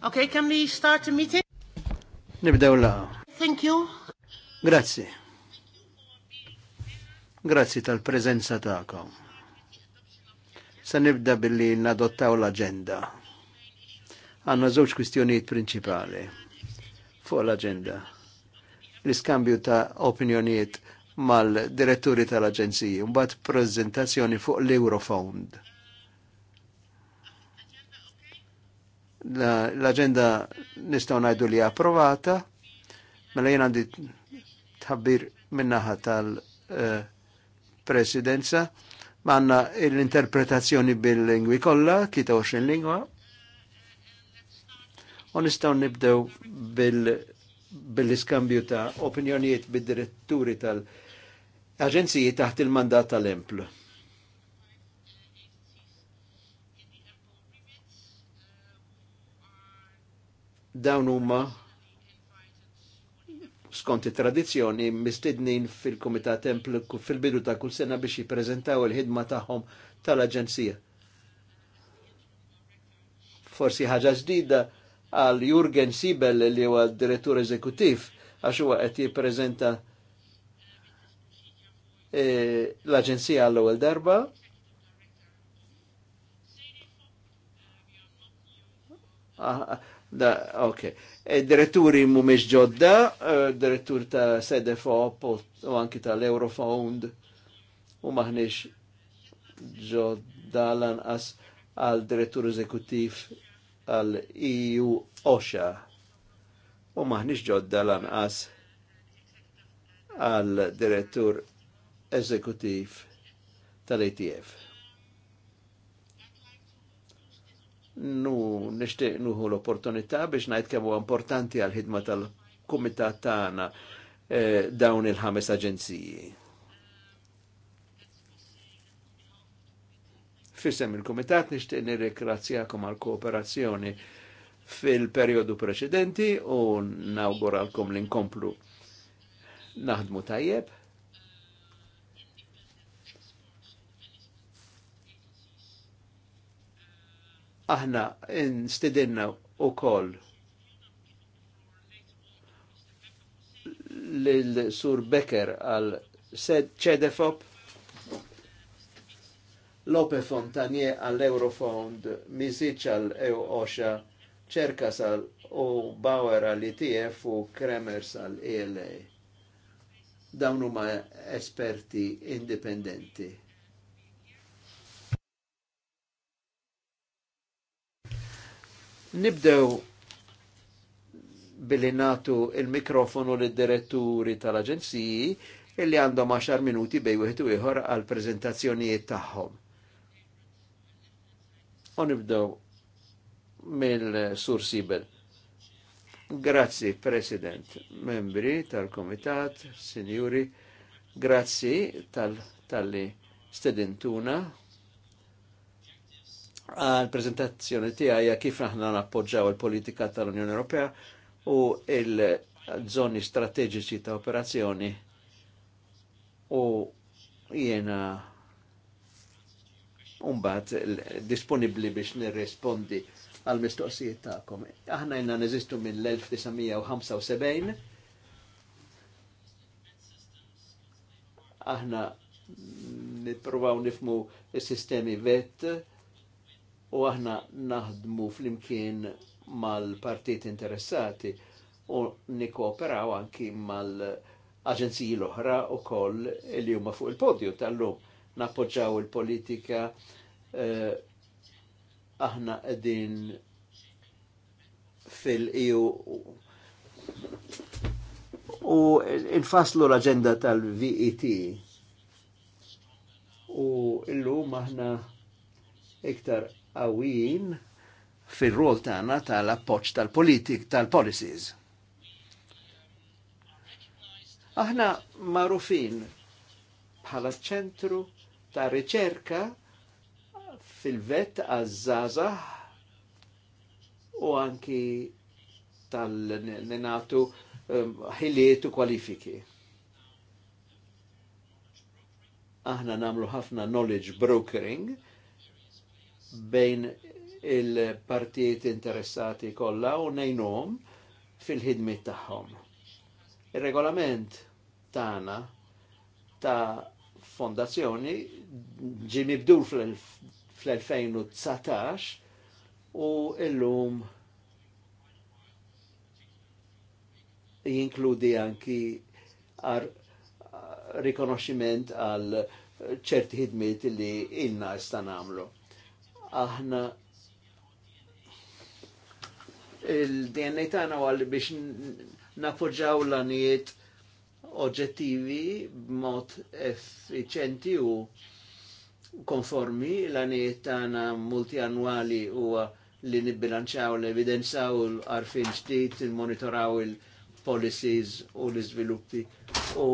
Okay, can we start the meeting? Nibdew la. Thank you. Grazzi. Grazzi tal-prezenza ta'kom. Se nibda billi nadottaw l-agenda. Għanna żewġ kwistjonijiet prinċipali fuq l-agenda. L-iskambju ta' opinjonijiet mal-diretturi tal-aġenziji, bat prezentazzjoni fuq l eurofond L-agenda nistaw najdu li approvata, mela jien għandi tħabbir minnaħa tal-presidenza, eh, ma għanna l-interpretazzjoni bil-lingwi kolla, kita xin lingwa. U nistaw nibdew bil-iskambju ta' opinjonijiet bid-diretturi tal-aġenziji taħt il-mandat tal-emplu. dawn huma skont it-tradizzjoni mistidnin fil-Kumitat Templu fil-bidu ta' kull sena biex jippreżentaw il-ħidma tagħhom tal-Aġenzija. Forsi ħaġa ġdida għal Jurgen Sibel li huwa direttur eżekutiv għax huwa qed jippreżenta e, l-Aġenzija għall-ewwel darba ah, Da, ok. E diretturi mumiex ġodda, e direttur ta' SEDEFOP u anki tal-Eurofound u maħniex ġodda lanqas għal direttur eżekutif għal EU OSHA u maħniex ġodda lanqas għal direttur eżekutif tal-ETF. nu nishtiq nuhu l-opportunità biex najt kemm huwa importanti għal ħidma tal-kumitat tagħna eh, dawn il-ħames aġenziji. Fissem il-kumitat nishtiq nirrekrazzjakom għal kooperazzjoni fil-periodu preċedenti u nawguralkom l-inkomplu naħdmu tajjeb aħna instidinna u kol l-Sur Becker għal ċedefop Lope Fontanie għall-Eurofond, Mizic għall-EU-OSHA, Ċerkas għal u e Bauer għall-ITF e u Kremers għall-ELA. E Dawn huma esperti indipendenti. Nibdew billi natu il-mikrofonu l diretturi tal-aġenziji illi għandhom 10 minuti bej wieħed u ieħor għal prezentazzjonijiet tagħhom. U nibdew mill-Sur Sibel. Grazzi, President, membri tal-Komitat, Sinjuri, grazzi tal-li tal stedintuna Għal-prezentazzjoni tiegħi kif aħna nappoġġaw il-politika tal-Unjoni Ewropea u il-żoni strateġiċi ta' operazzjoni u jena umbat disponibli biex nirrespondi għal mistoqsijiet ta'kom. Aħna nizistu minn l 1975 Aħna nipruvaw nifmu il sistemi vet u aħna naħdmu flimkien mal partiet interessati u nikooperaw anki mal-aġenziji l-oħra u koll li huma fuq il-podju tal-lum nappoġġaw il-politika eh, aħna qegħdin fil-EU u infaslu l-agenda tal-VET u llum aħna iktar għawin fil-rol tagħna tal-appoġġ tal-politik tal-policies. Aħna marufin bħala ċentru ta' riċerka fil-vet għazzaza u anki tal-nenatu ehm, ħiliet u kwalifiki. Aħna namlu ħafna knowledge brokering, bejn il-partijiet interessati kollha u nejnum fil-ħidmit tagħhom. Ir-regolament tagħna ta' fondazzjoni ġi mibdur fl-2019 u illum jinkludi anki rikonoxximent għal ċerti ħidmiet li inna jista' nagħmlu aħna il-DNA tagħna għalli biex napoġġaw l-anijiet oġġettivi b'mod effiċenti u konformi l-anijiet tagħna multianwali huwa li nibbilanċaw l-evidenzaw l-arfin ġdid, il-monitoraw il-policies u l-iżviluppi u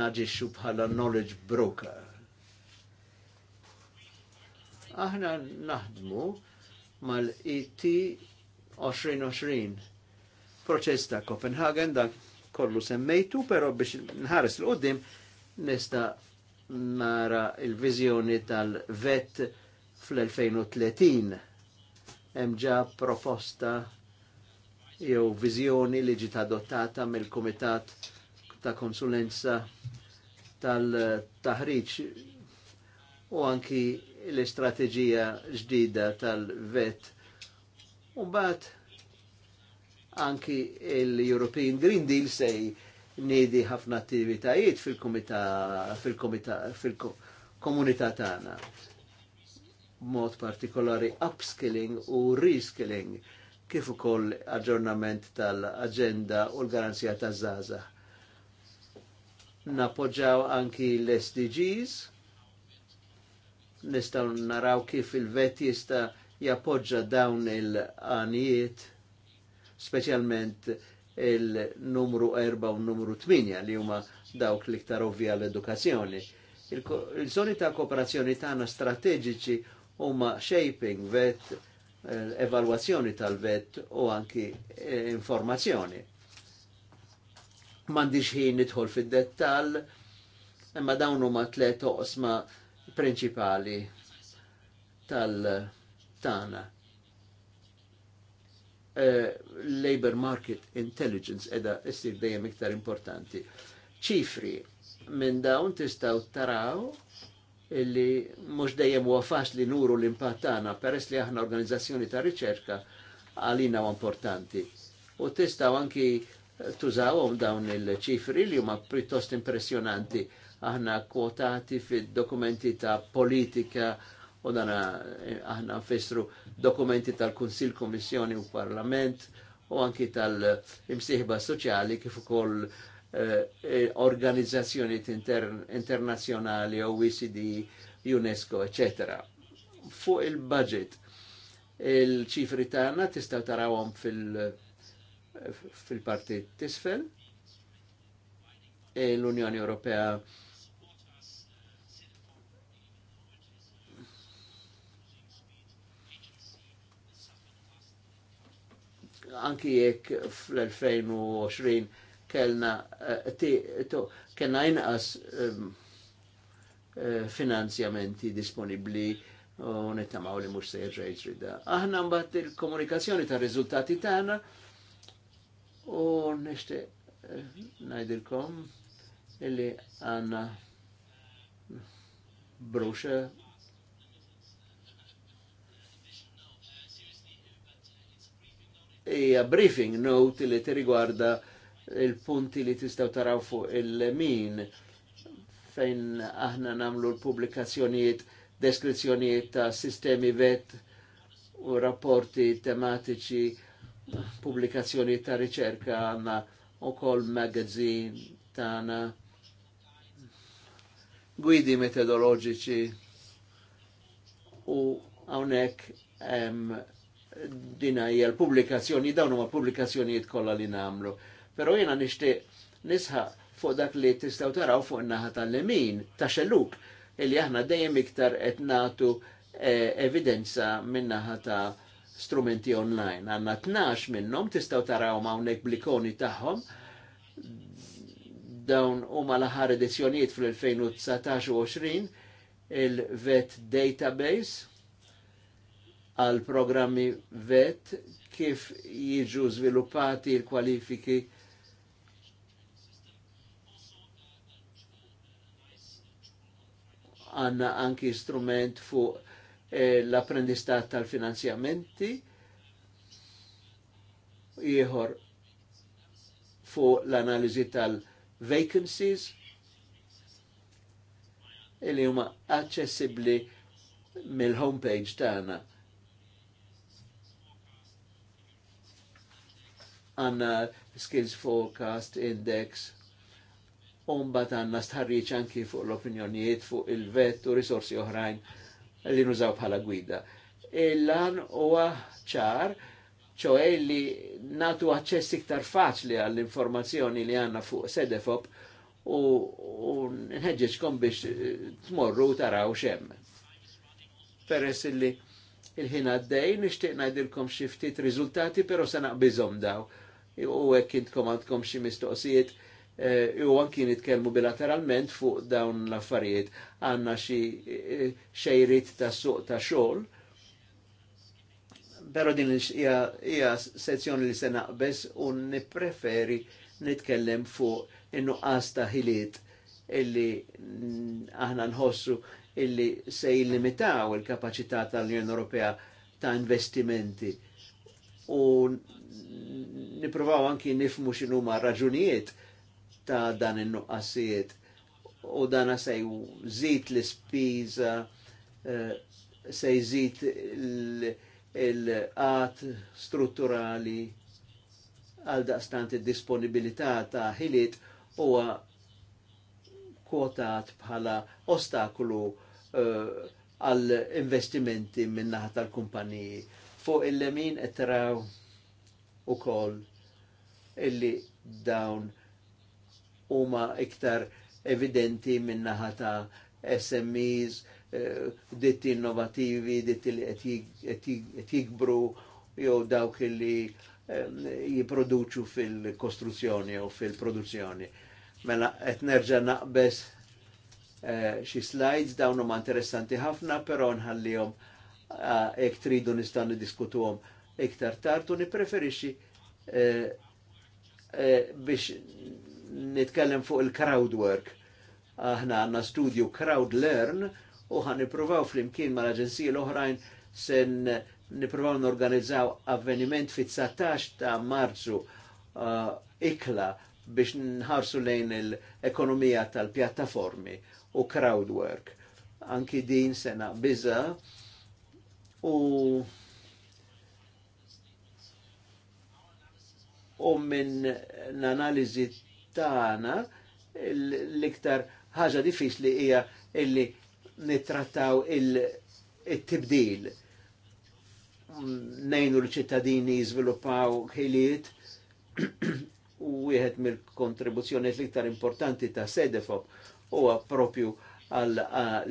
naġixxu bħala knowledge broker Aħna naħdmu mal-IT 2020. Proċess ta' Copenhagen da kollu semmejtu, pero biex nħares l-qoddim nista nara il-vizjoni tal-vet fl-2030. Hemm ġa proposta jew vizjoni li ġiet adottata mill-Kumitat ta' Konsulenza tal-Taħriġ u anki l-istrateġija ġdida tal-vet. Umbat anki l-European Green Deal sej nidi ħafna attivitajiet fil-komunità fil fil-komunità tagħna. Mod partikolari upskilling u reskilling kif ukoll aġġornament tal-aġenda u l-garanzija taż-żgħażagħ. Napoġġaw anki l-SDGs, nistaw naraw kif il-vet jista jappoġġa dawn il-għanijiet, specialment il-numru 4 u numru 8 li huma dawk ktar ovvija l-edukazzjoni. Il-żoni ta' kooperazzjoni tagħna strateġiċi huma shaping vet, eh, evalwazzjoni tal-vet u anki eh, informazzjoni. M'għandix ħin nidħol fid-dettall, imma dawn huma tliet oqsma' prinċipali tal-tana. Uh, labor Market Intelligence edha issir dejjem iktar importanti. ċifri minn dawn tistaw taraw illi mhux dejjem huwa faċli nuru l-impatt tagħna peress li aħna organizzazzjoni ta' riċerka għalina u importanti. U tistaw anki tużawhom dawn il-ċifri li huma pjuttost impressjonanti aħna kwotati fil dokumenti ta' politika u dana eh, aħna fessru dokumenti tal-Kunsil Komissjoni u Parlament u anki tal-imsieħba soċjali kif ukoll eh, eh organizzazzjoni inter internazzjonali, OECD, UNESCO, etc. Fuq il-budget, il-ċifri tagħna tistgħu tarawhom fil- fil tisfel. E L-Unjoni Ewropea anki jek fl-2020 kellna eh, kellna inqas ehm, eh, finanzjamenti disponibli u nittamaw li mux sejr ġejġri da. Aħna mbatt il-komunikazzjoni ta' rizultati tagħna u nishti eh, najdilkom illi għanna bruxa hija briefing note li tirigwarda il-punti li tistaw taraw fuq il-min fejn aħna namlu l-publikazzjonijiet, deskrizzjonijiet ta' sistemi vet u rapporti tematiċi, pubblikazzjonijiet ta' riċerka għanna u kol magazin tana gwidi metodoloġiċi u għonek dina hija l-pubblikazzjoni, dawn huma pubblikazzjonijiet kollha li nagħmlu. Però jiena nixtieq nisħa fuq dak li tistgħu taraw fuq in-naħa tal-lemin ta' xelluk illi aħna dejjem iktar qed nagħtu eh, evidenza min-naħa ta' strumenti online. Għanna 12 minnhom tistaw taraw hawnhekk blikoni tagħhom dawn huma l-aħħar edizzjonijiet fl-2019 20 il-Vet Database għal programmi vet kif jiġu sviluppati il kwalifiki għanna anki strument fu eh, l-apprendistat tal-finanzjamenti jieħor fu l analizi tal-vacancies li huma aċċessibbli mill-homepage tagħna. Ta għanna Skills Forecast Index, umbat għanna stħarriċ anki fuq l-opinjonijiet, fuq il-vet u risorsi oħrajn li nużaw bħala gwida. Il-lan huwa ċar, ċoħe li natu għacċess iktar faċli għall-informazzjoni li għanna fuq Sedefop u, u nħedġeċkom biex eh, tmorru u taraw xem. Peress li il-ħin għaddej nishtiq najdilkom xiftit rizultati, pero sa bizom daw u hekk intkom għandkom xie mistoqsijiet eh, u kien jitkelmu bilateralment fuq dawn l-affarijiet għandna xi eh, xejrit ta' suq ta' xogħol. Però din hija sezzjoni li se naqbes u nippreferi nitkellem fuq in-nuqqas ta' ħiliet illi aħna nħossu illi se jillimitaw il-kapacità tal-Unjoni Ewropea ta' investimenti u niprofaw anki nifmu xinu ma raġunijiet ta' dan il-nuqqasijiet u dan sej eh, jżid l spiza sej jżid il għat strutturali għal daqstant id-disponibilità ta' ħiliet huwa kwotat bħala ostaklu eh, għal investimenti minnaħat tal-kumpaniji Fuq il-lemin etteraw u kol illi dawn huma iktar evidenti minnaħa ta' SMEs, eh, ditti innovativi, ditti li qed jikbru jew dawk li eh, jiproduċu fil-kostruzzjoni u fil-produzzjoni. Mela qed nerġa' naqbes eh, xi slides dawn huma interessanti ħafna, però nħallihom ek tridu nistan diskutu għom iktar tartu, ni eh, e, biex nitkellem fuq il-crowd work. Aħna għanna studju crowd learn u għan niprofaw fl-imkien ma l-aġenziji l-oħrajn sen niprovaw n-organizzaw avveniment fit-19 ta' marzu ikla biex nħarsu lejn l-ekonomija tal-pjattaformi u crowd work. Anki din sena biza u u minn l-analizi tagħna l-iktar ħaġa diffiċli hija illi nittrattaw il-tibdil. Nejnu l-ċittadini jizvilupaw ħiliet u wieħed mill-kontribuzzjoni l-iktar importanti ta' Sedefop u għapropju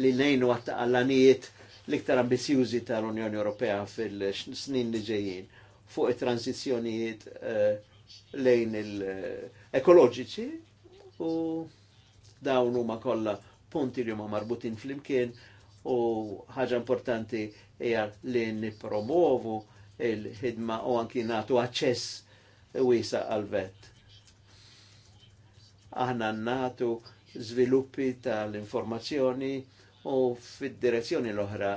li nejnu għall-anijiet l-iktar ambizjużi tal-Unjoni Ewropea fil-snin li ġejjin fuq it-tranzizjonijiet eh, lejn il-ekoloġiċi u dawn huma kollha punti li huma marbutin flimkien u ħaġa importanti hija li nippromovu il-ħidma u anki nagħtu aċċess wiesa għal vet. Aħna nagħtu żviluppi tal-informazzjoni u fid-direzzjoni l-oħra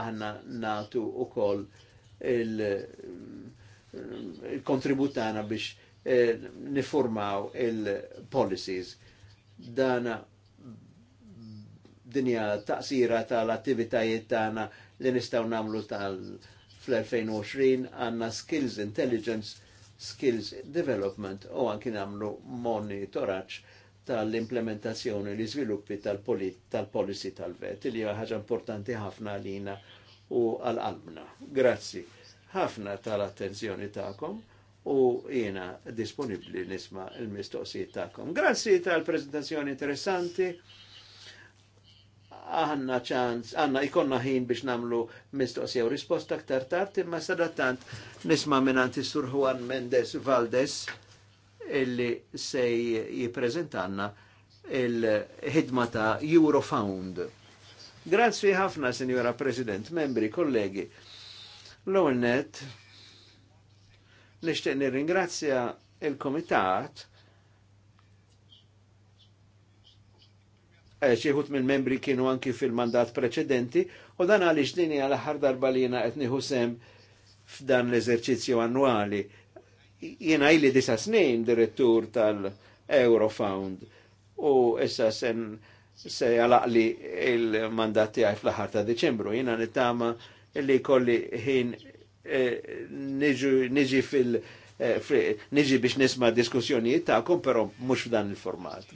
aħna natu u kol il-kontributana il biex eh, niformaw il-policies. Dana dinja taqsira tal-attivitajiet tagħna li nistgħu nagħmlu tal fl-2020 għandna skills intelligence, skills development u anki nagħmlu monitoraġġ tal-implementazzjoni li sviluppi tal-policy tal-vet li hija ħaġa importanti ħafna għalina u għal-qalbna. Grazzi ħafna tal-attenzjoni tagħkom u jiena disponibbli nisma' il-mistoqsijiet tagħkom. Grazzi tal-preżentazzjoni interessanti. Aħna ċans, għanna ikonna ħin biex namlu mistoqsija u risposta aktar tard, imma sadattant nisma' minn Sur Juan Mendes Valdes illi se jiprezentanna il-ħidma ta' Eurofound. Grazzi ħafna, Signora President, membri, kollegi. l onnet nishtiq nixtieq nirringrazzja il-Komitat ċieħut eh, minn membri kienu anki fil-mandat preċedenti u dan għaliex dini għal aħħar darba li jena sem f'dan l-eżerċizzju annwali jena illi disa snin direttur tal-Eurofound u issa sen se jalaqli il mandati għaj fl-aħħar ta' Deċembru. Jiena nittama illi kolli ħin eh, niġi fil- eh, niġi biex nisma diskussjonijiet kum, però mhux f'dan il-format.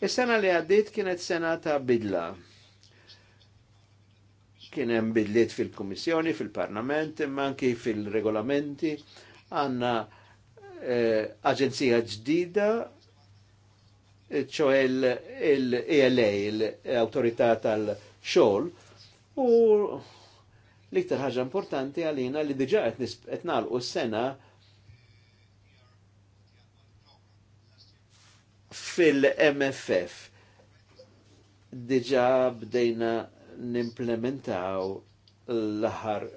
Is-sena li għaddiet kienet sena ta' bidla. Kien hemm bidliet fil-Kummissjoni, fil-Parlament, imma anki fil-regolamenti għandna Eh, aġenzija ġdida ċoħe l-ELA, l-autorità tal-xol, u l-iktar ħaġa importanti għalina li diġa qed nagħlqu s-sena fil-MFF. Diġa bdejna nimplementaw l-aħħar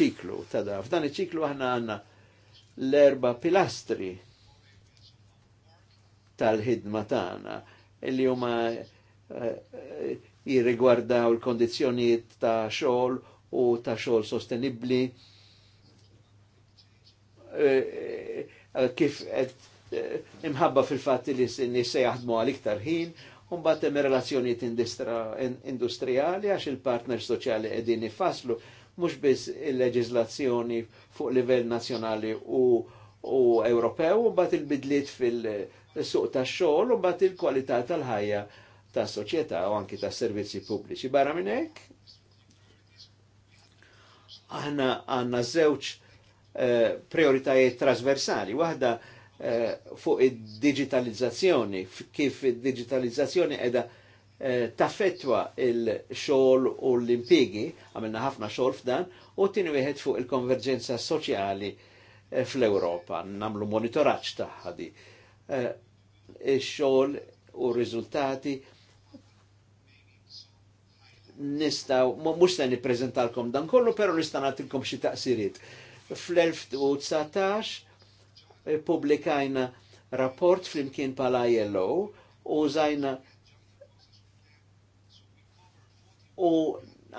ċiklu ta' da. F'dan ċiklu aħna għandna l-erba pilastri tal-ħidma tagħna li huma eh, jirrigwardaw il-kondizzjonijiet ta' xogħol u ta' xogħol sostenibbli eh, kif qed eh, imħabba fil-fatt li se jaħdmu għal iktar ħin u mbagħad hemm relazzjonijiet industrijali għax il-partner soċjali qegħdin ifasslu mhux biss il-leġiżlazzjoni fuq livell nazzjonali u u Ewropew u mbagħad il-bidliet fil-suq tax-xogħol u mbagħad il-kwalità tal-ħajja tas-soċjetà u anki tas-servizzi pubbliċi. Barra minn hekk aħna għandna żewġ eh, prioritajiet trasversali. Waħda eh, fuq id-digitalizzazzjoni, kif id-digitalizzazzjoni qiegħda Eh, taffetwa il-xol u l-impigi, għamilna ħafna xol f'dan, u tini wieħed fuq il-konverġenza soċjali eh, fl-Europa, namlu monitoraċ taħħadi. Eh, il xol u rizultati nistaw, mux ta' niprezentalkom dan kollu, pero nista' natilkom xi taqsirit. Fl-2019 publikajna rapport fl-imkien pala ILO u zajna u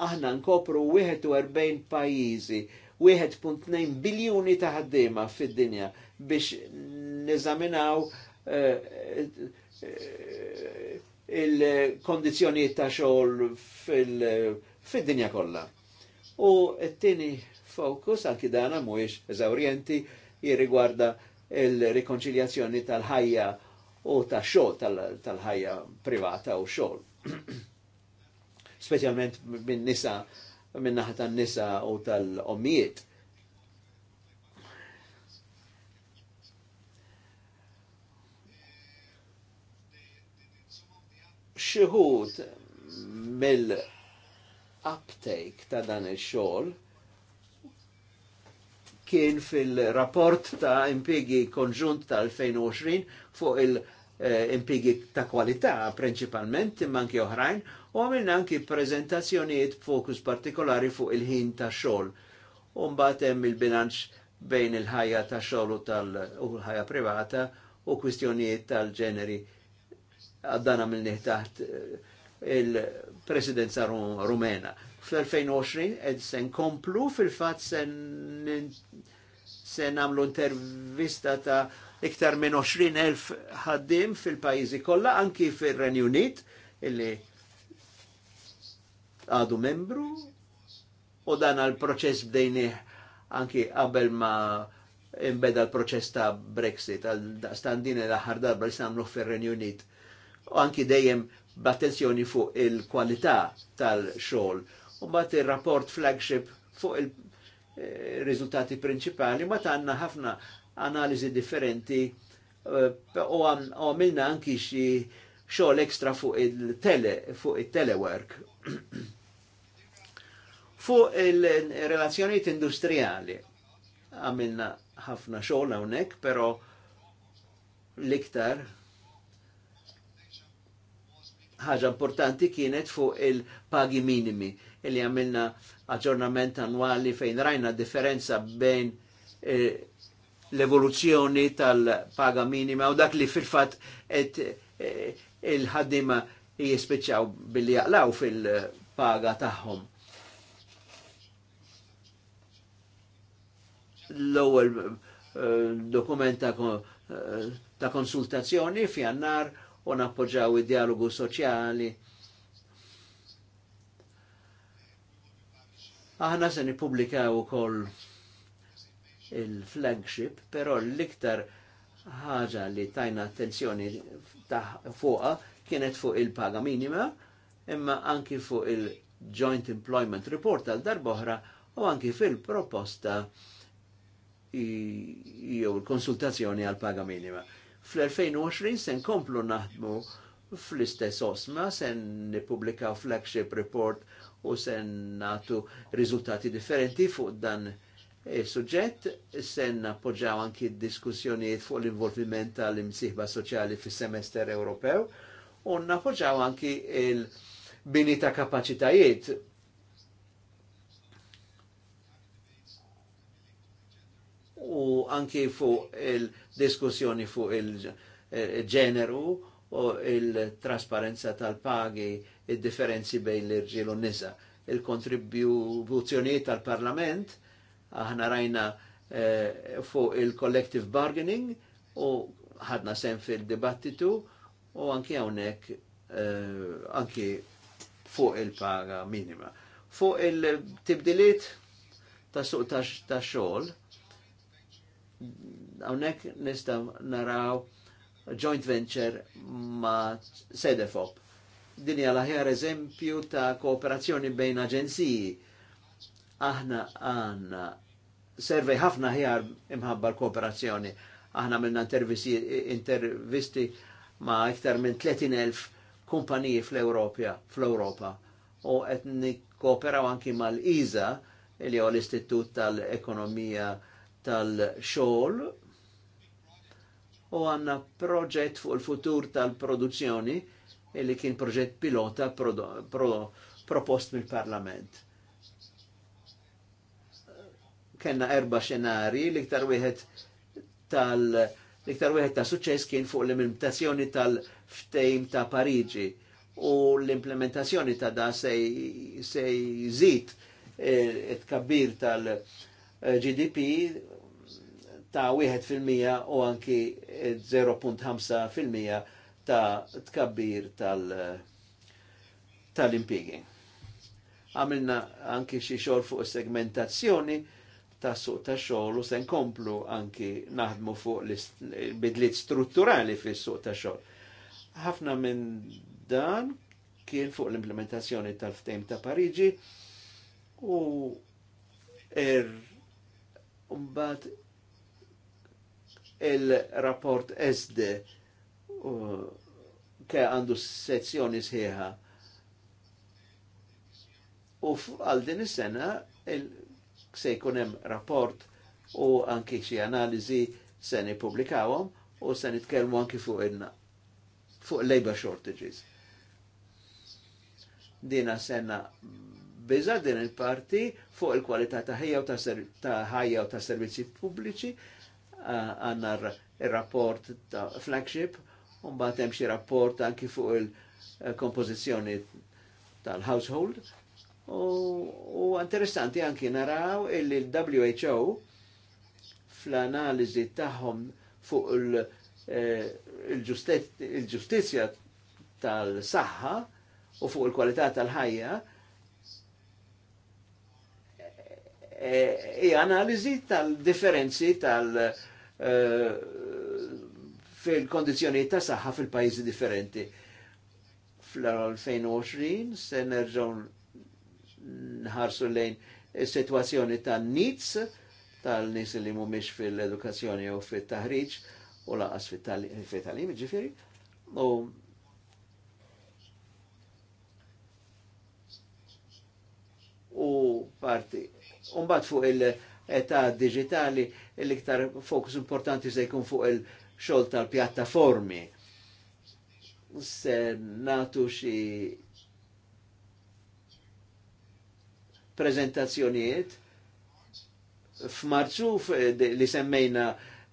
aħna nkopru 41 pajjiżi, 1.2 biljuni ta' ħaddiema fid-dinja biex neżaminaw eh, eh, il-kondizjonijiet ta' xogħol fid-dinja kollha. U t-tieni fokus anki dana mhuwiex eżawrjenti jirrigwarda il-rikonċiljazzjoni tal-ħajja u tax-xogħol tal-ħajja privata u xogħol. specialment minn nisa, minn naħa tan-nisa u tal-ommijiet. Xieħud mill-uptake ta' dan il-xol kien fil-rapport ta' impiegi konġunt tal-2020 fuq il- Eh, impigi ta' kwalità principalment imma anki oħrajn u għamilna anki prezentazzjonijiet fokus partikolari fuq il-ħin ta' xogħol. U mbagħad hemm il-bilanċ bejn il-ħajja ta' xogħol u tal-ħajja privata u kwistjonijiet tal-ġeneri għaddana mill taħt eh, il-presidenza rumena. Fl-2020 ed sen komplu fil-fat sen se namlu intervista ta' iktar minn 20.000 ħaddim fil-pajizi kollha anki fil-Renju Unit illi għadu membru u dan għal proċess bdejni anki qabel ma imbeda l-proċess ta' Brexit għal standin l ħar darba li samlu fil-Renju Unit u anki dejjem b'attenzjoni fuq il-kwalità tal xol u bat il rapport flagship fuq il- riżultati prinċipali, ma tanna ħafna analizi differenti eh, u għamilna anki xi xogħol ekstra fuq il-tele, fuq il-telework. fuq il-relazzjonijiet industriali għamilna ħafna xogħol hawnhekk, però l-iktar ħaġa importanti kienet fuq il-pagi minimi illi għamilna aġġornament annwali fejn rajna differenza bejn eh, l-evoluzzjoni tal-paga minima u dak li fil-fat eh, il-ħaddima jispiċċaw billi jaqlaw fil-paga tagħhom. L-ewwel eh, dokumenta ta' konsultazzjoni f'jannar u nappoġġaw id-dialogu soċjali Aħna se nippubblikaw ukoll il-flagship, però l-iktar ħaġa li tajna attenzjoni fuqa kienet fuq il-paga minima, imma anki fuq il-Joint Employment Report għal darboħra u anki fil-proposta jew il-konsultazzjoni għal paga minima. Fl-2020 sen komplu naħdmu fl-istess osma, sen nipublikaw flagship report u sen natu riżultati differenti fuq dan il-suġġett senna poġġaw anki diskussjoniet fuq l-involviment tal-imsiħba soċjali fis-semester Ewropew u napoġġaw anki il-bini ta' kapacitajiet u anki fuq il-diskussjoni fuq il-ġeneru u il-trasparenza tal-pagi id-differenzi bejn l-irġiel u n-nisa. Il-kontribuzzjonijiet tal-Parlament aħna rajna eh, fuq il-collective bargaining u ħadna sen fil-dibattitu u anki hawnhekk eh, anki fuq il-paga minima. Fuq il-tibdiliet ta' suq ta' xogħol hawnhekk nistgħu naraw joint venture ma' Sedefop din hija l-aħjar eżempju ta' kooperazzjoni bejn aġenziji. Aħna għanna servej ħafna ħjar imħabba l-kooperazzjoni. Aħna minna intervisti ma' iktar minn 30.000 kumpaniji fl-Europa, fl-Europa. U etni kooperaw anki mal iza li huwa l-Istitut tal-Ekonomija tal xol u għanna proġett fuq il-futur tal-produzzjoni illi kien proġett pilota propost mill-Parlament. Kenna erba xenari, liktar wieħed tal liktar wieħed ta' suċċess kien fuq l-implementazzjoni tal-ftejm ta' Pariġi u l-implementazzjoni ta' da se zit it-kabbir e, tal-GDP ta' 1% u anki 0.5% ta' tkabbir tal- tal-impiegi. Għamilna anki xi xogħol fuq segmentazzjoni ta' suq ta' xogħol u se nkomplu anki naħdmu fuq bidliet strutturali fis suq ta' xogħol. Ħafna minn dan kien fuq l-implementazzjoni tal-ftejm ta' Pariġi u er mbagħad il-rapport SD ke għandu sezzjoni sħiħa. U għal din is-sena se jkun hemm rapport u anki xi analiżi se nippubblikawhom u se nitkellmu anki fuq inna fuq labor shortages. Dina sena biża din il-parti fuq il-kwalità ta' ħajja u ta' ħajja u ta' servizzi pubbliċi għanna uh, il-rapport ta' flagship Umbat hemm xi rapport anki fuq il-kompożizzjoni tal-household. U interessanti anki naraw illi il who fl-analiżi tagħhom fuq eh, il-ġustizja tal-saħħa u fuq il-kwalità tal-ħajja eh, hija analiżi tal-differenzi tal-, -differenzi eh, tal fil-kondizjoni ta' saħħa fil-pajjiżi differenti. Fl-2020 se nerġgħu nħarsu lejn is-sitwazzjoni ta' nits tal-nies li mhumiex fil-edukazzjoni u fit-taħriġ u laqas fit tagħlim ġifieri. U u parti. Umbat fuq il-età digitali, l-iktar fokus importanti se jkun fuq il- xogħol tal-pjattaformi. Se natu xi prezentazzjonijiet f'Marzu li semmejna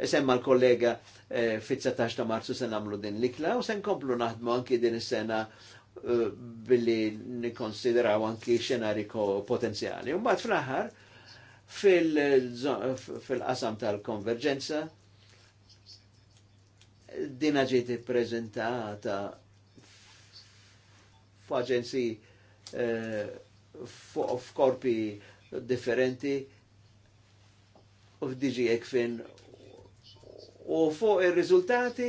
semma l-kollega eh, fit-19 ta' Marzu se nagħmlu din l-ikla u se nkomplu naħdmu anki din is-sena eh, billi nikonsideraw anki xenari potenzjali. U mbagħad fl-aħħar fil-qasam tal-konverġenza dina ġiet ippreżentata f'aġenzi eh, f'korpi differenti u f'diġi ekfin u fuq ir-riżultati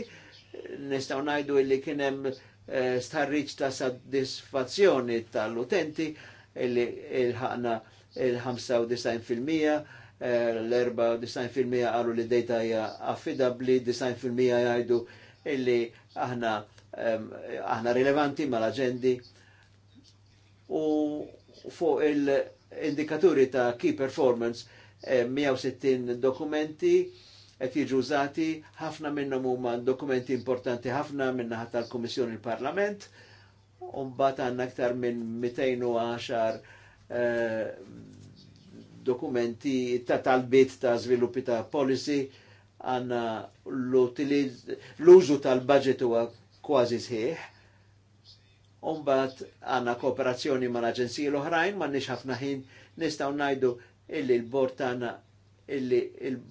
nistgħu ngħidu li kien hemm eh, starriċ ta' saddisfazzjoni tal-utenti illi il-ħakna il-95% Eh, l-erba 90% għalu li dejta hija affidabli, 90% jgħidu illi aħna aħna rilevanti l-agendi u fuq il-indikaturi ta' key performance 160 eh, dokumenti qed jiġu użati, ħafna minnhom huma dokumenti importanti ħafna minna minnaħa tal-Kummissjoni il-Parlament, u mbagħad għandna aktar minn 210 dokumenti ta' talbit ta' sviluppi ta' policy għanna l-użu tal-budget huwa kważi sħiħ. Umbat għanna kooperazzjoni ma' l-aġenziji l-oħrajn, ma' nix ħafna ħin nistaw najdu illi l bortana illi l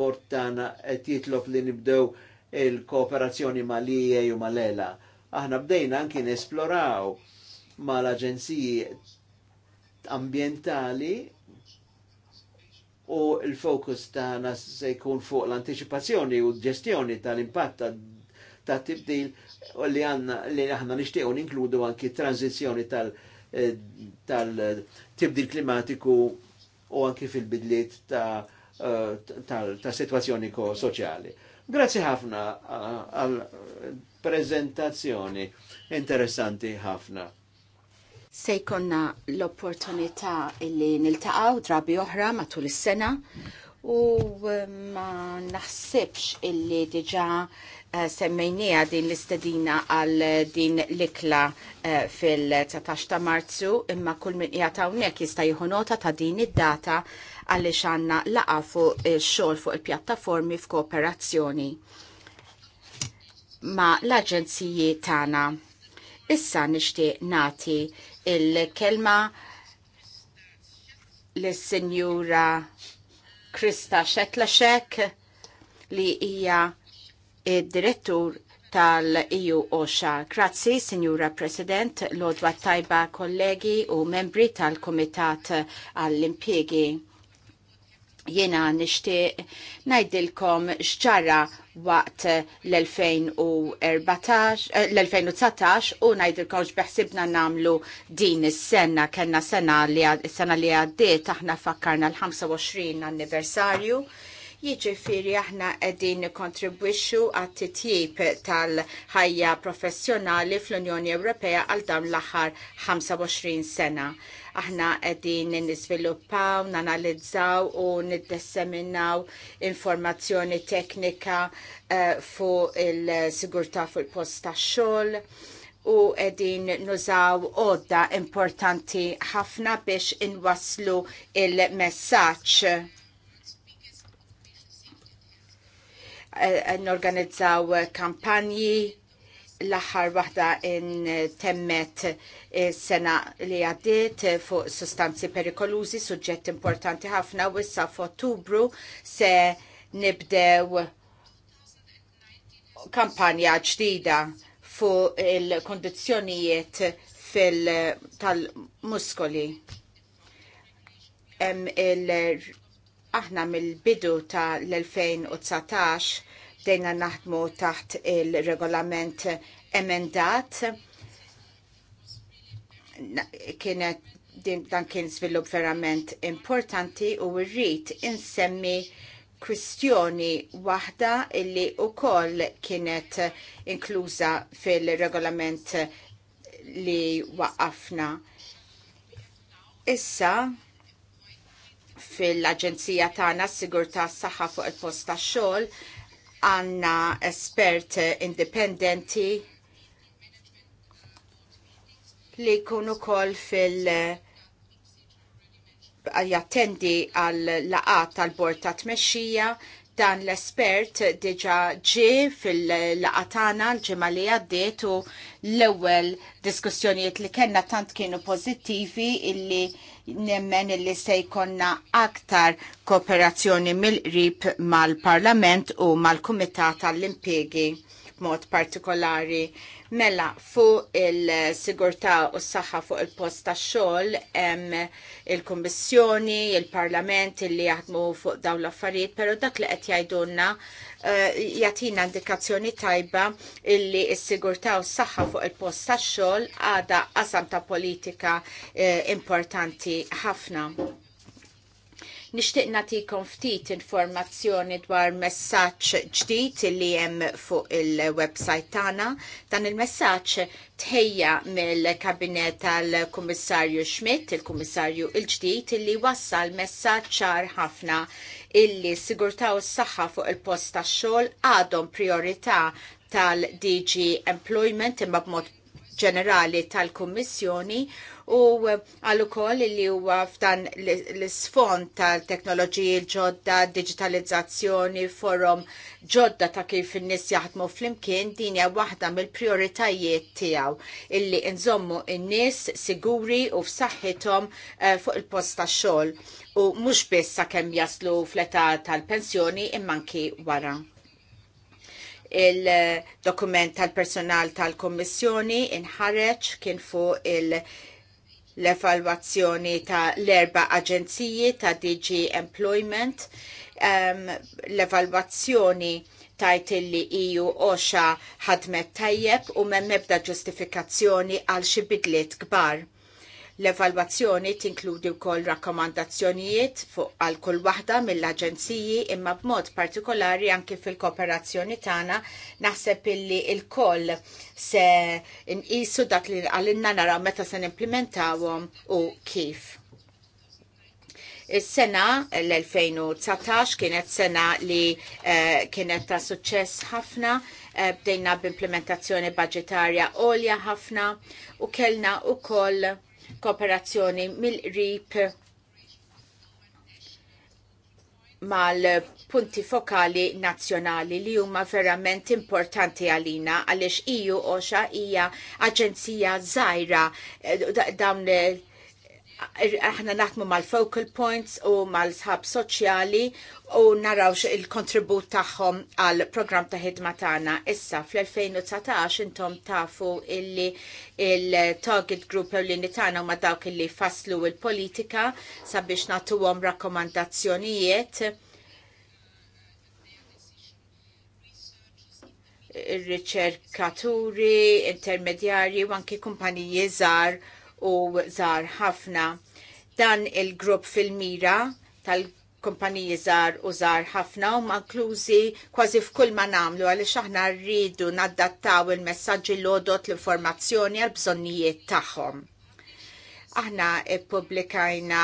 bortana qed jitlob li nibdew il-kooperazzjoni mal-IE u l ela Aħna bdejna anki nesploraw mal-aġenziji ambientali u l-fokus ta' nas se jkun fuq l-antiċipazzjoni u ġestjoni tal-impatt ta' tibdil li għanna li aħna nixtiequ ninkludu anki tranzizzjoni tal-tibdil eh, klimatiku u anki fil-bidliet ta' eh, ta' situazzjoni soċjali. Grazzi ħafna eh, għal prezentazzjoni interessanti ħafna se jkonna l-opportunità li niltaqgħu drabi oħra matul is-sena u um, ma naħsibx illi diġa eh, semmejnija din l-istedina għal din l-ikla eh, fil-19 ta' marzu imma kull min jgħata unnek jista jieħu nota ta' din id-data għalli xanna laqa fuq xol fuq il-pjattaformi f'kooperazzjoni ma l-aġenziji tana. Issa nishtiq nati il-kelma l-Sinjura Krista Shetlashek li hija id-direttur tal-EU OSHA. Grazzi, Signora President, l-Odwa Tajba kollegi u membri tal-Komitat għall-Impiegi. Jena nishtiq najdilkom xġara waqt eh, eh, l-2019 l u najdilkomx beħsibna namlu din is-sena kena sena li sena li għaddiet aħna fakkarna l-25 anniversarju Jiġifieri aħna qegħdin kontribwixxu għat-titjib tal-ħajja professjonali fl-Unjoni Ewropea għal dawn l-aħħar 25 sena. Aħna qegħdin niżviluppaw, nanalizzaw u niddisseminaw informazzjoni teknika fu eh, fuq il-sigurtà fuq il-post tax-xogħol u edin nużaw odda importanti ħafna biex inwaslu il-messaċ Eh, n-organizzaw kampanji l-axar wahda in eh, temmet eh, sena li għaddit fuq sustanzi perikolużi, suġġett importanti ħafna u issa f'Ottubru se nibdew kampanja ġdida fuq il-kondizjonijiet fil tal-muskoli. il aħna mill-bidu ta' l-2019 dejna naħdmu taħt il-regolament emendat kienet dan kien svilup verament importanti u rrit insemmi kwistjoni waħda illi u koll kienet inkluża fil-regolament li waqafna. Issa, fil-Aġenzija tagħna s-Sigurtà s-Saħħa fuq il-post tax-xogħol għandna espert indipendenti li jkunu kol fil- jattendi għal laqat tal-bord ta' tmexxija dan l-espert diġa ġi fil-laqatana l-ġimma li għaddiet u l-ewwel diskussjonijiet li kellna tant kienu pożittivi illi nemmen li se jkonna aktar kooperazzjoni mill-qrib mal-Parlament u mal-Kumitat tal impiegi mod partikolari. Mela, fuq il-sigurtà u s-saħħa fuq il-post ta' xogħol hemm il-Kummissjoni, il-Parlament il li jaħdmu fuq dawn l-affarijiet, però dak li qed jgħidulna Eh, jatina indikazzjoni tajba illi s-sigurtà u s saxha fuq il-post tax-xogħol għada qasam ta' politika eh, importanti ħafna. Nishtiqna natikom ftit informazzjoni dwar messaġġ ġdid li hemm fuq il-website tagħna. Dan il-messaġġ tħejja mill-kabinet tal-Kummissarju Schmidt, il-Kummissarju il-ġdid li wassal messaġġ ċar ħafna illi s u s-saħħa fuq il-post tax-xogħol għadhom priorità tal-DG Employment imma b'mod ġenerali tal-Kummissjoni u eh, għal ukoll li huwa f'dan l-isfond tal-teknoloġiji l-ġodda, digitalizzazzjoni, forum ġodda ta' kif in-nies jaħdmu flimkien din hija waħda mill-prioritajiet tiegħu illi nżommu in-nies siguri u f'saħħithom eh, fuq il-post tax-xogħol u mhux biss sakemm jaslu fl-età tal-pensjoni immanki wara il-dokument tal-personal tal-Kommissjoni inħareġ kien fuq il- l-evalwazzjoni ta' l-erba aġenziji ta' DG Employment, um, l-evalwazzjoni tajt illi iju e oxa ħadmet tajjeb u memmebda ġustifikazzjoni għal xi bidliet kbar L-evalwazzjoni tinkludi wkoll rakkomandazzjonijiet fuq għal kull waħda mill-aġenziji imma b'mod partikolari anke fil-kooperazzjoni tagħna naħseb illi l-koll se nqisu dak li għalinna naraw meta se nimplementawhom u kif. Is-sena l-2019 kienet sena li eh, kienet ta' suċċess ħafna, eh, bdejna b'implementazzjoni budgetarja għolja ħafna u kellna u koll kooperazzjoni mill rip mal-punti fokali nazzjonali li huma verament importanti għalina għaliex EU OSHA hija aġenzija żgħira eh, dawn aħna naħdmu mal-focal points u mal-sħab soċjali u narawx il-kontribut tagħhom għal program ta' ħidma tagħna. Issa fl-2019 intom tafu illi il-target group ewlieni tagħna huma dawk illi faslu il-politika sabiex nagħtuhom rakkomandazzjonijiet riċerkaturi, intermedjarji u anki kumpaniji żgħar u zar ħafna. Dan il-grupp fil-mira tal kumpaniji żar u zar ħafna u manklużi kważi f'kull ma nagħmlu għaliex aħna rridu naddattaw il-messaġġi l-odot l-informazzjoni għal bżonnijiet tagħhom. Aħna i-publikajna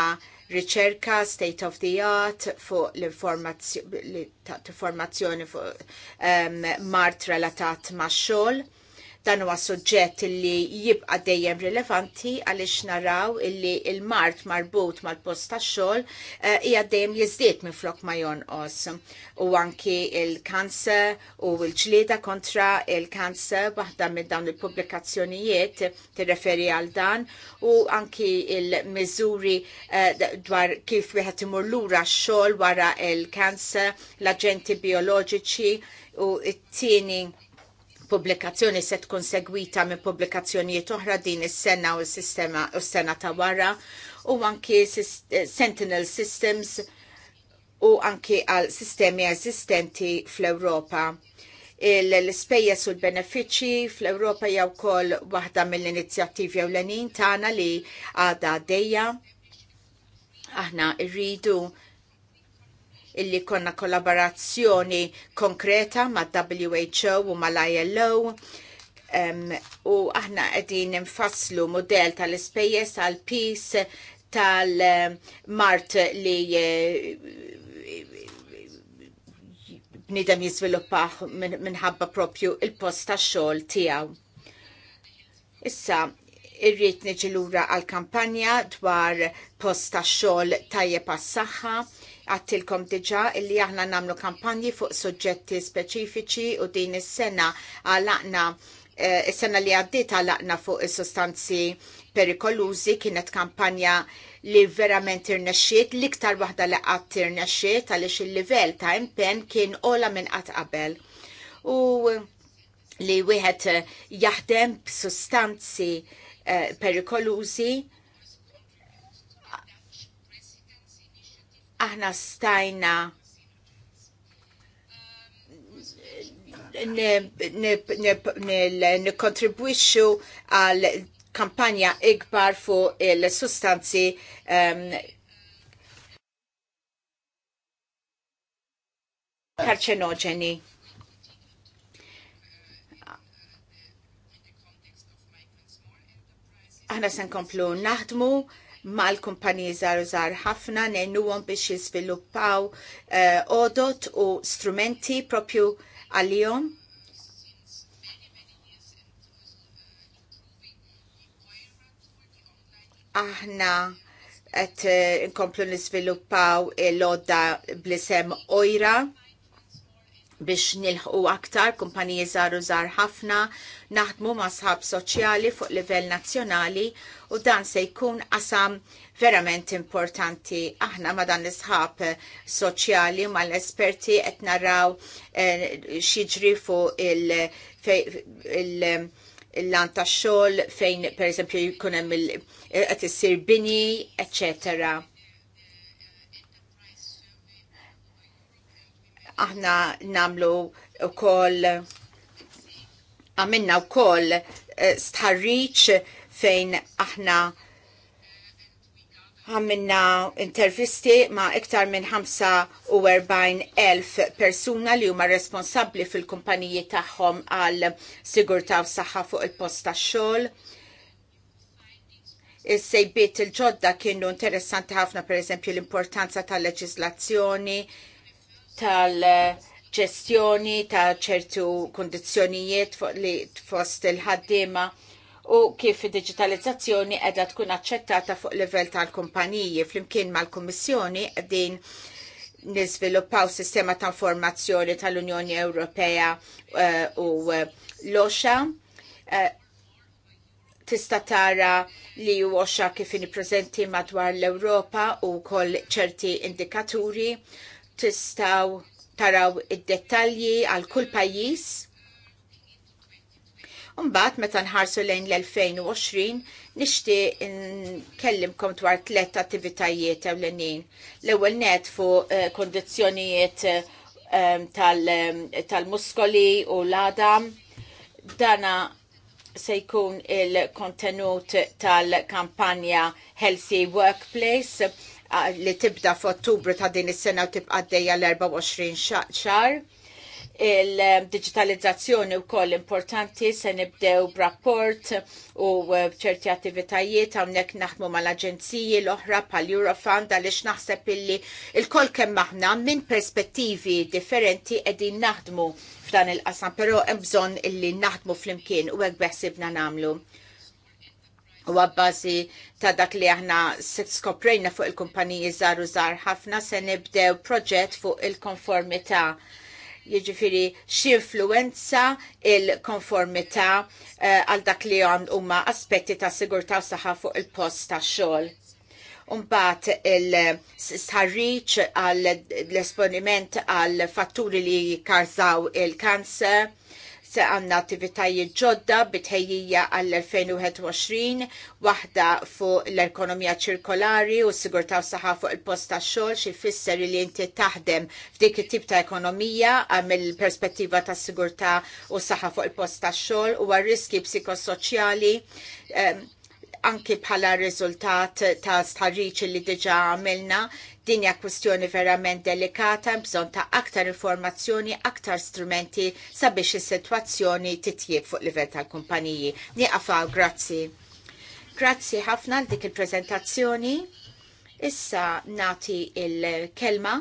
riċerka state of the art fuq l-informazzjoni fuq um, mart relatat ma' xogħol Dan huwa suġġett li jibqa' dejjem rilevanti għaliex naraw illi il-mart marbut mal-post tax-xogħol eh, hija dejjem jiżdied minflok ma jonqos. U anki il-kanser u l-ġlieda kontra il-kanser waħda minn dawn il-pubblikazzjonijiet tirreferi għal dan u anki il-miżuri eh, dwar kif wieħed imur lura x-xogħol wara il-kanser, l-aġenti bioloġiċi u t-tieni pubblikazzjoni se tkun segwita minn pubblikazzjonijiet oħra din is-sena u s-sistema u s-sena ta' wara u anki eh, Sentinel Systems u anki għal sistemi eżistenti fl-Ewropa l-spejjes u l-benefiċi fl-Europa jew kol waħda mill-inizjattivi u l-enin tagħna li għada dejja. Aħna rridu illi konna kollaborazzjoni konkreta ma' WHO u ma' ILO um, u aħna għedin nfasslu model tal sps għal-pis tal-mart li e, bnidem jizviluppaħ minħabba min propju il-post ta' xol tijaw. Issa, irrit niġi lura għal-kampanja dwar post ta' xol tajjeb pas saħħa Għattilkom diġa illi aħna namlu kampanji fuq suġġetti speċifiċi u din is-sena għalaqna eh, is-sena li għaddit għalaqna fuq is-sostanzi perikolużi kienet kampanja li verament irnexxiet l-iktar waħda li qatt irnexxiet għaliex il-livell ta' impenn kien ola minn qatt qabel. U li wieħed jaħdem b'sustanzi eh, perikolużi aħna stajna nikontribwixxu għal kampanja ikbar fu il-sustanzi ehm, karċenogeni. Aħna sen komplu naħdmu l kumpaniji zar żgħar ħafna ngħinuhom biex uh, odot u strumenti propju għal-jom. Aħna uh, nkomplu nizviluppaw l-odda blisem ojra biex nilħu aktar kumpaniji żaru żar ħafna, naħdmu ma' sħab soċjali fuq livell nazzjonali u dan se jkun qasam verament importanti. Aħna ma' dan l-sħab soċjali ma' l-esperti qed naraw eh, xiġri fuq il-, fe, il l-lan ta' xol fejn per esempio jkun hemm qed issir bini, eccetera. Aħna namlu u koll għamilna u koll eh, starriċ fejn aħna għamilna intervisti ma' iktar minn 45,000 persuna li huma responsabli fil-kumpaniji tagħhom għal sigurtà u saħħa fuq il-post tax-xogħol. Is-sejbiet il-ġodda kienu interessanti ħafna pereżempju l-importanza tal leġiżlazzjoni tal-ġestjoni ta' ċertu kondizjonijiet li fost il-ħaddima u kif digitalizzazzjoni edha tkun aċċettata fuq livell tal-kumpaniji flimkien mal-Kummissjoni din nizviluppaw sistema ta' informazzjoni tal-Unjoni Ewropea eh, u eh, l-OXA eh, tista tara li washa kif prezenti madwar l-Europa u koll ċerti indikaturi tistaw taraw id-dettalji għal kull pajjiż. Umbat meta nħarsu lejn l-2020 nixti nkellimkom dwar tlet attivitajiet ewlenin. L-ewwel net fuq eh, kondizjonijiet eh, eh, tal-muskoli u l-adam dana se jkun il-kontenut tal-kampanja Healthy Workplace li tibda f'Ottubru ta' din is-sena u tibqa' għaddejja l-24 xahar il-digitalizzazzjoni u koll importanti se nibdew b'rapport u e, ċerti attivitajiet għamnek naħdmu mal-aġenziji l-oħra pal Eurofund għaliex naħseb illi il-koll kemm aħna, minn perspettivi differenti qegħdin naħdmu f'dan il-qasam, però hemm bżonn illi naħdmu flimkien u hekk beħsibna nagħmlu. U għabbażi ta' dak li aħna skoprejna fuq il-kumpaniji u żar ħafna se nibdew proġett fuq il-konformità Jiġifieri x'influenza il-konformità eh, għal dak li għand huma aspetti ta' sigurtà u saħħa fuq il-post ta' xogħol Umbat il-sarriċ għal esponiment għal fatturi li karżaw il-kanser, se għanna attivitajiet ġodda bitħejjija għall-2021, waħda fuq l-ekonomija ċirkolari u s-sigurta u saħħa fuq il posta ta' xogħol xi fisser li inti taħdem f'dik it-tip ta' ekonomija mill-perspettiva ta' sigurta u saħħa fuq il posta ta' xogħol u għar-riski psikosoċjali. Um, anki bħala riżultat ta' stħarriċ li diġa għamilna, dinja kwestjoni verament delikata, bżon ta' aktar informazzjoni, aktar strumenti sabiex is-sitwazzjoni titjieb fuq livell tal-kumpaniji. Niqafaw, grazzi. Grazzi ħafna għal dik il-prezentazzjoni. Issa nati il-kelma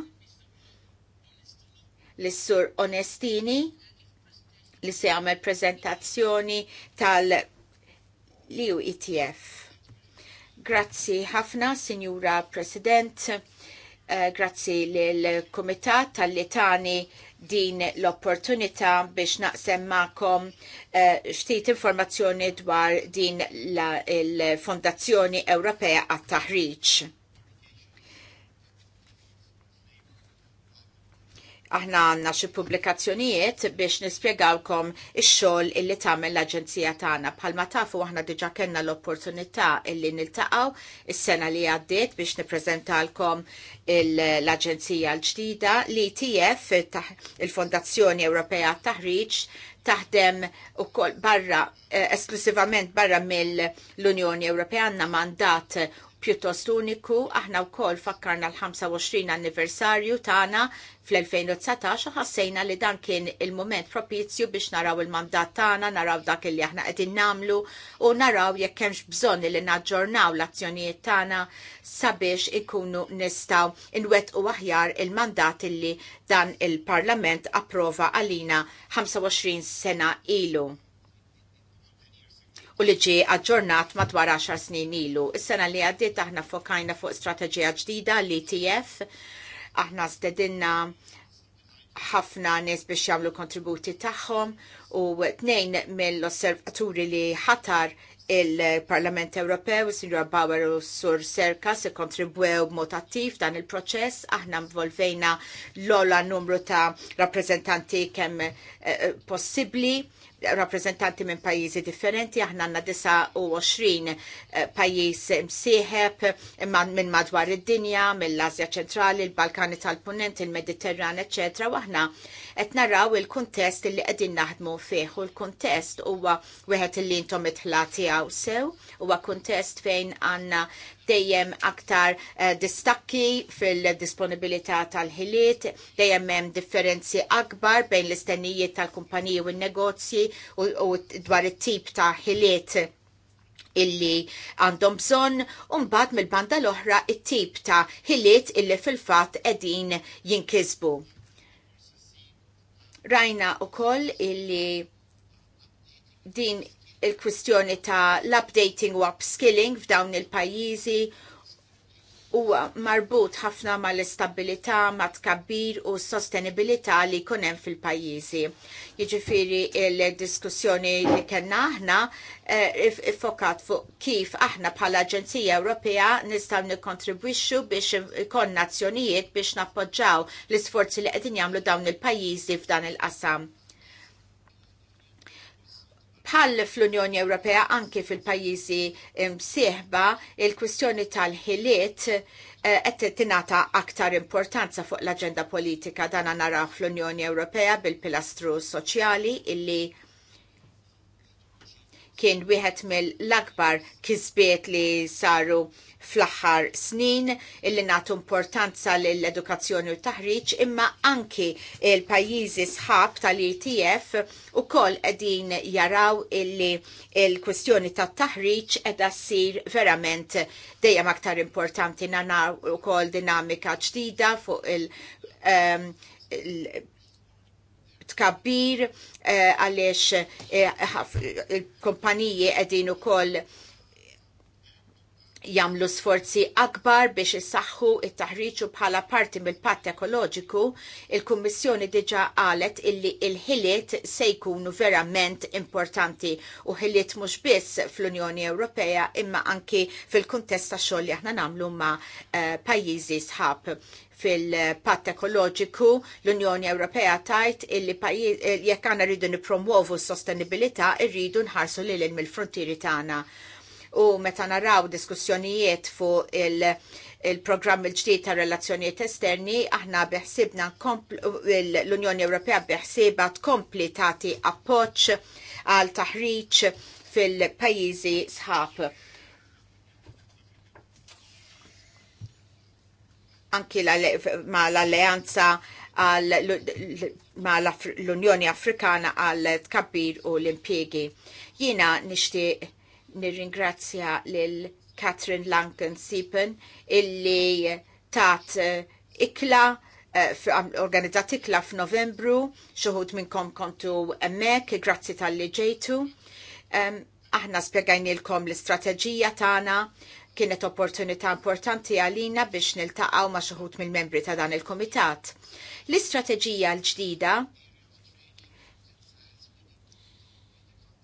l-sur Onestini li se għamel prezentazzjoni tal- li ju ETF. Grazzi ħafna, Sinjura President, eh, grazzi l-Komitat tal-Litani din l-opportunità biex naqsem ma'kom ftit eh, informazzjoni dwar din il-Fondazzjoni Ewropea għat-Taħriġ aħna għanna xi pubblikazzjonijiet biex nispjegawkom ix-xogħol illi tagħmel l-Aġenzija tagħna. Bħalma tafu aħna diġà kellna l-opportunità illi niltaqgħu is-sena li għaddiet biex nippreżentalkom l-Aġenzija l-ġdida li TF il-Fondazzjoni Ewropea Taħriġ taħdem u barra, eh, esklusivament barra mill-Unjoni Ewropea għanna mandat pjuttost uniku, aħna wkoll fakkarna l-25 anniversarju tagħna fl-2019 ħassejna li dan kien il-moment propizju biex naraw il-mandat tagħna, naraw dak li aħna qegħdin namlu u naraw jekk hemmx bżonn li naġġornaw l-azzjonijiet tagħna sabiex ikunu nistgħu u aħjar il-mandat li dan il-Parlament approva għalina 25 sena ilu u li ġi aġġornat madwar 10 snin ilu. Is-sena li għaddiet aħna fokajna fuq strateġija ġdida li TF aħna stedinna ħafna nies biex jagħmlu kontributi tagħhom u tnejn mill-osservaturi li ħatar il-Parlament Ewropew, Sinjora Bauer u Sur Serka, se kontribwew b'mod attiv dan il-proċess. Aħna involvejna l-ola numru ta' rappreżentanti kemm eh, possibbli rappresentanti minn pajjiżi differenti, aħna għandna 29 eh, pajjiż msieħeb eh, minn madwar id-dinja, mill-Asja ċentrali, il-Balkani tal-Punent, il-Mediterran, ecc. U aħna qed naraw il-kuntest li qegħdin naħdmu fih u l-kuntest huwa wieħed illi intom itħla tiegħu sew, huwa kuntest fejn għandna dejjem aktar uh, distakki fil-disponibilità tal-ħiliet, dejjem hemm differenzi akbar bejn l-istennijiet tal-kumpaniji u n-negozji u dwar it-tip ta' ħiliet illi għandhom bżonn mbagħad mill-banda l-oħra it-tip ta' ħiliet illi fil-fatt qegħdin jinkisbu. Rajna u koll illi din il-kwistjoni ta' l-updating u upskilling f'dawn il-pajjiżi huwa marbut ħafna mal-istabilità, ma' tkabbir u sostenibilità li jkun hemm fil-pajjiżi. Jiġifieri il-diskussjoni li kellna aħna eh, iffokat fuq kif aħna bħala Aġenzija Ewropea nistgħu nikkontribwixxu biex ikon nazzjonijiet biex nappoġġaw l-isforzi li qegħdin jagħmlu dawn il-pajjiżi f'dan il-qasam bħal fl-Unjoni Ewropea anki fil-pajjiżi msieħba il-kwistjoni tal-ħiliet eh, qed tingħata aktar importanza fuq l-aġenda politika dan naraw fl-Unjoni Ewropea bil-pilastru soċjali illi kien wieħed mill-akbar kisbiet li saru fl-aħħar snin illi nagħtu importanza l-edukazzjoni u taħriġ imma anki il-pajjiżi sħab tal-ITF u koll qegħdin jaraw illi il-kwestjoni tat-taħriġ qiegħda ssir verament dejjem aktar importanti nanaw ukoll dinamika ġdida fuq il- um, il tkabbir eh, għaliex eh, il-kumpaniji qegħdin ukoll jamlu sforzi akbar biex isaħħu it-taħriġu bħala parti mill-patt ekoloġiku, il-Kummissjoni diġa qalet illi il-ħiliet se jkunu verament importanti u ħiliet mhux biss fl-Unjoni Ewropea imma anki fil-kuntest ta' xogħol li aħna nagħmlu ma' uh, pajjiżi sħab fil-patt ekoloġiku l-Unjoni Ewropea tajt illi eh, jekk għandna rridu nipromuovu s-sostenibilità, rridu nħarsu lil mill-frontieri tagħna u meta naraw diskussjonijiet fuq il- il-programm il-ġdid ta' relazzjonijiet esterni, aħna beħsibna l-Unjoni Ewropea beħsiba tkompli tagħti appoġġ għal taħriġ fil-pajjiżi sħab. Anki ma l-alleanza ma l-Unjoni Afrikana għal tkabbir u l impiegi Jina nishti nirringrazzja lil Catherine Lanken Sipen illi tat eh, ikla eh, organizzat ikla f'Novembru, xuħut minnkom kontu emmek, grazzi tal-li ġejtu. Aħna spiegajnilkom l-istrateġija tagħna kienet opportunità importanti għalina biex niltaqgħu ma' xuħut mill-membri ta' dan il-komitat. L-istrateġija l-ġdida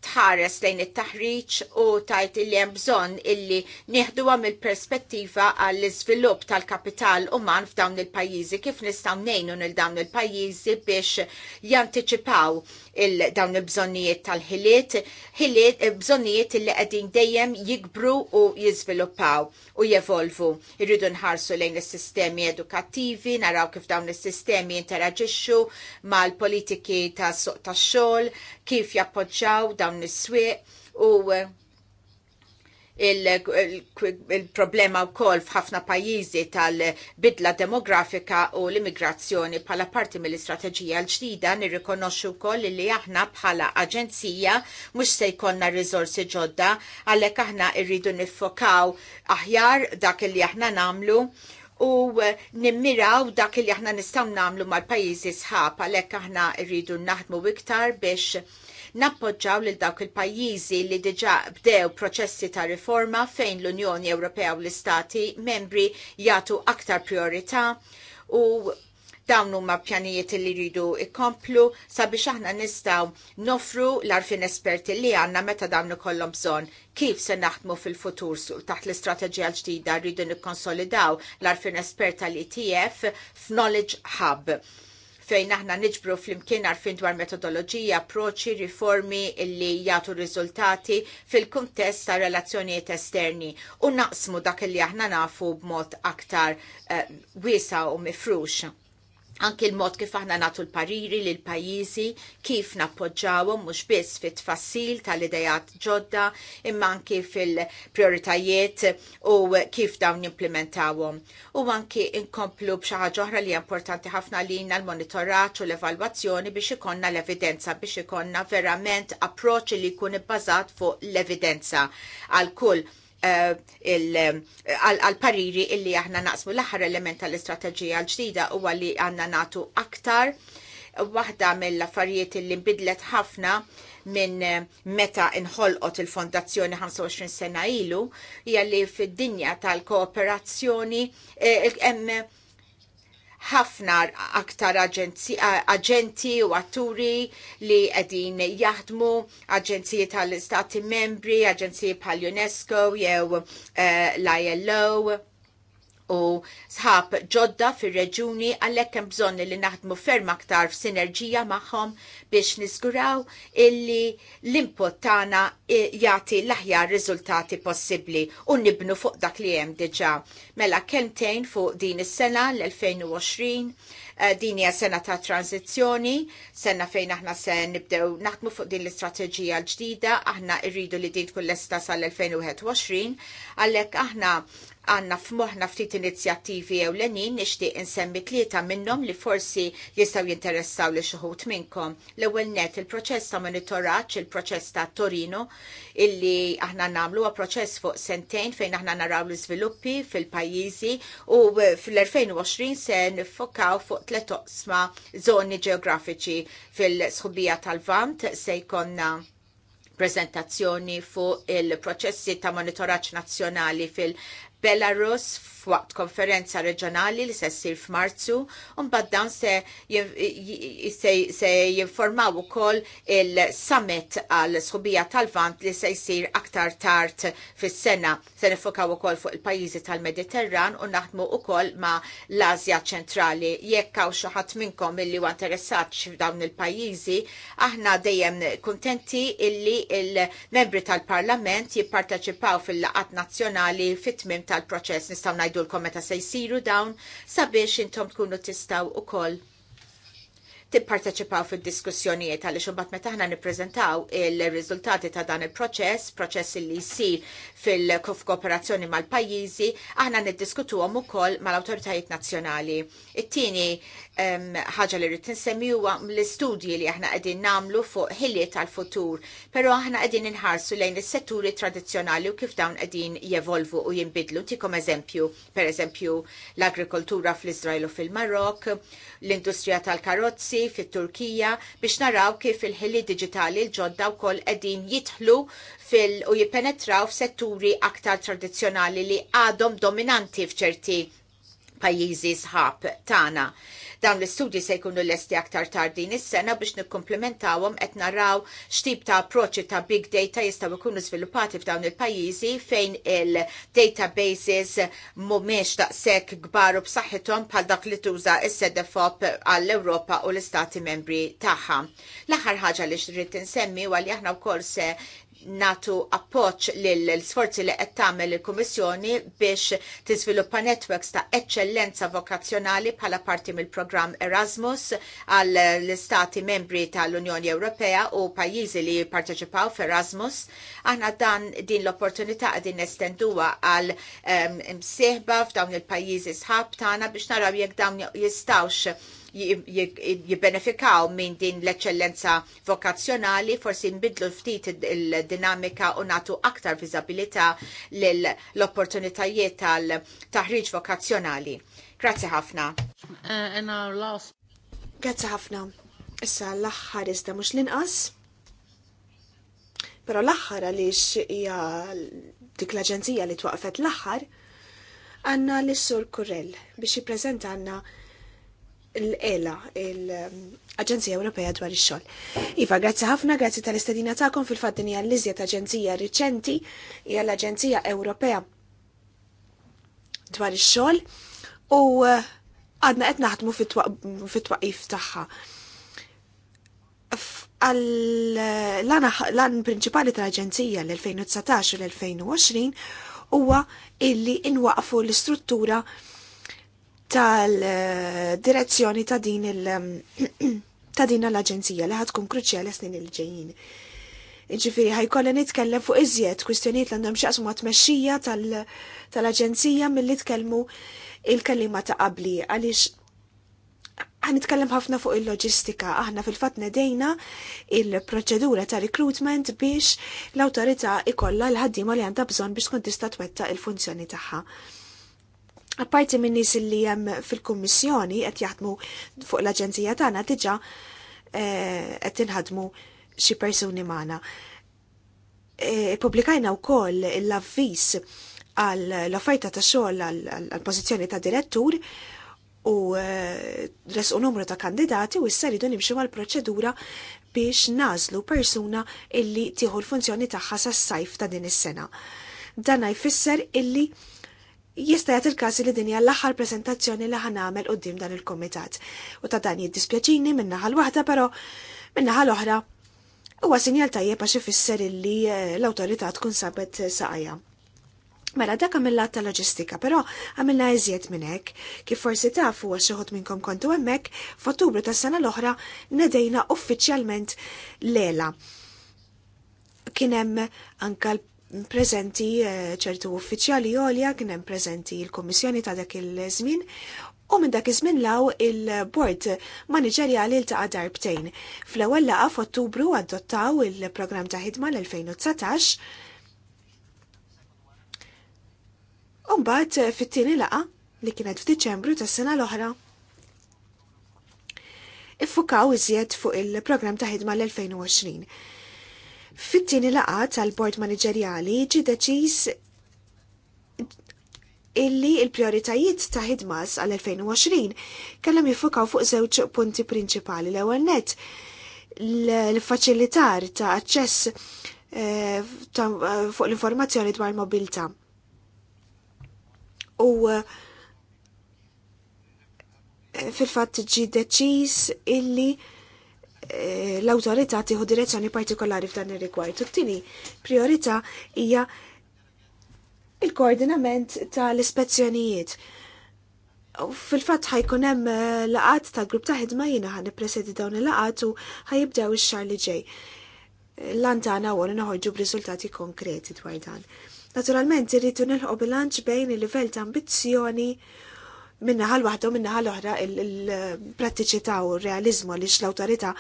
tħares lejn it-taħriġ u tajt li hemm bżonn illi nieħduha mill-perspettiva għall iżvilupp tal-kapital uman f'dawn il-pajjiżi kif nistgħu ngħinu lil dawn il-pajjiżi biex jantiċipaw il-dawn il-bżonnijiet tal-ħiliet, ħiliet eh, bżonnijiet li qegħdin dejjem jikbru u jiżviluppaw u jevolvu. Irridu nħarsu lejn is-sistemi edukattivi, naraw kif dawn is-sistemi jinteraġixxu mal-politiki ta' suq tax-xogħol, kif jappoġġaw dawn is-swieq u eh, il-problema u kol wkoll f'ħafna pajjiżi tal-bidla demografika u l-immigrazzjoni bħala parti mill-istrateġija l-ġdida nirrikonoxxu wkoll li aħna bħala aġenzija mhux se jkollna rizorsi ġodda għalhekk aħna rridu niffokaw aħjar dak li aħna nagħmlu u nimmiraw dak li aħna nistgħu nagħmlu mal-pajjiżi sħab għalhekk aħna rridu naħdmu iktar biex nappoġġaw lil dawk il-pajjiżi li diġa' bdew proċessi ta' riforma fejn l-Unjoni Ewropea u l-Istati membri jagħtu aktar priorità u dawn huma pjanijiet li rridu ikomplu sabiex aħna nistgħu nofru l-arfin esperti li għandna meta dawn ikollhom bżonn kif se naħdmu fil-futur taħt l-istrateġija l-ġdida rridu nikkonsolidaw l-arfin esperta li TF f'Knowledge Hub fejn aħna niġbru flimkien għarfin dwar metodoloġija, approċċi, riformi illi jagħtu riżultati fil-kuntest ta' relazzjonijiet esterni u naqsmu dak li aħna nafu b'mod aktar uh, wiesa u mifrux anki l-mod kif aħna natu l-pariri l pajjiżi kif nappoġġawhom mhux biss fit-tfassil tal-idejat ġodda imma anki fil-prioritajiet u kif dawn nimplementawhom. U anki inkomplu b'xi ħaġa oħra li importanti ħafna lina l-monitoraġġ u l-evalwazzjoni biex ikonna l-evidenza biex ikonna verament approċċ li jkun ibbażat fuq l-evidenza għal kull Eh, eh, għal-pariri illi aħna naqsmu l-aħħar element tal-istrateġija l-ġdida huwa li għanna natu aktar waħda mill-affarijiet illi nbidlet ħafna minn eh, meta inħolqot il-fondazzjoni 25 sena ilu hija li fid-dinja tal-kooperazzjoni hemm ħafna aktar aġenti u atturi li qegħdin jaħdmu, aġenziji tal-istati membri, aġenziji pal UNESCO jew uh, eh, l-ILO u sħab ġodda fir-reġuni għalhekk hemm bżonn li naħdmu ferm aktar f'sinerġija magħhom biex niżguraw illi l-input tagħna eh, jagħti l-aħjar riżultati possibbli u nibnu fuq dak li hemm diġà. Mela kemtejn fuq din is-sena l-2020 eh, din hija sena ta' tranzizzjoni, sena fejn aħna se nibdew naħdmu fuq din l-istrateġija l-ġdida, aħna rridu li din tkun lesta sal-2021, għalhekk aħna għanna f'moħna ftit inizjattivi jew lenin nixtieq insemmi tlieta minnhom li forsi jistgħu jinteressaw li xuħut minnkom. L-ewwel net il-proċess ta' monitoraġġ il-proċess ta' Torino illi aħna nagħmlu huwa proċess fuq sentejn fejn aħna naraw l-iżviluppi fil-pajjiżi u fil-2020 se nifokaw fuq tliet oqsma żoni ġeografiċi fil-sħubija tal-Vant se jkollna prezentazzjoni fuq il-proċessi ta' monitoraġġ nazzjonali fil- Belarus f'waqt konferenza reġjonali li se ssir f'Marzu, u mbagħad dawn se jinformaw ukoll il-summit għal sħubija tal-Vant li se jsir aktar tard fis-sena. Se nifokaw ukoll fuq il-pajjiżi tal-Mediterran u naħdmu ukoll ma' l-Asja ċentrali. Jekk hawn xi ħadd minnkom illi huwa interessat f'dawn il-pajjiżi, aħna dejjem kuntenti illi il-membri tal-Parlament jipparteċipaw fil-laqat nazzjonali fit-tmim tal-proċess nistgħu ngħidu l meta se jsiru dawn sabiex intom tkunu tistgħu ukoll tipparteċipaw fid-diskussjonijiet għaliex imbagħad meta aħna nippreżentaw il-riżultati ta' dan il-proċess, proċess li jsir fil-kooperazzjoni mal-pajjiżi, aħna niddiskutuhom ukoll mal-awtoritajiet nazzjonali. It-tieni ħaġa li rrid huwa l-istudji li aħna qegħdin nagħmlu fuq ħiliet tal-futur, però aħna qegħdin inħarsu lejn is-setturi tradizzjonali u kif dawn qegħdin jevolvu u jinbidlu. Tikom eżempju, per eżempju l-agrikoltura fl-Iżrael u fil-Marok, l-industrija tal-karozzi, il fit-Turkija biex naraw kif il-ħili digitali l-ġodda wkoll qegħdin jidħlu fil u jippenetraw f'setturi aktar tradizzjonali li għadhom dominanti f'ċerti pajjiżi sħab tagħna. Dawn l-istudji se jkunu lesti aktar tardin is-sena biex nikkumplementawhom qed naraw x'tip ta' approċċi ta' big data jistgħu jkunu sviluppati f'dawn il-pajjiżi fejn il-databases mhumiex daqshekk kbar u b'saħħithom bħal dak li tuża s-sedefop għall-Ewropa u l-Istati membri tagħha. L-aħħar ħaġa li xrid insemmi huwa li aħna wkoll se natu appoċ l-sforzi li qed tagħmel il-Kummissjoni biex tiżviluppa networks ta' eċċellenza vokazzjonali bħala parti mill-programm Erasmus għal l-istati membri tal-Unjoni Ewropea u pajjiżi li jipparteċipaw f'Erasmus. Aħna dan din l-opportunità qegħdin nestenduha għal msieħba f'dawn il-pajjiżi sħab tagħna biex naraw jekk dawn jistawx jibbenefikaw minn din l-eċċellenza vokazzjonali, forsi nbidlu ftit il-dinamika u natu aktar viżabilità l-opportunitajiet tal-taħriġ vokazzjonali. Grazzi ħafna. Uh, Grazzi ħafna. Issa l-aħħar iżda mhux l-inqas. Pero l-axħar għaliex hija dik l-aġenzija li twaqfet l-axħar, għanna l-sur Kurrell biex jippreżenta għanna l-ELA, l-Aġenzija Ewropea dwar ix-xogħol. Iva, grazzi ħafna, grazzi tal-istedina tagħkom fil-fatt din hija l-iżjed aġenzija riċenti hija l-Aġenzija Ewropea dwar ix-xogħol u eh, għadna qed naħdmu fit-twaqif tagħha. L-an prinċipali tal-Aġenzija l-2019 u l-2020 huwa illi inwaqfu l-istruttura tal-direzzjoni ta' din il- ta' din l-Aġenzija li ħad tkun kruċjali snin il-ġejjin. Ġifiri, ħajkolli nitkellem fuq iżjed kwistjonijiet l-għandhom xaqsu ma' tmexxija tal-Aġenzija mill-li tkellmu il-kellima ta' qabli għaliex ħanitkellem ħafna fuq il-loġistika. Aħna fil-fat nedejna il-proċedura ta' recruitment biex l awtorità ikolla l-ħaddima li għandha bżonn biex tkun tista' twetta il-funzjoni tagħha. Apparti minn nies li hemm fil-Kummissjoni qed jaħdmu fuq l-Aġenzija tagħna diġà eh, qed tinħadmu xi persuni magħna. Eh, Publikajna wkoll l avvis għal l-offerta ta' xogħol għal pożizzjoni ta' direttur u eh, u numru ta' kandidati u issa ridu nimxu għal proċedura biex nażlu persuna illi tieħu l-funzjoni tagħha sas-sajf ta' din is-sena. Dan jfisser illi jista' jagħti il-każ li din hija l-aħħar preżentazzjoni li ħanamel quddiem dan il-kumitat. U ta' dan jiddispjaċini minn naħa l-waħda però minn naħa l-oħra huwa sinjal tajjeb għax ifisser illi eh, l-awtorità tkun sabet saqajja. Mela dak għamillat ta' loġistika, però għamilna eżjed minn hekk. Kif forsi tafu għax xoħod minnkom kontu hemmhekk, f'Ottubru tas-sena l-oħra nedejna uffiċjalment lela. Kien hemm anke l prezenti eh, ċertu uffiċjali għolja kien hemm prezenti l-Kummissjoni ta' dak il-żmien u minn dak iż-żmien law il-Bord Maniġerjali ltaqa' darbtejn. Fl-ewwel laqgħa f'Ottubru adottaw il-programm ta' ħidma l-2019 mbagħad eh, fit-tieni laqa li kienet f'Diċembru tas-sena l-oħra. Iffukaw iżjed fuq il-programm ta' ħidma l-2020. Fit-tieni laqgħa tal-Bord manageriali ġi deċiż illi il-prioritajiet ta' ħidmas għal-2020 kellhom jiffokaw fuq żewġ punti prinċipali l-ewwel net l-faċilitar ta' aċċess eh, fuq l-informazzjoni dwar mobilità. U eh, fil-fatt ġi deċiż illi Eh, l-autorità tieħu direzzjoni partikolari f'dan ir-rigward. U priorità hija il-koordinament tal-ispezzjonijiet. Fil-fatt ħajkun hemm eh, laqat tal-grupp ta' ħidma jiena ħan nippresedi dawn il-laqat u ħajibdew ix-xahar li ġej. Lantana antana għor noħorġu b'riżultati konkreti dwar dan. Naturalment irridu nilħu bilanċ bejn il-livell ta' ambizzjoni minna ħal waħda u minna ħal oħra il-prattiċità u r-realizmu li l-autorità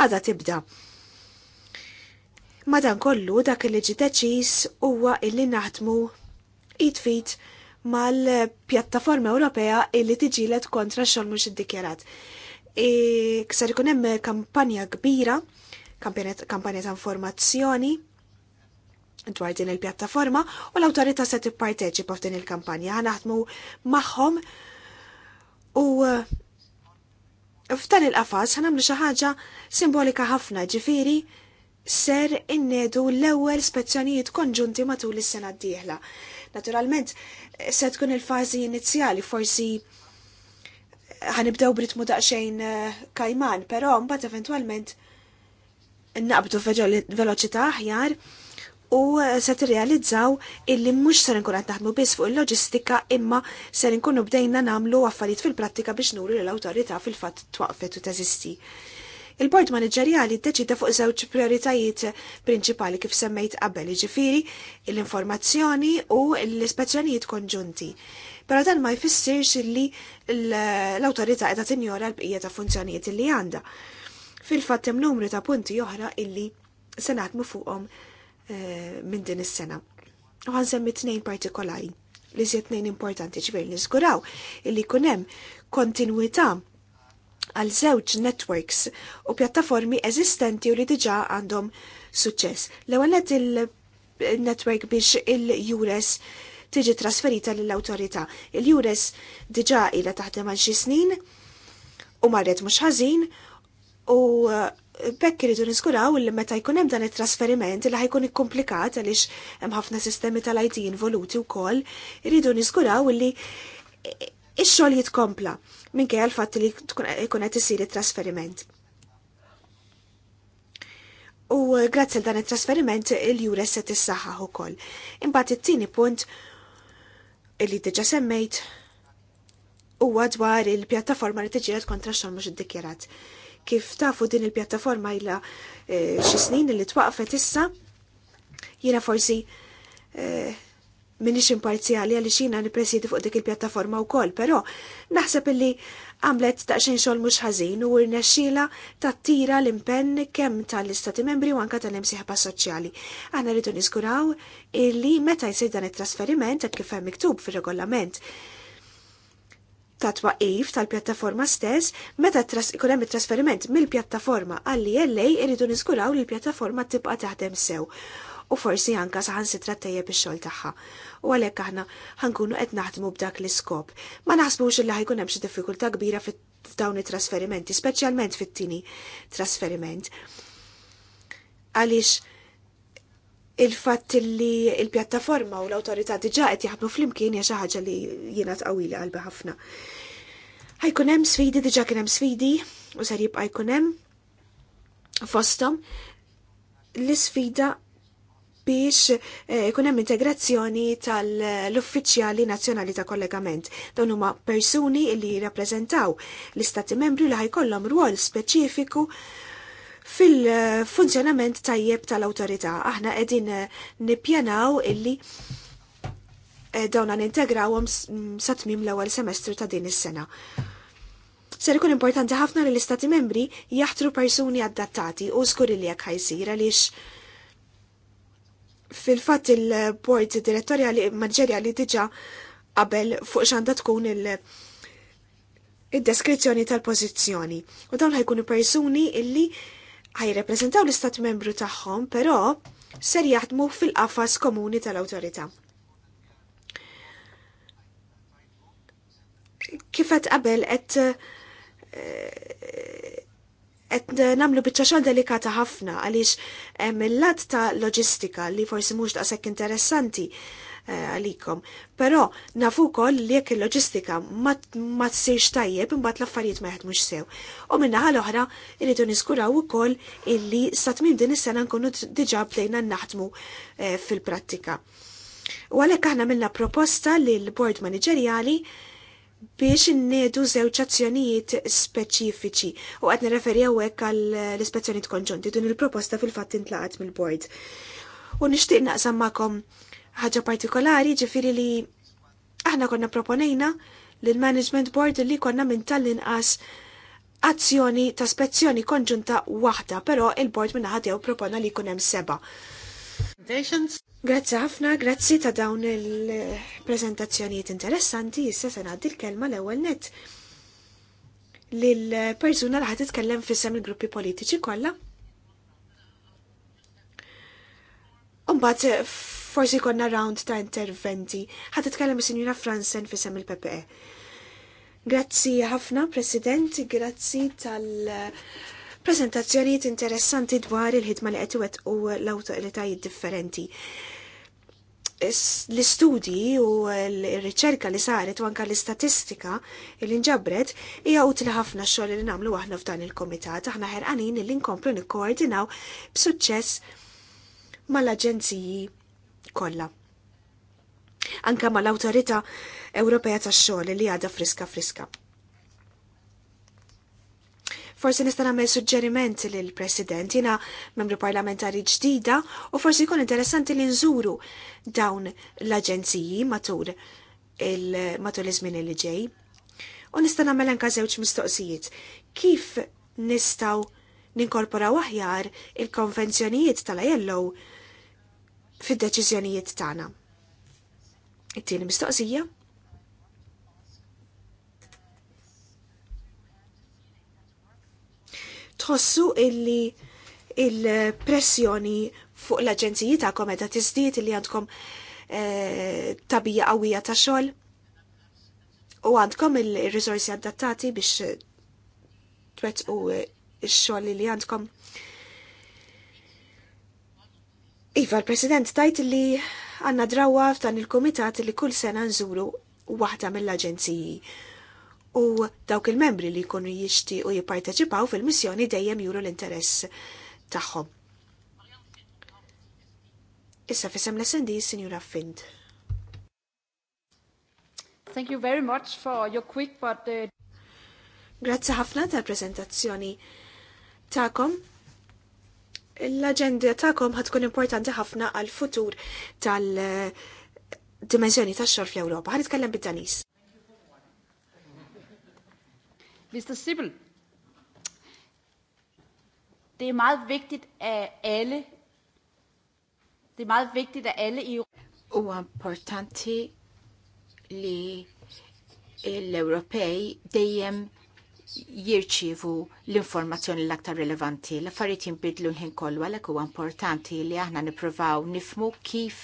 għada tibda. Madan kollu dak li ġi deċis huwa illi naħdmu id fit mal-pjattaforma Ewropea illi tiġilet kontra xol mhux iddikjarat. Ksar e, ikun hemm kampanja kbira, kampanja ta' informazzjoni, dwar din il-pjattaforma u l-autorità se tipparteċipa f'din il-kampanja. Naħdmu magħhom U uh, f'dan il-qafas ħanamlu xi ħaġa simbolika ħafna ġifiri ser innedu l-ewwel spezzjonijiet konġunti matul is-sena d-dieħla. Naturalment, se tkun il-fażi inizjali forsi ħanibdew b'ritmu daqsxejn uh, kajman, però mbagħad eventwalment naqbdu veloċità aħjar u se tirrealizzaw illi mhux ser nkun qed naħdmu biss fuq il-loġistika imma ser nkunu bdejna nagħmlu affarijiet fil-prattika biex nuru l-awtorità fil-fatt twaqfet u teżisti. Il-bord manageriali ddeċida fuq żewġ prioritajiet prinċipali kif semmejt qabel iġifiri, l-informazzjoni u l-ispezzjonijiet konġunti. Pero dan ma jfissirx li l-autorità qiegħda tinjora l-bqija ta' funzjonijiet li għandha. Fil-fatt hemm numru ta' punti oħra illi se naħdmu fuqhom Eh, minn din is-sena. U għanżemmi tnejn partikolari li zjed t-nejn importanti ġbir li zguraw illi kunem kontinuità għal żewġ networks u pjattaformi eżistenti u li diġa għandhom suċċess. L-ewwel il-network biex il-Jures tiġi trasferita lill-awtorità. Il-Jures diġa ila taħdem għal xi snin u marret mhux ħażin u bekk iridu niskuraw li meta jkun hemm dan it-trasferiment li ħajkun ikkomplikat għaliex hemm ħafna sistemi tal-IT involuti wkoll, iridu niskuraw li ix-xogħol jitkompla minkejja l-fatt li jkun qed isir it-trasferiment. U grazzi għal dan it-trasferiment il-jures se tissaħħaħ ukoll. Imbagħad it-tieni punt li diġa semmejt huwa dwar il-pjattaforma li tiġiret kontra x-xogħol mhux iddikjerat. Kif tafu din il-pjattaforma illa eh, xi snin li twaqfet issa, jiena forsi eh, minix imparzjali għalli xina nipresidi fuq dik il-pjattaforma u kol, pero naħseb illi għamlet taqxin xol mux ħazin u rnexxila tira l-impenn kemm tal-istati membri u anka tal-imsieħba soċjali. Għanna rridu niskuraw illi meta jsir dan it-trasferiment kif hemm miktub fir-regolament ta' twaqif tal-pjattaforma stess meta ikun hemm it-trasferiment mill-pjattaforma għalli LA iridu niżguraw li l-pjattaforma tibqa' taħdem sew u forsi anka saħan sitra tajjeb ix-xogħol tagħha. U għalhekk aħna ħankunu qed naħdmu b'dak l-iskop. Ma naħsbux li ħajkun hemm xi diffikultà kbira f'dawn it-trasferimenti, speċjalment fit-tieni trasferiment. Għaliex il-fatt li il-pjattaforma u l-autorità diġa qed jaħdmu flimkien hija xi ħaġa li jiena tqawwili qalbi ħafna. Ħajkun hemm sfidi diġa kien hemm sfidi u ser jibqa' jkun hemm fosthom l-isfida biex ikun eh, hemm integrazzjoni tal-uffiċjali nazzjonali ta' kollegament. Dawn huma persuni li jirrappreżentaw l-istati membri li ħajkollhom rwol speċifiku fil-funzjonament tajjeb tal-autorità. Aħna edin eh, nippjanaw illi eh, dawna nintegrawhom mm, sa tmim l-ewwel semestru ta' din is-sena. Ser ikun importanti ħafna li l-Istati membri jaħtru persuni adattati u skur li jekk ħajsir għaliex fil-fatt il li direttorjali maġġerjali diġà qabel fuq xanda tkun il- id-deskrizzjoni tal-pożizzjoni. U dawn ħajkunu persuni illi ħajrepreżentaw l-istat membru tagħhom, però ser jaħdmu fil-qafas komuni tal-awtorità. Kifet qabel qed eh, qed namlu biċċa xogħol delikata ħafna għaliex hemm il-lat ta' loġistika li forsi mhux daqshekk interessanti Eh, għalikom. Però nafu wkoll li jekk il-loġistika ma t-sirx tajjeb imbagħad l-affarijiet ma mux sew. U minnaħa l-oħra irridu niskuraw ukoll illi sa tmiem din is-sena nkunu diġà bdejna naħdmu eh, fil-prattika. U għalhekk aħna minna proposta l bord Maniġerjali biex innedu żewġ azzjonijiet speċifiċi u qed nirreferi hawnhekk għall-ispezzjonijiet konġunti din il-proposta fil-fatt intlaqat mill board U nixtieq naqsam ma'kom ħaġa partikolari ġifiri li aħna konna proponejna l-Management Board li konna minn tal-inqas azzjoni ta' spezzjoni konġunta waħda, però il-Board minna ħadew propona li kunem seba. Grazzi ħafna, grazzi ta' dawn il-prezentazzjonijiet interessanti, issa se ngħaddi l-kelma l-ewwel net l persuna li ħad titkellem fissem il-gruppi politiċi kollha. Umbat forsi konna round ta' interventi. Ħat titkellem is-Sinjura Fransen fisem il-PPE. Grazzi ħafna, President, grazzi tal- Prezentazzjonijiet interessanti dwar il-ħidma li qed u l-awtoritajiet differenti. L-istudji u l-riċerka li saret u anka l-istatistika li nġabret hija utli ħafna xogħol li nagħmlu aħna f'dan il-komitat, aħna ħerqanin li nkomplu nikkoordinaw b'suċċess mal-aġenziji kollha. Anka mal-Awtorità Ewropea tax xol li għadha friska friska. Forsi nista' nagħmel suġġeriment lil President jiena membru parlamentari ġdida u forsi jkun interessanti li nżuru dawn l-aġenziji matul il-matul iż-żmien li ġej. U nista' nagħmel anke żewġ mistoqsijiet. Kif nistgħu ninkorporaw aħjar il-konvenzjonijiet tal-ajellow fid-deċiżjonijiet tagħna. It-tieni mistoqsija. Tħossu illi il-pressjoni fuq l-aġenziji tagħkom meta tiżdiet li għandkom eh, tabija qawwija ta' xogħol u għandkom il-riżorsi adattati biex twettqu eh, ix-xogħol li għandkom Iva, l-President tajt li għanna drawa f'dan il-komitat li kull sena nżuru waħda mill-aġenziji. U dawk il-membri li jkunu jixti u jipparteċipaw fil-missjoni dejjem juru l-interess tagħhom. Issa fisem l-SND, Signora Find. Thank you very much for your quick but... Grazie uh, Grazzi ħafna tal-prezentazzjoni ta'kom l-agenda ta'kom ħatkun importanti ħafna għal-futur tal-dimensjoni ta' xorf l-Europa. Ħan nitkellem bit danis Mr. Sibyl, det er meget vigtigt, at alle det er meget vigtigt, at alle i U importanti li l-Ewropej dejjem jirċivu l-informazzjoni l-aktar rilevanti. L-affarijiet jinbidlu l-ħin kollu għalhekk huwa importanti li aħna nippruvaw nifmu kif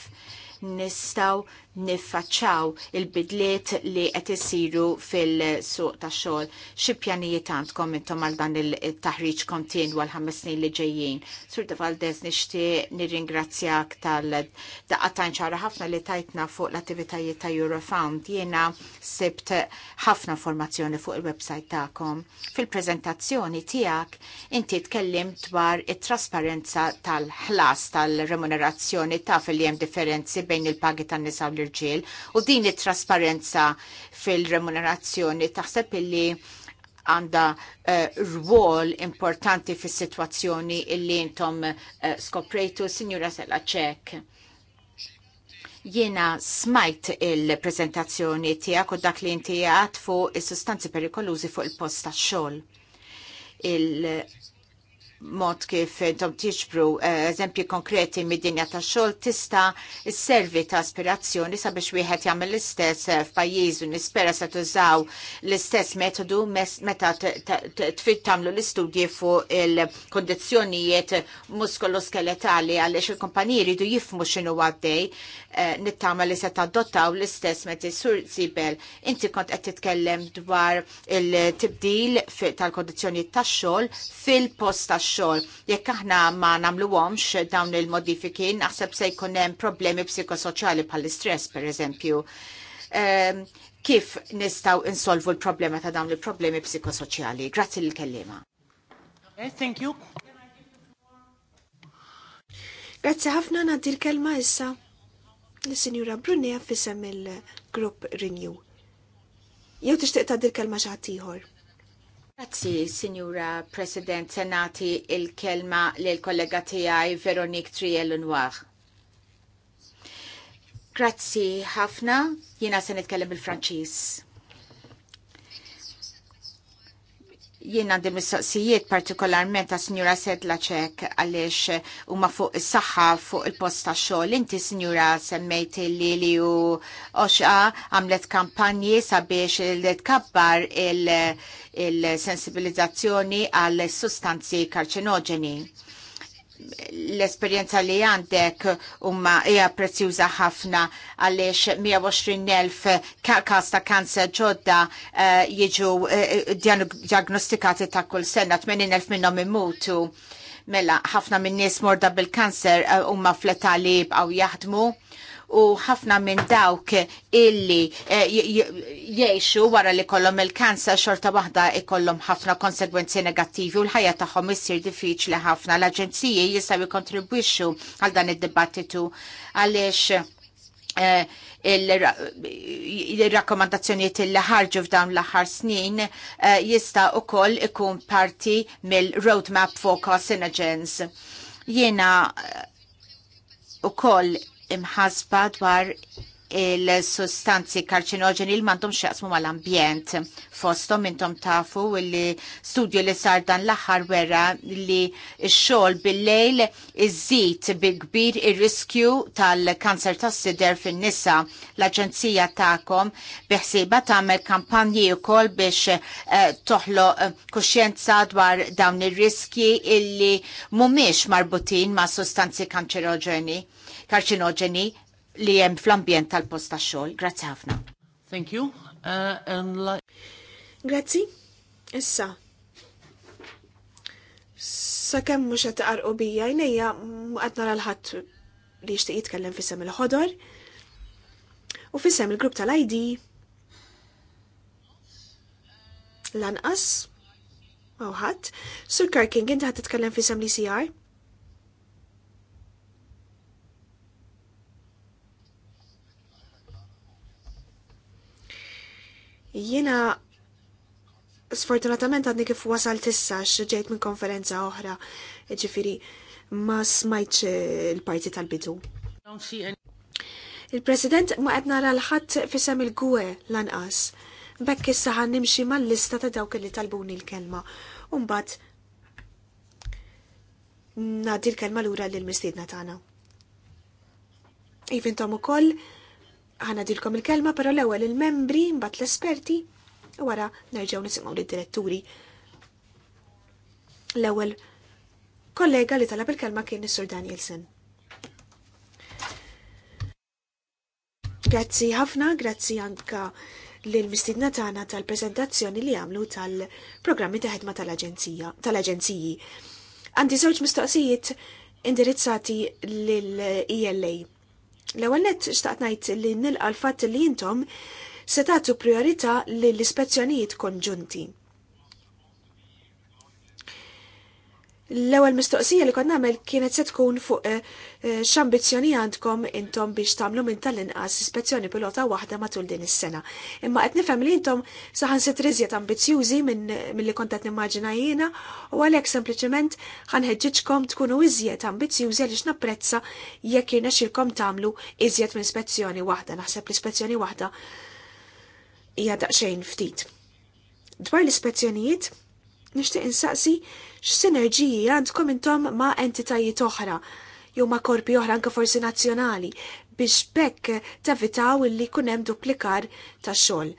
nistgħu niffaċċaw il-bidliet li qed isiru fil-suq ta' xogħol. Xi pjanijiet għandkom intom għal dan il-taħriġ kontinwa għal ħames snin li ġejjin. Sur Valdez nixtieq nirringrazzjak tal-daqqa tajn ċara ħafna li tajtna fuq l-attivitajiet ta' Eurofound. Jiena sibt ħafna informazzjoni fuq il-website tagħkom. Fil-preżentazzjoni tiegħek inti tkellim dwar it-trasparenza tal-ħlas tal-remunerazzjoni taf fil hemm differenzi bejn il-pagi tan-nisa l l-irġiel u din it-trasparenza fil-remunerazzjoni taħseb illi għanda uh, rwol importanti fis situazzjoni illi intom uh, skoprejtu, Signora Sella Ċek. Jiena smajt il-prezentazzjoni tijak u dak li inti għat fuq il-sustanzi perikolużi fuq il-post ta' xol. Il mod kif intom tiġbru eh, eżempji konkreti mid-dinja ta' xogħol tista' servi ta' aspirazzjoni sabiex wieħed jagħmel l-istess eh, f'pajjiż u nispera se tużaw l-istess metodu meta tfid tagħmlu l-istudji fuq il-kondizzjonijiet muskoloskeletali għaliex il-kumpaniji jridu jifmu x'inhu għaddej eh, nittama li se tadottaw l-istess meti sur sibel. Inti kont qed titkellem dwar il-tibdil tal-kondizzjonijiet tax-xogħol fil-post tax xogħol fil post ta' xogħol Jekk aħna ma nagħmluhomx dawn il-modifiki, naħseb se jkun hemm problemi psikosoċjali bħall-istress pereżempju. Um, ehm, kif nistgħu insolvu l-problema ta' dawn il-problemi psikosoċjali? Grazzi lill kellima okay, Thank you. Grazzi ħafna naddi l-kelma issa l-Sinjura Brunija fissem il-Grupp Renew. Jew tixtieq tgħaddi l-kelma xi ħadd ieħor. Grazzi, Signora President, Senati, il-kelma l-kollega tijaj Veronique triel lunwar Grazzi ħafna, jina se nitkellem bil-Franċis. jien għandi mistoqsijiet partikolarment ta' Sinjura Sedla ċek għaliex huma fuq is-saħħa fuq il-post ta' xogħol. Inti Sinjura semmejt illi li u oxqa għamlet kampanji sabiex li tkabbar il-sensibilizzazzjoni għal sustanzi karċinoġeni l-esperienza li għandek umma hija prezzjuża ħafna għaliex 120.000 kas ta' kanser ġodda eh, jiġu eh, diagnostikati ta' kull sena, 80.000 minnhom imutu. Mela, ħafna minn nies morda bil-kanser huma eh, uh, fleta li jaħdmu u ħafna minn dawk illi eh, jiexu wara li kollom il-kansa xorta waħda ikollom ħafna konsegwenzi negattivi u l-ħajja tagħhom issir diffiċli ħafna. L-aġenziji jistgħu jikkontribwixxu għal dan id-dibattitu għaliex eh, il-rakkomandazzjoniet il ħarġu f'dawn l-aħħar snin eh, jista' ukoll ikun parti mill-roadmap for carcinogens. Jiena u koll imħasba dwar il-sustanzi karċinogeni il mandom xaqsmu mal-ambjent. Fostom intom tafu li studju li sar dan l-aħħar wera li x-xogħol bil-lejl iżid bil kbir ir-riskju tal-kanser tas-sider fin-nisa. L-Aġenzija tagħkom biħsiba tagħmel kampanji wkoll biex eh, toħlo eh, kuxjenza dwar dawn ir-riskji illi mhumiex marbutin ma' sustanzi kanċeroġeni karċinoġeni li hemm fl-ambjent tal-post tax-xogħol. Grazzi ħafna. Thank you. Uh, and like... Grazzi. Issa. Sakemm mhux qed taqarqu bija jnejja qed nara l-ħadd li jixtieq jitkellem fisem il-ħodor u fisem il-grupp tal-ID lanqas Mawħat, Sur Karking, inti għat titkellem fi sem li Jiena sfortunatament għadni kif wasal tissa x'ġejt minn konferenza oħra, ġifiri ma smajtx il-parti tal-bidu. Il-President ma qed nara l ħat fisem il-gwe lanqas. Bekk issa ħan nimxi mal-lista ta' dawk li talbuni l-kelma. Umbat nadi l-kelma lura lil mistiedna tagħna. Ivin tom ukoll ħana dilkom il-kelma, pero l-ewel il-membri, mbat l-esperti, u wara nerġaw nisimaw li diretturi L-ewel kollega li talab il-kelma kien Nissur sur Danielsen. Grazzi ħafna, grazzi anka l-mistidna tagħna tal-prezentazzjoni li għamlu tal-programmi ta' ħedma tal-aġenzija tal-aġenziji. Għandi żewġ mistoqsijiet indirizzati lill ila L-ewwel nett xtaqt ngħid li nilqa' l-fatt li intom se tagħtu li lill-ispezzjonijiet konġunti. L-ewwel mistoqsija li kont nagħmel kienet se tkun fuq eh, eh, x'ambizzjoni għandkom intom biex tagħmlu minn tal-inqas ispezzjoni pilota waħda matul din is-sena. Imma qed nifhem li intom saħan se triżjet ambizzjużi minn milli kont qed nimmaġina jiena u għalhekk sempliċement ħanħeġġiġkom tkunu iżjed ambizzjużi għaliex napprezza jekk jirnexxilkom tagħmlu iżjed minn ispezzjoni waħda. Naħseb l-ispezzjoni waħda hija daqsxejn ftit. Dwar l-ispezzjonijiet, nixtieq insaqsi x'sinerġiji għandkom intom ma' entitajiet oħra jew ma' korpi oħra anke forsi nazzjonali biex bekk tevitaw illi jkun hemm duplikar tax xogħol.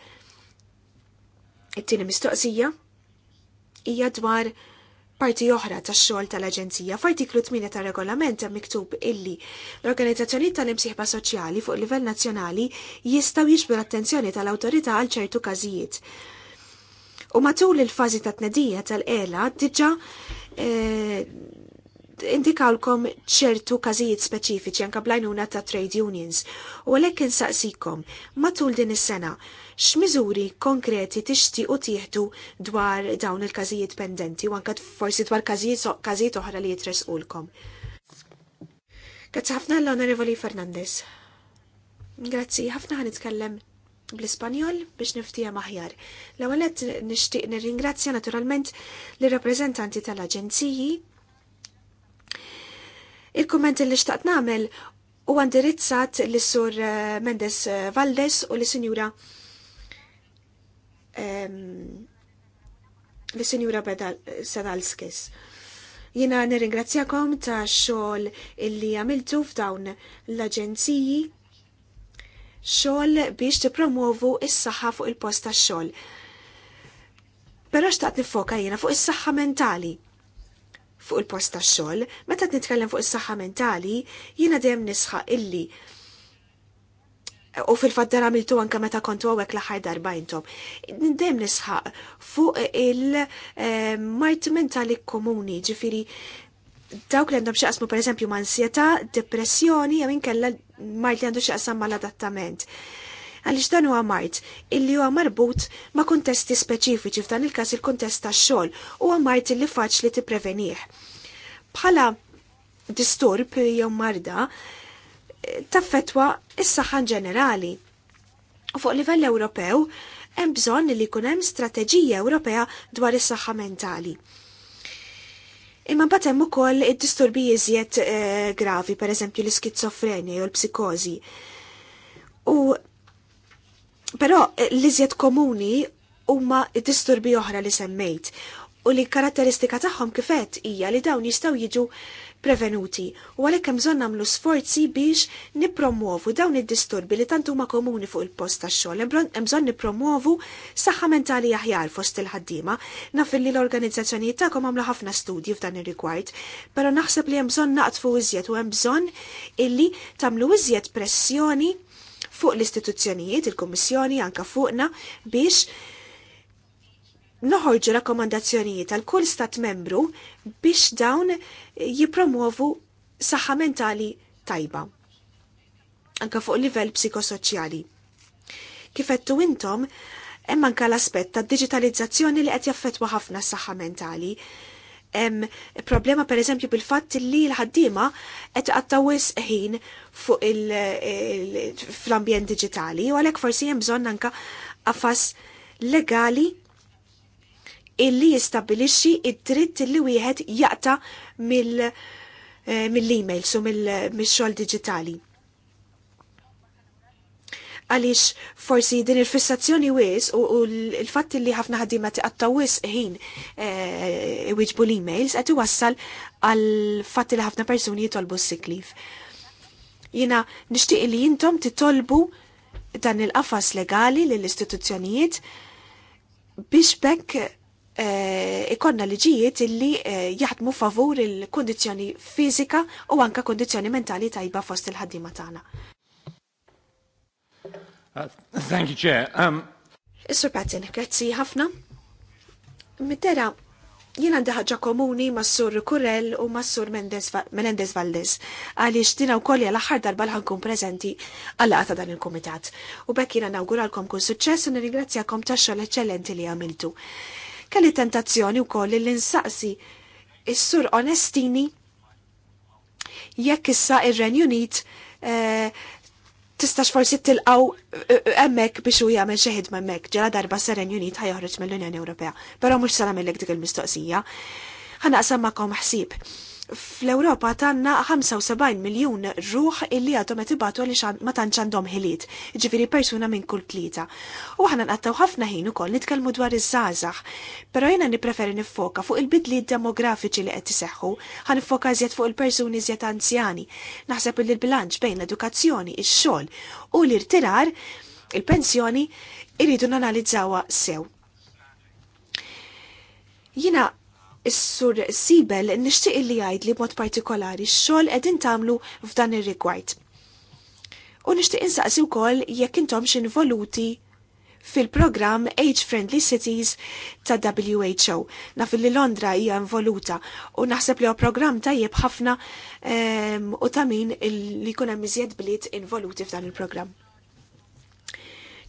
It-tieni mistoqsija hija dwar parti oħra tax xogħol tal-Aġenzija f'artiklu 8 tar-regolament hemm miktub illi l-organizzazzjoni tal-imsieħba soċjali fuq livell nazzjonali jistgħu jiġbu l-attenzjoni tal-awtorità għal ċertu każijiet. U matul il-fazi ta' tnedija tal-qela diġa eh, indikawlkom ċertu każijiet speċifiċi anka blajnuna ta' trade unions. U għalhekk insaqsikom matul din is-sena x'miżuri konkreti tixtiequ tieħdu dwar dawn il-każijiet pendenti u anka forsi dwar każijiet oħra li jitresqulkom. Grazzi ħafna l-Onorevoli Fernandez. Grazzi, ħafna ħanitkellem bl-Ispanjol biex niftija maħjar. L-ewwel qed nixtieq nirringrazzja naturalment lir rappresentanti tal-aġenziji. il komment li xtaqt nagħmel huwa indirizzat lis sur eh, Mendes eh, Valdes u lis-Sinjura ehm, lis-Sinjura eh, Sedalskis. Jiena nirringrazzjakom ta' xogħol illi għamiltu f'dawn l-aġenziji xogħol biex tippromovu is-saħħa fuq il-post tax-xogħol. Però xtaqt nifoka jiena fuq is-saħħa mentali fuq il-post tax-xogħol, meta nitkellem fuq is-saħħa mentali, jiena dejjem nisħaq illi u fil-fatt dar għamiltu anke meta kontu għawek l darba intom. Dejjem nisħaq fuq il-mart eh, mentali komuni, ġifiri dawk li għandhom xaqsmu per eżempju ma' depressjoni, jew inkella mart li għandu xaqsam mal adattament Għalix dan huwa mart illi huwa marbut ma' kontesti speċifiċi f'dan il-każ il-kontest tax-xogħol huwa mart illi faċli tipprevenih. Bħala disturb jew marda taffetwa is-saħħa ġenerali. U fuq livell Ewropew hemm bżonn li jkun hemm strateġija Ewropea dwar is-saħħa mentali. Imma mbagħad hemm ukoll id-disturbi iżjed eh, gravi, pereżempju l-iskizofrenja jew l-psikożi. U però eh, l-iżjed komuni huma disturbi oħra li semmejt u li karatteristika tagħhom kifet hija li dawn jistgħu jiġu prevenuti u għalhekk hemm bżonn nagħmlu sforzi biex nippromuovu dawn id-disturbi li tant huma komuni fuq il-post tax-xogħol. Hemm bżonn nippromuovu saħħa mentali aħjar fost il-ħaddiema. Naf li l-organizzazzjonijiet tagħkom għamlu ħafna studji f'dan ir-rigward, però naħseb li hemm bżonn naqtfu iżjed u hemm bżonn illi tagħmlu iżjed pressjoni fuq l-istituzzjonijiet, il-Kummissjoni, anka fuqna biex noħorġu rakkomandazzjonijiet għal kull stat membru biex dawn jipromovu saħħa mentali tajba, anka fuq livell psikosoċjali. Kifettu intom, hemm anka l-aspett ta' digitalizzazzjoni li qed jaffettwa ħafna s-saħħa mentali. Hemm problema pereżempju bil-fatt li l-ħaddiema qed qattawis ħin fuq fl-ambjent digitali u għalhekk forsi hemm bżonn anka qafas legali illi jistabilixi id-dritt li wieħed jaqta eh, mill-emails u mill-xogħol diġitali. Għaliex forsi din il-fissazzjoni wis u l-fatt li ħafna ħaddiema għatta wis ħin eh, iwiġbu l-emails qed iwassal għal fatt li ħafna persuni jitolbu s-siklif. Jina nixtieq li jintom titolbu dan il-qafas legali lill-istituzzjonijiet biex bekk Eh, ikonna liġijiet illi eh, jaħdmu favur il-kondizjoni fizika u anka kondizjoni mentali tajba fost il-ħaddima tagħna. Uh, thank you, Chair. Um, Sir Patton, grazzi ħafna. Mittera, jien għandi ħaġa komuni ma' sur Kurrell u ma' sur Menendez Valdez, għaliex dina u kolli għal-axħar darba l-ħankum prezenti għal-għata dan il-komitat. U bekk jien nawguralkom kun suċċess u nirringrazzjakom ta' xogħol eċċellenti li għamiltu. Kelli tentazzjoni wkoll li l-insaqsi is-sur onestini jekk issa ir-Ren Unit eh, tistax forsi tilqaw eh, eh, emmek biex u jagħmel xi ħidma emmek ġara darba sa Ren Unit ħajoħroġ mill-Unjoni Ewropea, però mhux sara mill dik il-mistoqsija. Ħanaqsam magħkom ħsieb fl-Europa tanna 75 miljon ruħ illi għadhom qed ibatu li ma tantx għandhom ħiliet, ġifieri persuna minn kull tlieta. U aħna nqattaw ħafna ħin ukoll nitkellmu dwar iż-żgħażagħ, però jiena nippreferi niffoka fuq il-bidli demografiċi li qed iseħħu, ħanifoka iżjed fuq il-persuni iżjed anzjani. Naħseb li l-bilanċ bejn l-edukazzjoni, ix-xogħol u l-irtirar, il-pensjoni, irridu nanalizzawa sew. Jina Is-sur Sibel nixtieq li jgħid li mod partikolari x-xogħol qegħdin tagħmlu f'dan ir-rigward. U nixtieq insaqsi wkoll jekk intom involuti fil-programm Age Friendly Cities ta' WHO. Naf li Londra hija involuta u naħseb li huwa programm tajjeb ħafna ehm, u ta' min li jkun hemm iżjed bliet involuti f'dan il-programm.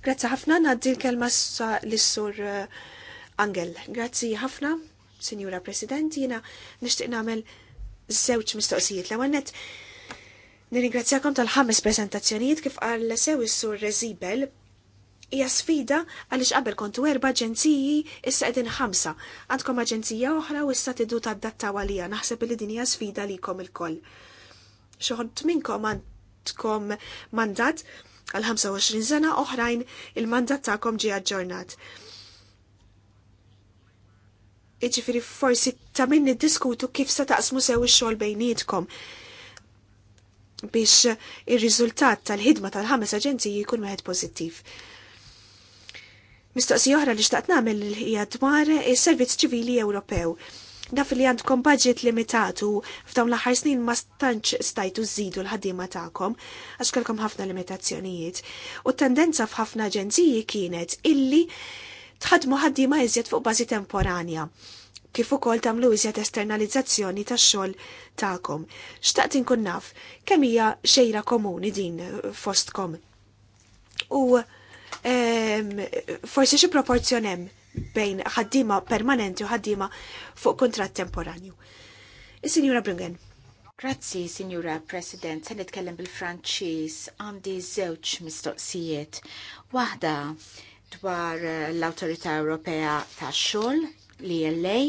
Grazzi ħafna, naddi l-kelma lis sur eh, Angel. Grazzi ħafna. Sinjura President, jina nishtiq namel żewġ mistoqsijiet l għannet Nirringrazzjakom tal-ħames prezentazzjonijiet kif għal sew is-sur Rezibel hija sfida għaliex qabel kontu erba' aġenziji issa qegħdin ħamsa. Għandkom aġenzija oħra u issa tiddu ta datta għalija. Naħseb li din hija sfida kom il-koll. Xoħod minnkom għandkom mandat għal 25 sena oħrajn il-mandat tagħkom ġie aġġornat. Iġifiri forsi ta' minni diskutu kif se taqsmu sew ix-xogħol bejnietkom biex ir-riżultat tal-ħidma tal-ħames aġenziji jkun meħed pożittiv. Mistoqsija oħra li xtaqt nagħmel hija dwar is-Servizz Ċivili Ewropew. Naf li għandkom budget limitatu f'dawn l-aħħar snin ma stantx stajtu żidu l-ħaddiema tagħkom għax ħafna limitazzjonijiet. U t-tendenza f'ħafna aġenziji kienet illi tħadmu ħaddima iżjed fuq bażi temporanja kif ukoll tagħmlu iżjed esternalizzazzjoni tax-xogħol tagħkom. Xtaqt inkun naf kemm hija xejra komuni din fostkom. U forsi xi proporzjon hemm bejn ħaddiema permanenti u ħaddiema fuq kontratt temporanju. Is-Sinjura Brungen. Grazzi, Sinjura President, se nitkellem bil-Franċiż għandi żewġ mistoqsijiet. Waħda dwar eh, l-Autorità Ewropea tax-xogħol li jellej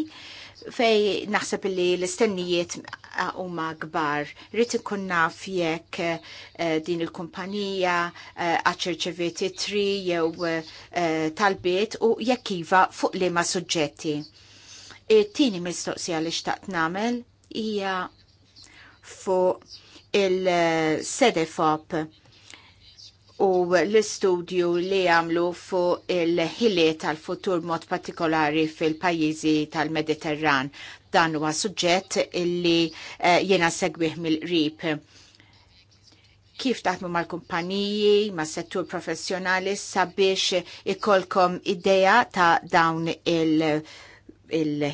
fej naħseb li l-istennijiet eh, huma kbar. Rrid ikun naf jekk eh, din il-kumpanija għaċċerċeviet tri jew talbiet u jekk iva fuq liema suġġetti. It-tieni mistoqsija li xtaqt nagħmel hija fuq il-SEDEFOP u l-istudju li għamlu fuq il-ħiliet tal-futur mod partikolari fil-pajjiżi tal-Mediterran. Dan huwa suġġett li eh, jiena segwih mill-qrib kif taħdmu mal-kumpaniji, mas settur professjonali sabiex ikolkom idea ta' dawn il-ħiliet il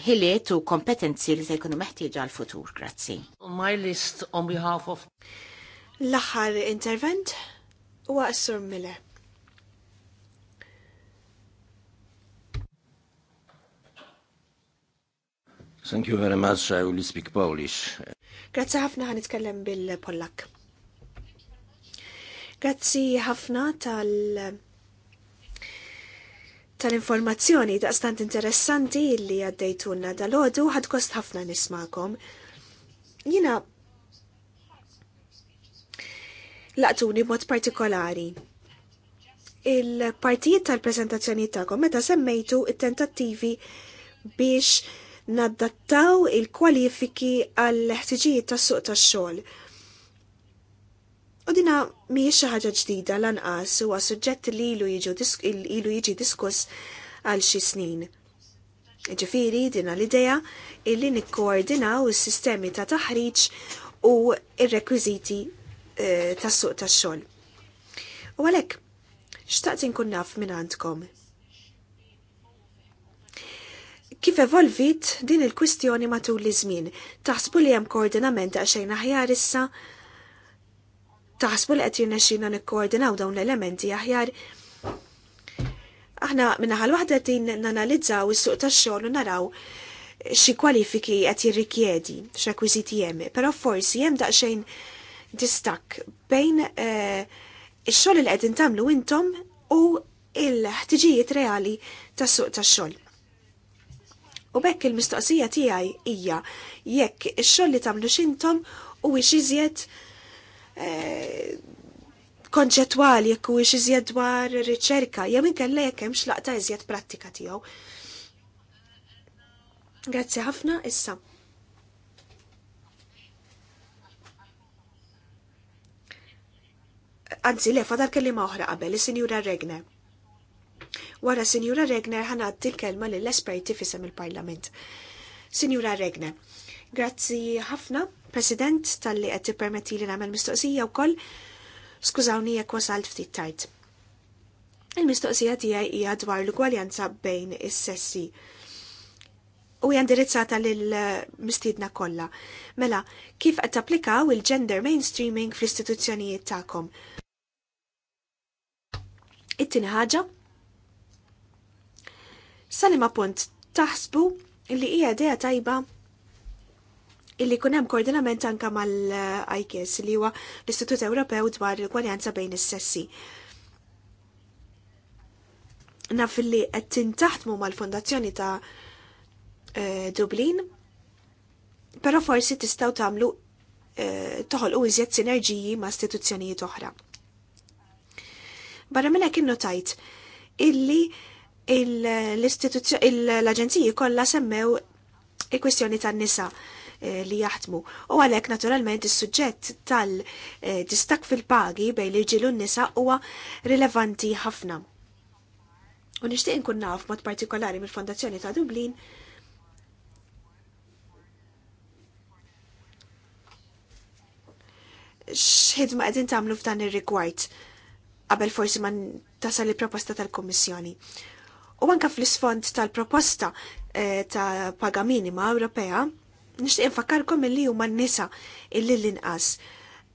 u kompetenzi li se jkunu meħtieġa għal futur Grazzi. On my list on behalf of L-aħħar intervent huwa s-Sur Thank you very much. I will speak Polish. Grazzi ħafna għan itkellem bil-Pollak. Grazzi ħafna tal- tal-informazzjoni daqstant interessanti li għaddejtunna dal-ħodu kost ħafna nismakom. Jina laqtuni mod partikolari. Il-partijiet tal-prezentazzjoni tagħkom meta semmejtu it-tentattivi biex naddattaw il-kwalifiki għall-ħtiġijiet tas-suq tax-xogħol. U dina mhijiex xi ħaġa ġdida lanqas huwa suġġett li ilu jiġi diskuss għal xi snin. Ġifiri dina l-idea illi nikkoordinaw is-sistemi ta' taħriġ u ir-rekwiżiti E, tas-suq tax-xogħol. U għalhekk xtaqt inkun naf minn għandkom. Kif evolvit din il-kwistjoni matul li żmien? Taħsbu li hemm koordinament għaxejn aħjar issa? Taħsbu li qed jirnexxina nikkoordinaw dawn l-elementi aħjar? Aħna minnaħal waħda din nanalizzaw is-suq tax-xogħol u naraw xi kwalifiki qed jirrikjedi, x'rekwiżiti hemm, però forsi hemm daqsxejn distak bejn eh, ix-xogħol li qegħdin tagħmlu intom u il-ħtiġijiet reali tas-suq tax-xogħol. U bekk il-mistoqsija tiegħi hija jekk ix-xogħol li tagħmlu x'intom u iżjed eh, konċettwali jekk u iżjed dwar riċerka jew inkella jekk hemm x'laqta iżjed prattika tiegħu. Grazzi ħafna issa. Anzi, le, fadal kellima oħra qabel, li sinjura Regner. Wara Sinjura Regner ħanaddi il kelma l esperti fisem il-Parlament. Sinjura Regner, grazzi ħafna, President, tal-li qed tippermetti li nagħmel mistoqsija wkoll. Skużawni jek wasalt ftit tajt. Il-mistoqsija tiegħi hija dwar l-gwaljanza bejn is-sessi u jandirizzata lill-mistiedna kollha. Mela, kif qed tapplikaw il-gender mainstreaming fl-istituzzjonijiet tagħkom? it tini ħaġa ma punt taħsbu illi hija idea tajba illi kunem hemm koordinament anka mal iks li huwa l-Istitut Ewropew dwar il gwarjanza bejn is-sessi. Naf li qed tintaħdmu mal-Fondazzjoni ta' eh, Dublin, però forsi tistgħu tagħmlu eh, toħolqu iżjed sinerġiji ma' istituzzjonijiet oħra. Barra minna kinnu tajt illi l-aġenziji kollha semmew il-kwestjoni tan-nisa eh, li jaħdmu. U għalhekk naturalment is-suġġett tal-distak fil-pagi bej li ġilu n-nisa huwa rilevanti ħafna. U nixtieq inkun naf mod partikolari mill-Fondazzjoni ta' Dublin x'ħidma qegħdin tagħmlu f'dan ir-rigward qabel forsi ma tasal il-proposta tal-Kommissjoni. U anka fl-isfond tal-proposta eh, ta' paga minima Ewropea, nixtieq infakkarkom illi huma n-nisa il-li l-inqas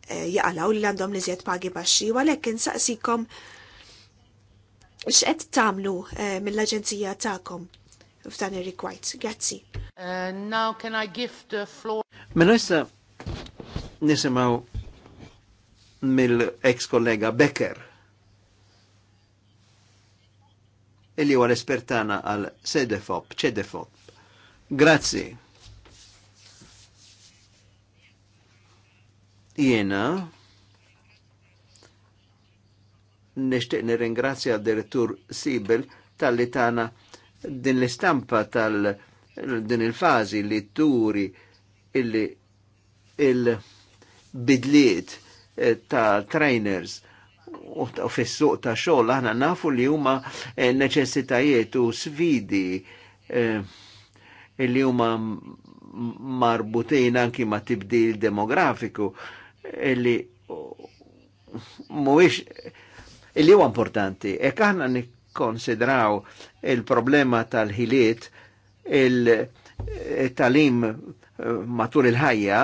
eh, jaqalaw li għandhom li zjed pagi baxxi, u għalhekk insaqsikom x'qed tagħmlu eh, mill-aġenzija tagħkom f'dan ir-rikwajt. Grazzi. Uh, now can I give the floor? Mela issa nisimgħu mill-ex kollega Becker. illi huwa espertana għal sedefop, ċedefop. Grazzi. Jena nishtiq nirringrazzja d-direttur Sibel tal-li tana din l-istampa tal- din il-fazi li turi illi il-bidliet eh, ta' trainers u fis ta' xogħol aħna nafu li huma eh, neċessitajiet u svidi eh, li huma marbutin anki ma' tibdil demografiku eh, li muwix li huwa importanti. E aħna nikkonsidraw il-problema tal-ħiliet il-talim matul il-ħajja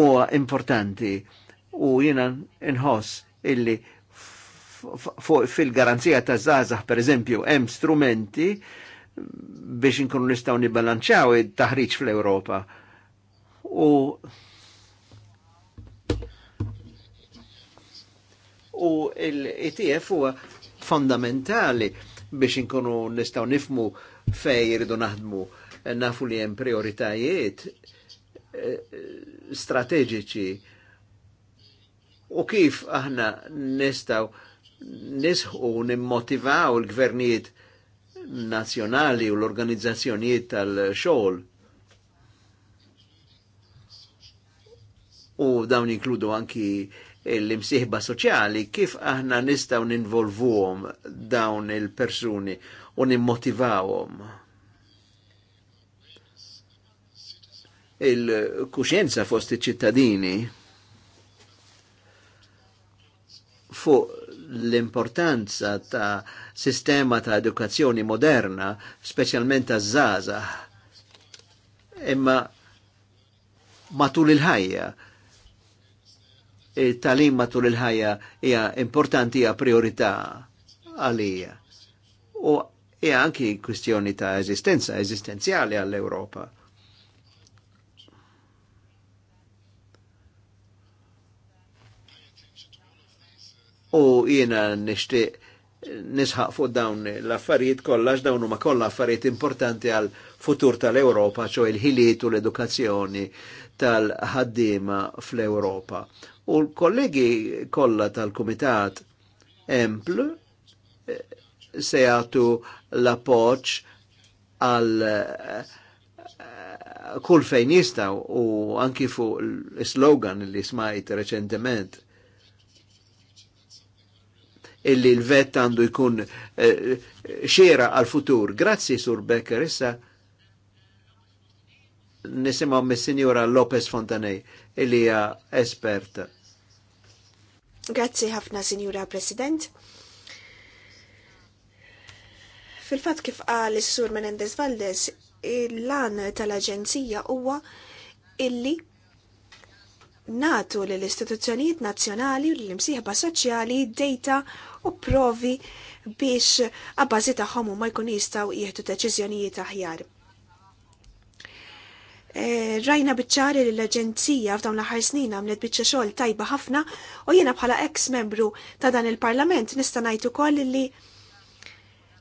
huwa importanti u jiena nħoss illi fuq fil-garanzija ta' zazah, per eżempju, hemm strumenti biex inkunu nistgħu nibbalanċaw it taħriġ fl-Ewropa. U u l-ETF huwa fondamentali biex inkunu nistgħu nifmu fej jridu naħdmu nafu li hemm prioritajiet eh, strateġiċi u kif aħna nistaw nisħu nimmotivaw il-gvernijiet nazjonali u l-organizzazzjonijiet tal-xogħol u dawn inkludu anki l-imsieħba soċjali, kif aħna nistaw ninvolvuhom dawn il-persuni u nimmotivawhom. Il-kuxjenza fost iċ-ċittadini fuq l-importanza ta' sistema ta' edukazzjoni moderna, specialment ta' zaza, imma matul il-ħajja. Il-talim matul il-ħajja hija importanti hija priorità għalija. U hija anki kwistjoni ta' eżistenza, eżistenzjali għall-Ewropa. u jiena nixtieq nisħaq fuq dawn l-affarijiet kollax dawn huma kollha affarijiet importanti għal futur tal-Ewropa, ċo il-ħiliet u l-edukazzjoni tal-ħaddiema fl-Ewropa. U l-kollegi kollha tal-Kumitat Empl eh, se jagħtu l-appoġġ għal eh, kull fejn jistaw u anki fuq l-slogan li smajt reċentement illi l-vet għandu jkun eh, xera għal-futur. Grazzi, Sur Becker, issa nisimaw mis-Sinjora Lopez Fontanej, illi hija esperta. Grazzi ħafna, Sinjura President. Fil-fat kif qal is-Sur Menendez Valdez, il-lan tal-Aġenzija huwa illi natu li l-istituzzjonijiet nazzjonali u l-imsieħba soċjali data u provi biex għabbażi tagħhom huma jkun jistgħu jieħdu deċiżjonijiet aħjar. Eh, rajna biċċari li l-Aġenzija f'dawn l-aħħar snin għamlet biċċa xogħol tajba ħafna u jiena bħala ex membru ta' dan il-Parlament nista' ngħid ukoll li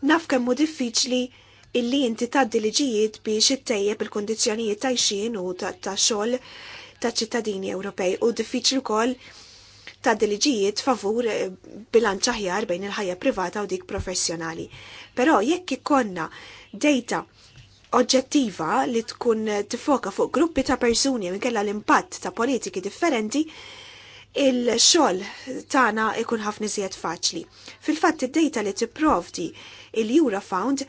naf kemm diffiċli illi inti taddi diliġijiet biex ittejjeb il ta' tajxin u ta' xogħol ta' ċittadini Ewropej u diffiċli wkoll ta' deliġijiet favur eh, bilanċ aħjar bejn il-ħajja privata u dik professjonali. Però jekk ikonna data oġġettiva li tkun tifoka fuq gruppi ta' persuni kella l-impatt ta' politiki differenti, il-xol tana ikun ħafna iżjed faċli. Fil-fatt id-data li tipprovdi il-Eurofound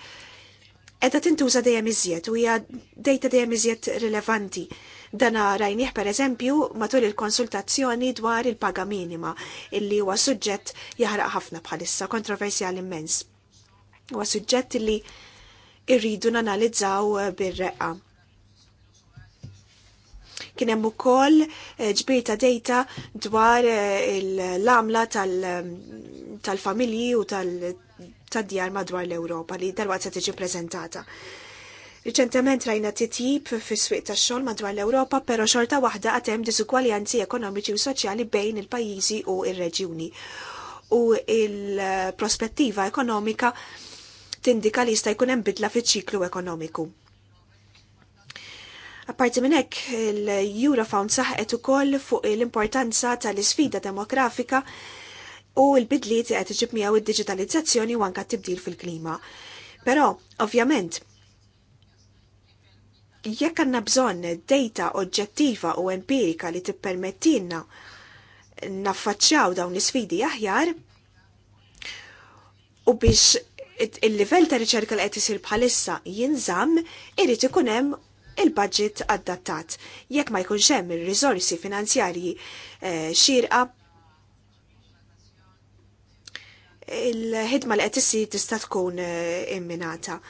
edha tintuża dejjem iżjed u hija data dejjem iżjed rilevanti Dana rajnieh per eżempju matul il-konsultazzjoni dwar il-paga minima, illi huwa suġġett jaħraq ħafna bħalissa, kontroversjal immens. Huwa suġġett li irridu nanalizzaw bir-reqqa. Kien hemm ukoll eh, ġbir ta' data dwar eh, l-għamla tal-familji u tal-djar madwar l-Ewropa li dalwaqt se tiġi prezentata. Riċentement rajna titjib fis-swieq tax-xogħol madwar l-Ewropa, però xorta waħda għad hemm diżugwaljanzi ekonomiċi u soċjali bejn il-pajjiżi u il reġjuni U il-prospettiva ekonomika tindika li jista' jkun hemm bidla fiċ-ċiklu ekonomiku. Apparti minn hekk, il-Eurofound saħqet ukoll fuq l-importanza tal-isfida demografika u l-bidliet qed iġib miegħu id-diġitalizzazzjoni u anke t-tibdil fil-klima. Però, ovvjament, jekk għandna bżonn data oġġettiva u empirika li tippermettilna naffaċċjaw dawn l-isfidi aħjar u biex il-livell ta' riċerka li qed isir bħalissa jinżamm, irid ikun hemm il-budget adattat. Jekk ma jkunx hemm ir-riżorsi finanzjarji eh, xirqa il-ħidma li qed issir tista' tkun eh, imminata.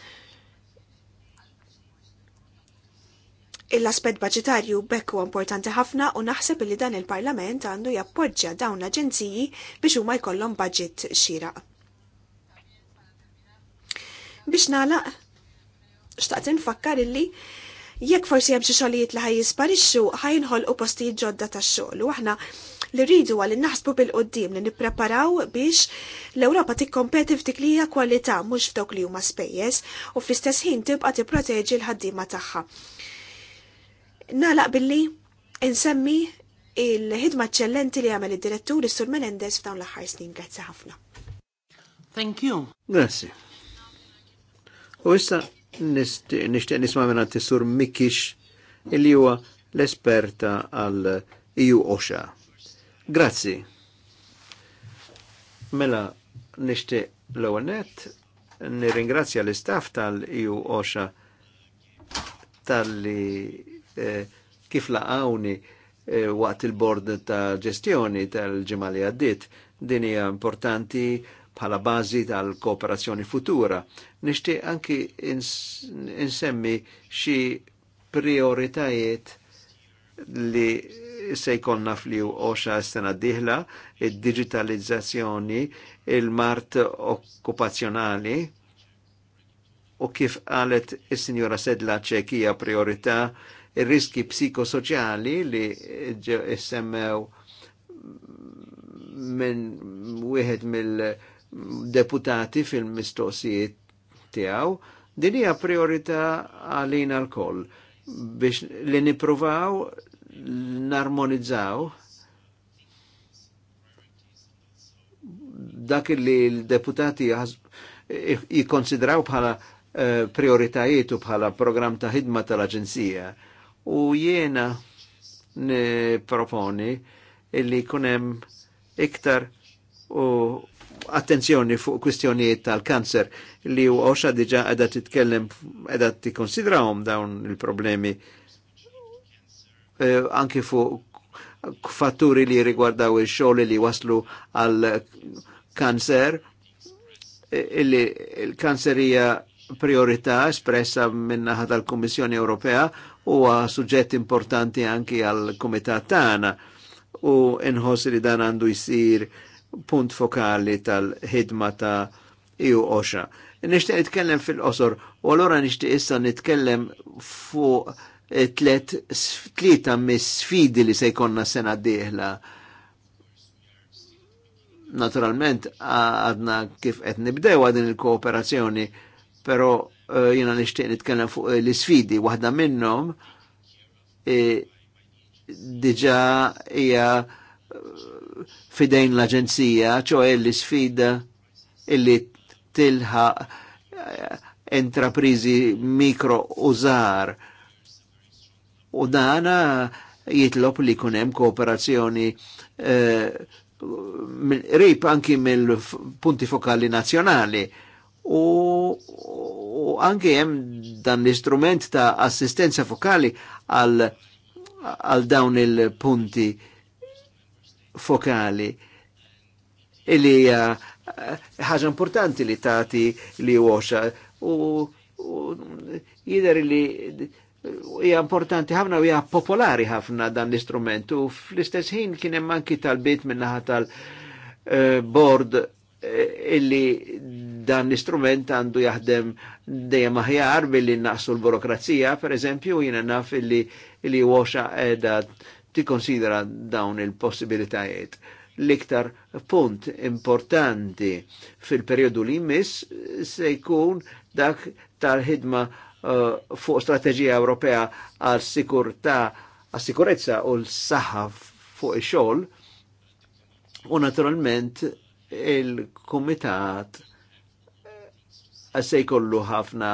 il aspet budgetarju bekku importanti ħafna u naħseb li dan il-Parlament għandu jappoġġja dawn l-aġenziji biex huma jkollhom budget xieraq. Biex nagħlaq, xtaqt nfakkar illi jekk forsi hemm xi xogħlijiet li ħajjisparixxu u postijiet ġodda tax-xogħol u aħna li rridu għal naħsbu bil-qoddim li nippreparaw biex l-Ewropa tikkompeti f'dik li hija kwalità mhux f'dawk li huma spejjeż u fl-istess ħin tibqa' tipproteġi l-ħaddiema tagħha. Nalaq billi insemmi il-ħidma ċellenti li għamel id-direttur Sur Menendez f'dawn l-aħħar snin. Grazzi ħafna. Thank you. Grazzi. U issa nishtiq nisma' minn Sur Mikix illi huwa l-esperta għal EU OSHA. Grazzi. Mela nishtiq l-ewwel nirringrazzja l-istaff tal-EU OSHA tal-li Eh, kif laqawni eh, waqt il-bord ta' ġestjoni tal-ġimali għaddit. Din hija importanti bħala bażi tal-kooperazzjoni futura. Nixtieq anki insemmi xi prioritajiet li se jkollna oċa oxa sena diħla, id-digitalizzazzjoni, il mart okkupazzjonali u kif qalet is-sinjora Sedla ċekija priorita il riski psikosoċjali li semmew minn wieħed mill-deputati fil-mistoqsijiet tiegħu, din hija priorità għalina l-koll biex li nippruvaw narmonizzaw dak li l-deputati jikonsidraw bħala eh, prioritajiet u bħala program ta' ħidma tal-Aġenzija u jiena proponi illi kunem iktar u attenzjoni fuq kwistjonijiet tal-kanzer li u oċa diġa għedha titkellem għedha tikkonsidrawhom dawn il-problemi uh, anki fuq fatturi li rigwardaw il-xogħol li waslu għal kanzer eh, illi il-kanzer hija priorità espressa minna tal-Kummissjoni Ewropea huwa suġġett importanti anki għal kumitat tagħna u nħoss li dan għandu jsir punt fokali tal-ħidma ta' EU oxa. Nishtiq nitkellem fil-qosor u allura nixtieq issa nitkellem fuq eh, tlet tlieta mis-sfidi li se jkollna sena d-dieħla naturalment għadna kif qed nibdew din il-kooperazzjoni, però Eh, jina nishtiq nitkellem fuq eh, l-sfidi, waħda minnhom eh, diġa hija fidejn l-Aġenzija, ċoħe l-sfida illi tilħa entraprizi mikro użar. U dana jitlop li kunem kooperazzjoni rip anki mill-punti fokali nazjonali. U, u anke jem dan l-istrument ta' assistenza fokali għal, għal dawn il-punti fokali illi hija eh, ħaġa importanti li tati li washa u, u jider li hija importanti ħafna u hija popolari ħafna dan l-istrument u fl-istess ħin kien hemm anki tal-bit minnaħa tal-bord eh, eh, illi dan l-istrument għandu jaħdem dejjem aħjar billi naqsu l-burokrazija, per eżempju, jiena naf illi li washa edha konsidera dawn il-possibilitajiet. L-iktar punt importanti fil-periodu li jmiss se jkun dak tal-ħidma uh, fuq Strategija Ewropea għal sikurta sikurezza u l-saħħa fuq ix-xogħol u naturalment il-Kumitat se jkollu ħafna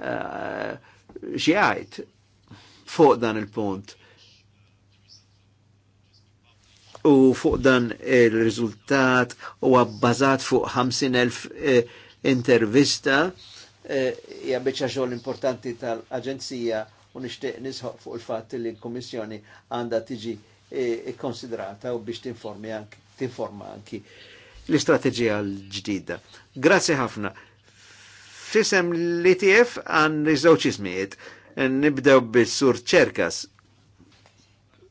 uh, fuq dan il-punt. U fuq dan il-rizultat u għabbazat fuq 50.000 eh, intervista eh, jgħabbeċa e, importanti tal-Aġenzija u nixtieq nisħoq fuq il fat li l-Kummissjoni għandha tiġi e, konsidrata u biex tinformi tinforma anki l-istrateġija l-ġdida. Grazzi ħafna. Fisem l-ITF għan iż-żewġ ismijiet. Nibdew bis-sur ċerkas.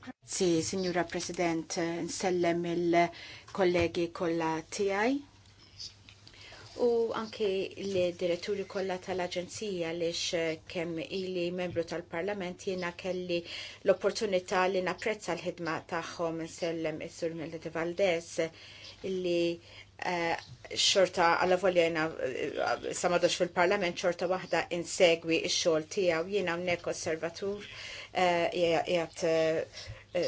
Grazzi, Signora President, nsellem il-kollegi kollha tiegħi u anke l-diretturi kollha tal-Aġenzija lix eh, kemm ili membru tal-Parlament jiena kelli l-opportunità li napprezza l-ħidma tagħhom nsellem is-Sur Milde Valdez li Eh, xorta għalla voljena jena eh, samadox fil-parlament xorta wahda insegwi il-xol tijaw jena unnek osservatur eh, jgħat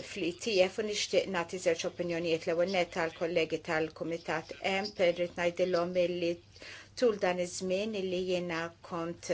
fli itf u nishtiq nati zerċ opinjonijiet l-għonnet tal-kollegi tal-komitat M per rritnajdillom illi tul dan iż-żmien illi jiena kont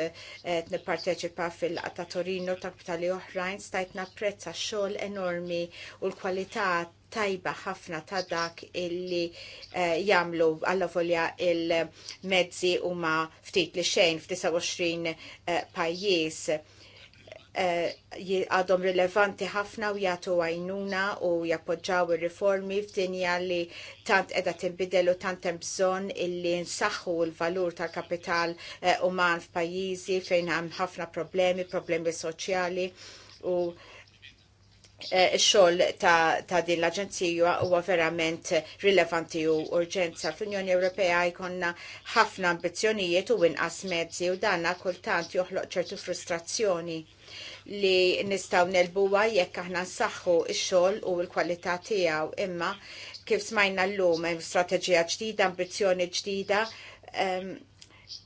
nipparteċipa fil-qatta Torino ta' tal oħrajn stajt napprezza xogħol enormi u l-kwalità tajba ħafna ta' dak illi uh, jamlu għalla volja il-mezzi u ma ftit li xejn f'29 uh, eh, pajjiż eh, għadhom uh, rilevanti ħafna u jagħtu għajnuna u jappoġġaw il-reformi f'dinja li tant qiegħda tinbidel u tant hemm bżonn illi nsaħħu l-valur tal-kapital uman f'pajjiżi fejn hemm ħafna problemi, problemi soċjali u Eh, xogħol ta', ta din l-Aġenzija huwa verament rilevanti u urġenza. Fl-Unjoni Ewropea jkollna ħafna ambizzjonijiet u inqas mezzi u danna kultant joħloq ċertu frustrazzjoni li nistaw nelbuwa jekk aħna nsaħħu x-xogħol u l-kwalità tiegħu imma kif smajna llum hemm strateġija ġdida, ambizzjoni ġdida, um,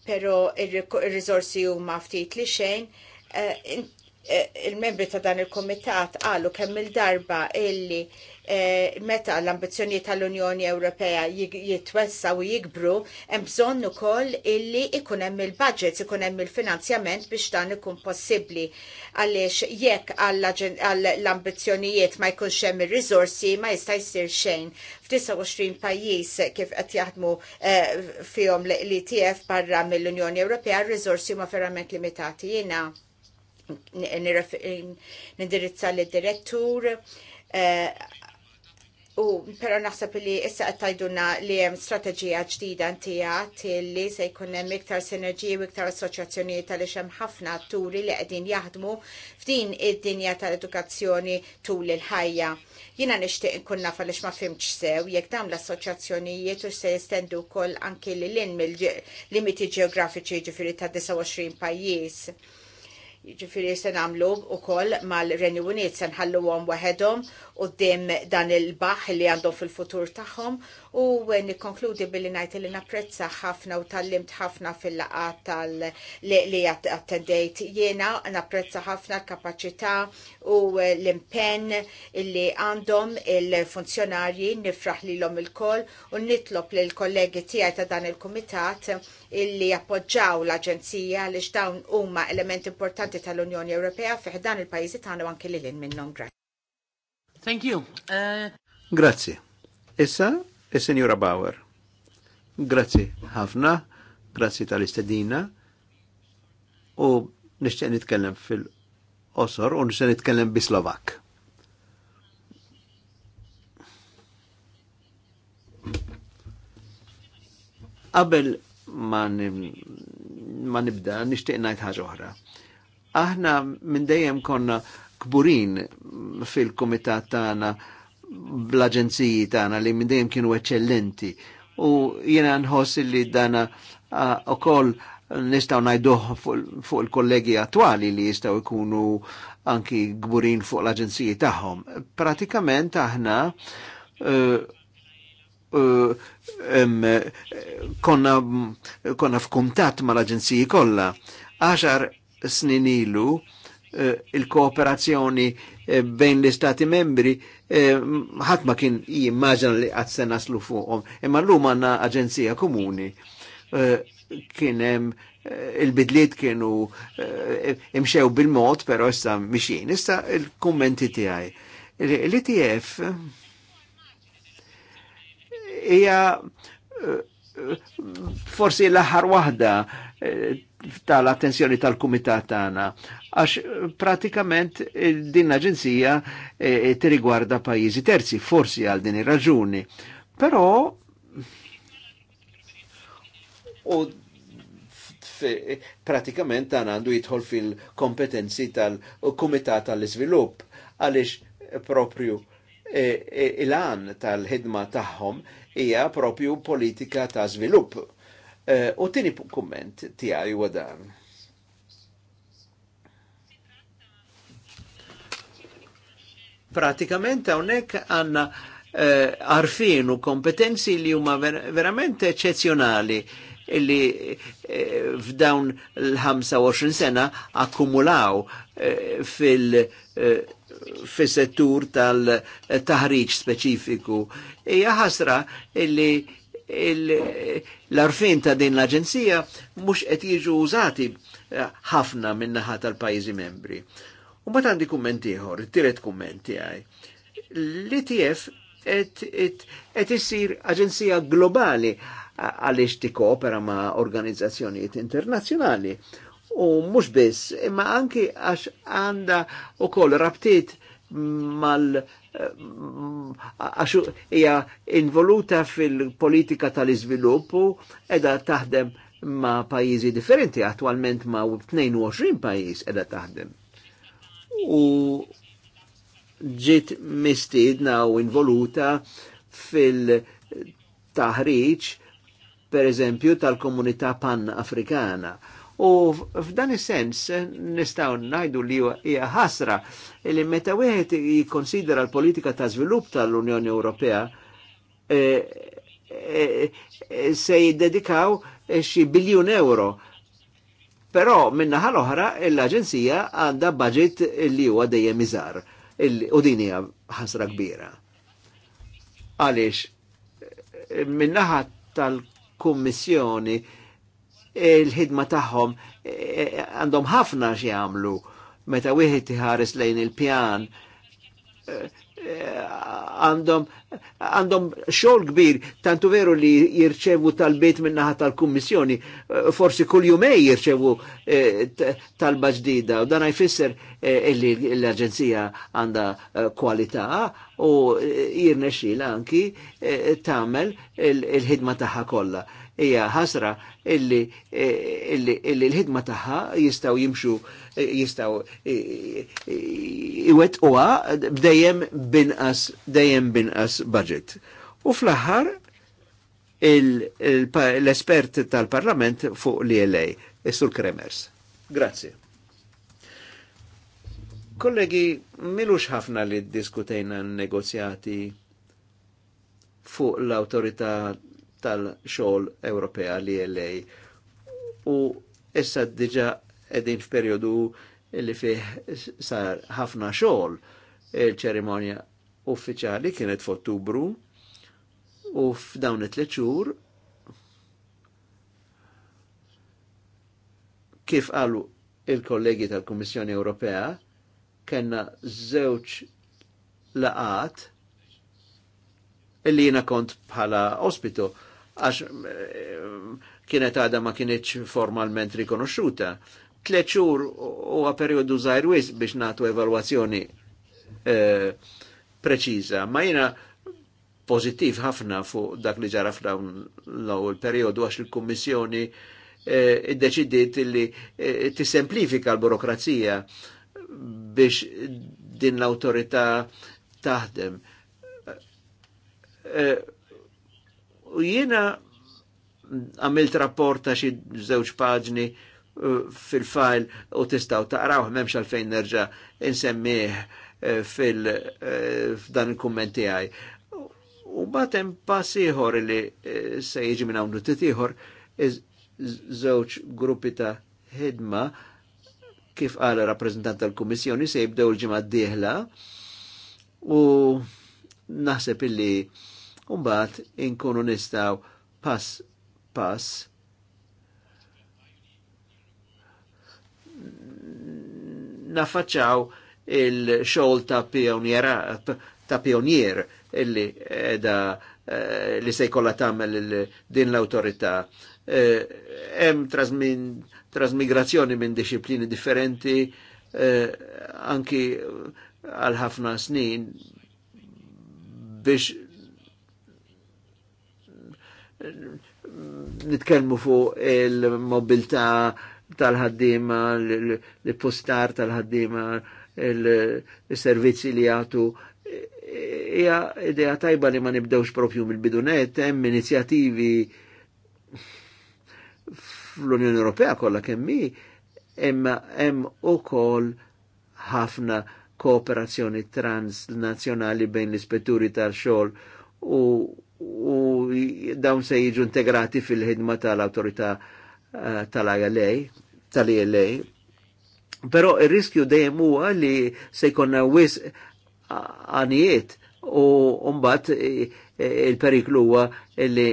però ir-riżorsi huma ftit li xejn, uh, Eh, il-membri ta' dan il-komitat għalu kemm il-darba illi eh, meta l-ambizjoni tal-Unjoni Ewropea jitwessa u jikbru, hemm bżonn ukoll illi ikun hemm il-budget, ikun hemm il-finanzjament biex dan ikun possibbli. Għaliex jekk għall-ambizjonijiet ma jkunx hemm ir-riżorsi ma jista' jsir xejn. F'29 pajjiż kif qed jaħdmu eh, fihom l-ITF barra mill-Unjoni Ewropea, r-riżorsi ma verament limitati jiena nindirizza li direttur eh, u pero naħseb li issa qed li hemm strateġija ġdida ntijat li se jkun hemm iktar sinerġiji u iktar assoċjazzjonijiet għaliex hemm ħafna atturi li qegħdin jaħdmu f'din id-dinja tal-edukazzjoni tul il-ħajja jina nishtiq nkun naf għalix ma fimx sew, jekk dawn l-assoċjazzjonijiet u se jistendu kol anki li l-in mill-limiti ġeografiċi ġifiri ta' 29 pajjiż ġifiri se namlu u koll mal-Renju Unit se nħallu għom wahedom u dim dan il-baħ li għandhom fil-futur taħħom u nikkonkludi billi najt li napprezza ħafna u tallimt ħafna fil-laqat tal li attendejt jiena napprezza ħafna l-kapaċità u l-impenn illi għandhom il-funzjonarji nifraħ lilhom ilkoll u nitlob lill kollegi tiegħi ta' dan il-kumitat illi appoġġaw l-Aġenzija li dawn huma element importanti tal-Unjoni Ewropea fih dan il-pajjiżi tagħna anke lil minnhom. Thank you. Uh... Grazzi. Issa Is-Sinjura Bauer. Grazzi ħafna, grazzi tal-istedina u nishtiq nitkellem fil osor u nishtiq nitkellem bi Slovak. Qabel ma, ma nibda nishtiq najt ħaġa oħra. Aħna minn dejjem konna kburin fil komitat tagħna ta bl-aġenziji tagħna li minn dejjem kienu eċċellenti. U jiena nħoss li dana ukoll nistgħu ngħiduh fuq il-kollegi attwali li jistgħu jkunu anki gburin fuq l-aġenziji tagħhom. Pratikament aħna e, e, konna, konna f'kumtat ma l-aġenziji kollha. Għaxar snin ilu e, il-kooperazzjoni bejn l-istati membri Eh, ħadd ma kien jimmaġan li qatt se naslu fuqhom. Imma l-lum għanna aġenzija komuni. Eh, kien hemm eh, il-bidliet kienu imxew bil-mod, però issa mixin. Issa il-kummenti tiegħi. L-ITF hija forsi l ħar waħda tal-attenzjoni tal-kumitat tagħna għax eh, pratikament eh, din l-aġenzija eh, tirigwarda pajjiżi terzi, forsi għal din ir-raġuni. Però u pratikament dan għandu jidħol fil-kompetenzi tal-Kumitat tal-Iżvilupp għaliex propju il-għan tal-ħidma tagħhom hija propju politika ta' żvilupp Eh, u tini kumment tiegħi huwa dan. Pratikament hawnhekk għanna għarfin eh, u kompetenzi li huma verament eccezjonali li eh, f'dawn l-25 sena akkumulaw fil- fis-settur tal-taħriġ speċifiku. Ija ħasra illi l-arfin ta' din l-Aġenzija mhux qed jiġu użati eh, ħafna min-naħa tal-pajjiżi membri. U ma għandi kumment ieħor, it-tielet kumment L-ITF qed issir aġenzija globali għaliex tikkoopera ma' organizzazzjonijiet internazzjonali u mhux biss, imma anki għax għandha ukoll rabtiet mal- għaxu hija involuta fil-politika tal-iżviluppu edha taħdem ma' pajjiżi differenti, attualment ma' 22 pajjiż edha taħdem. U ġiet mistidna u involuta fil-taħriġ, per eżempju, tal-komunità pan-Afrikana U f'dan is-sens nistgħu ngħidu li hija ħasra li meta wieħed jikkonsidera l-politika ta' żvilupp tal-Unjoni Ewropea e, e, e, se jiddedikaw xi biljun euro. Però minna ħal-oħra l-Aġenzija għandha budget li huwa dejjem iżgħar u din hija ħasra kbira. Għaliex min-naħa tal-Kummissjoni il-ħidma tagħhom e, e, għandhom ħafna x'jagħmlu meta wieħed iħares lejn il-pjan e, għandhom għandhom xogħol kbir tantu veru li jirċevu tal-bit minnaħa tal-kummissjoni forsi kull jumej jirċevu talba ġdida u dan jfisser illi l-aġenzija għandha kwalità u l anki tagħmel il-ħidma tagħha kollha hija ħasra illi eh, l-ħidma taħħa jistaw jimxu eh, jistaw iwet eh, iwettquha b'dajem binqas dajem binqas budget. U fl-aħħar l-espert tal-Parlament fuq li ela Istur Kremers. Grazie. Kollegi, milux ħafna li diskutejna n negozjati fuq l autorita tal-xogħol Ewropea li lej. U issa diġa edin f'periodu li fih sar ħafna xogħol il-ċerimonja uffiċjali kienet f'Ottubru u f'dawn it-tliet kif qalu il-kollegi tal-Kummissjoni Ewropea kellna żewġ laqat illi jina kont bħala ospito għax eh, kienet għada ma kienieċ formalment rikonosciuta. Tleċur u periodu perjodu wis biex nagħtu evalwazzjoni eh, preċiza. ma jina pożittiv ħafna fuq dak li ġara f'dawn l-ewwel periodu għax il-Kummissjoni eh, iddeċidiet li tisemplifika l-burokrazija biex din l-autorità taħdem. U jiena għamilt rapport ta' xi żewġ paġni uh, fil-fajl u tistaw taqraw memx għalfejn nerġa' insemmiħ uh, fil-dan uh, il-kummenti għaj. U batem pass ieħor li se jiġi minn hawn tit ieħor żewġ gruppi ta' ħidma kif qal rappreżentant tal-Kummissjoni se jibdew il-ġimgħa d-dieħla u naħseb illi Umbat inkunu nistaw pass pass nafaċaw il-xol ta' pioniera ta' pionier illi edha eh, li se jkollha tamel din l-awtorità. Hemm eh, trasmigrazzjoni minn disciplini differenti eh, anki għal ħafna snin biex nitkellmu fuq il mobilta tal-ħaddima, l-postar tal-ħaddima, il-servizzi li għatu. Ija ideja tajba li ma nibdewx propju mill-bidunet, hemm inizjativi fl-Unjoni Ewropea kollha kemm mi imma hemm ukoll ħafna kooperazzjoni transnazzjonali bejn l-ispetturi tal-xogħol u u dawn se jiġu integrati fil-ħidma tal-autorità eh, tal-ILA, tal-ILA. pero il-riskju dejjem huwa li se jkollna wis għanijiet u mbagħad eh, il-periklu huwa li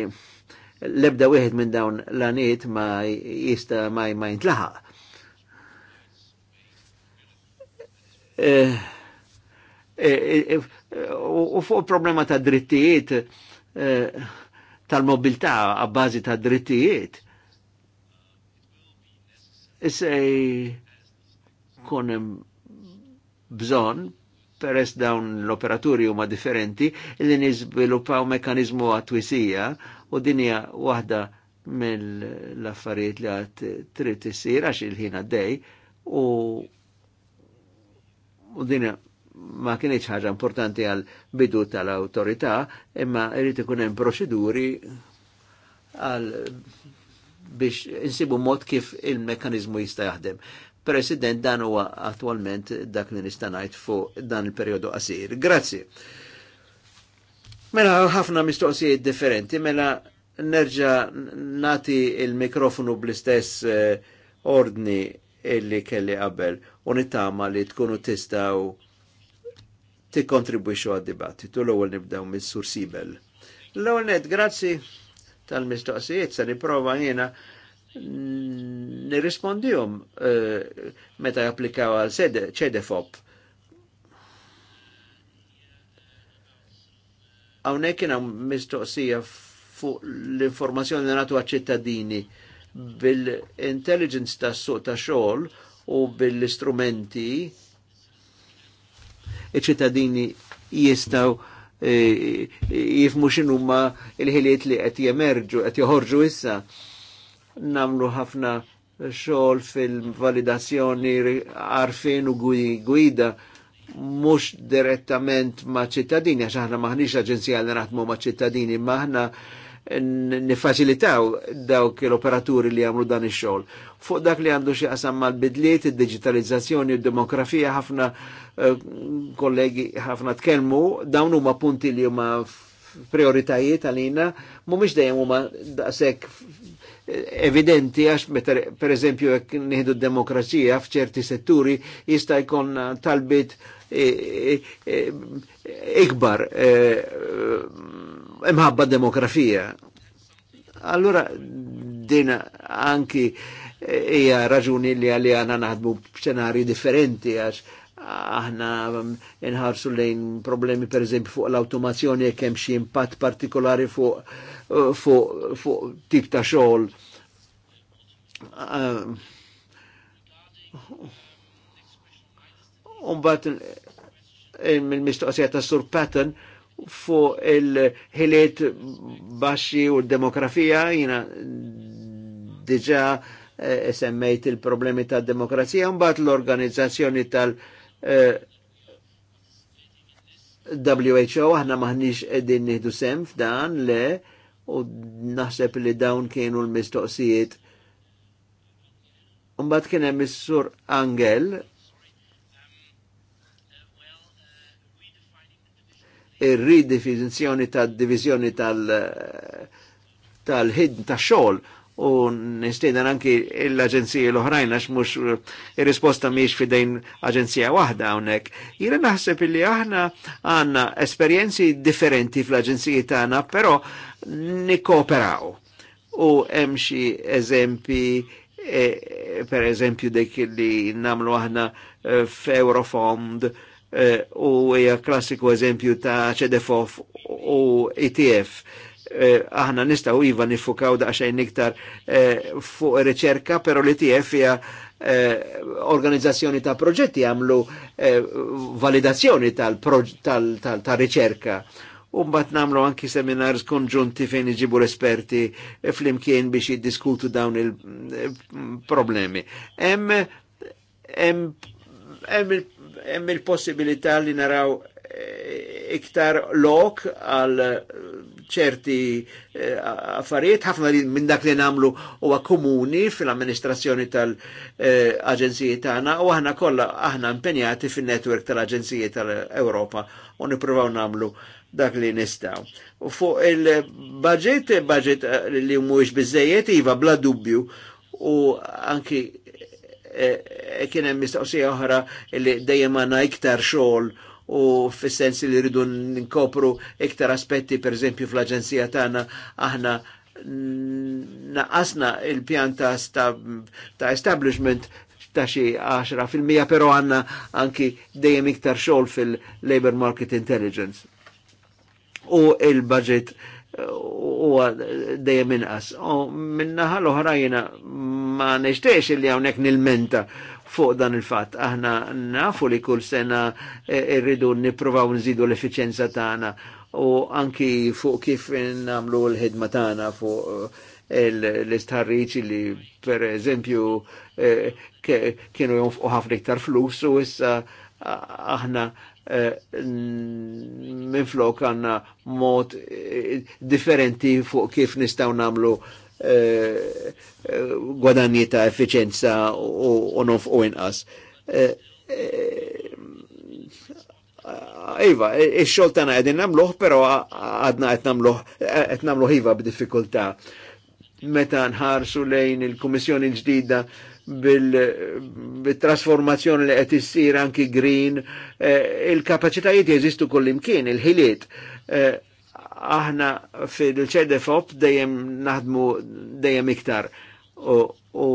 l-ebda wieħed minn dawn l-għanijiet ma jista ma, ma jintlaħaq. Eh, u fuq problema ta' drittijiet Eh, tal-mobilità għabbażi ta' drittijiet. Issej konem bżon peress dawn l-operaturi huma differenti li niżviluppaw mekanizmu għatwisija u dinja waħda mill-affarijiet li għat trid isir għax il-ħin għaddej u u dinja ma kienieċ ħaġa importanti għal bidu tal-autorità, imma irrit ikun hemm proċeduri għal biex insibu mod kif il-mekkanizmu jista' jaħdem. President dan huwa attwalment dak li nista' ngħid fuq dan il-perjodu qasir. Grazzi. Mela ħafna mistoqsijiet differenti, mela nerġa' nati il-mikrofonu bl-istess eh, ordni illi kelli qabel u nittama li tkunu tistaw tikkontribwixxu għad-dibattitu l-ewwel nibdew mis-Sur Sibel. L-ewwel net, grazzi tal-mistoqsijiet se nipprova jiena nirrispondihom eh, meta japplikaw għal ċedefop. Hawnhekk kien hemm mistoqsija fuq l-informazzjoni li nagħtu ċittadini bil-intelligence tas-suq ta' xogħol u bil-istrumenti iċ-ċittadini jistaw e, e, jifmu x'inhuma il-ħiliet li qed jemerġu, qed joħorġu issa. Namlu ħafna xogħol fil-validazzjoni għarfin u gwida mhux direttament ma' ċittadini, għax aħna maħniex aġenzija li naħdmu ma' ċittadini, ma' nifaċilitaw dawk l-operaturi li għamlu dan il-xol. Fuq dak li għandu xi qasam mal-bidliet, il digitalizzazzjoni il demografija ħafna eh, kollegi ħafna tkelmu, dawn huma punti li huma prioritajiet għalina, mumiex dejjem huma daqshekk evidenti għax meta per eżempju jekk nieħdu demokrazija f'ċerti setturi jista' jkun talbit eh, eh, ikbar e, e, e, imħabba demografija. Allura din anki hija raġuni li għalli għana naħdmu b'xenari differenti għax aħna um, nħarsu lejn problemi per eżempju fuq l-automazzjoni jekk hemm xi impatt partikolari fuq uh, fuq fu, tip ta' xogħol. Umbat um, um, il-mistoqsija ta' Sur Patton fuq il-ħiliet baxxi u d-demografija jina diġa eh, semmejt il-problemi ta' demokrazija mbagħad l-organizzazzjoni tal- eh, WHO aħna maħniex qegħdin nihdu sem f'dan le u naħseb li dawn kienu l-mistoqsijiet. Mbagħad kien hemm sur Angel il ridefinizjoni tad divizjoni tal-ħid tax-xogħol u nistiedan anki l-aġenziji l-oħrajn għax mhux ir-risposta mhix fidejn aġenzija waħda hawnhekk. Jira naħseb li aħna għandna esperjenzi differenti fl-aġenziji tagħna, però nikkooperaw. U hemm xi eżempi E, per eżempju dek li namlu aħna eh, f'Eurofond Eh, u hija klassiku eżempju ta' ċedefof u ETF. Eh, aħna nistaw iva nifukaw daqxajn iktar eh, fuq riċerka, pero l-ETF hija eh, organizzazzjoni ta' proġetti għamlu validazzjoni tal-riċerka. Umbat namlu anki seminars konġunti fejn iġibu l-esperti fl-imkien biex jiddiskutu dawn il-problemi. Hemm il hemm il-possibilità li naraw eh, iktar lok għal eh, ċerti eh, affarijiet, ħafna li minn dak li namlu huwa komuni fil-amministrazzjoni tal-aġenziji tagħna u aħna kollha aħna impenjati fin-netwerk tal-aġenziji tal-Ewropa u nippruvaw namlu dak li nistaw. U fuq il-budget, budget li mhuwiex biżejjed iva bla dubju u anki E, e, kien hemm mistoqsija oħra li dejjem għandna iktar xogħol u fis-sens li rridu nkopru iktar aspetti pereżempju fl-aġenzija tagħna aħna naqasna il pjan ta' establishment ta' xi 10% però għanna anki dejjem iktar xogħol fil-Labor Market Intelligence. U il-budget e, huwa dejjem inqas. minnaħa l-oħra jiena ma il-li illi hawnhekk nilmenta fuq dan il fat Aħna nafu li kull sena e, irridu niprovaw nżidu l-efficienza tana u anki fuq kif namlu l-ħidma tana fuq e, l-istarriċ li per eżempju e, kienu jonfqu ħafna iktar flus u issa aħna minn flok għanna mod differenti fuq kif nistaw namlu Eh, gwadanji ta' efficienza u nof u inqas. Eh, eh, iva, il-xol tana għedin namluħ, pero għadna għed namluħ, iva b'diffikultà. Meta nħarsu lejn il-Kummissjoni ġdida bil-trasformazzjoni li għed issir anki green, il-kapaċitajiet jeżistu kullimkien, il-ħiliet aħna fil-ċedefop dejjem naħdmu dejjem iktar u, u,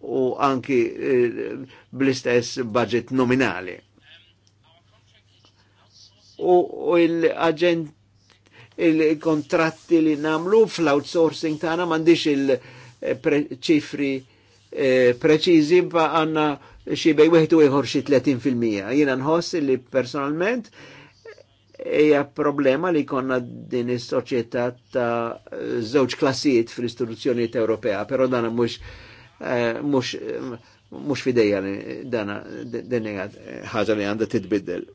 u anki eh, bl-istess budget nominali. U, u il-agent il-kontratti li namlu fl-outsourcing tana mandiċ il-ċifri eh, preċizi pa għanna xie bej weħtu iħor xie 30%. Jina nħoss li personalment hija problema li konna din is-soċjetà ta' żewġ klassijiet fl-istituzzjonijiet Ewropea, però dan mhux eh, mhux mhux fidejja li dana din hija ħaġa li għandha titbiddel.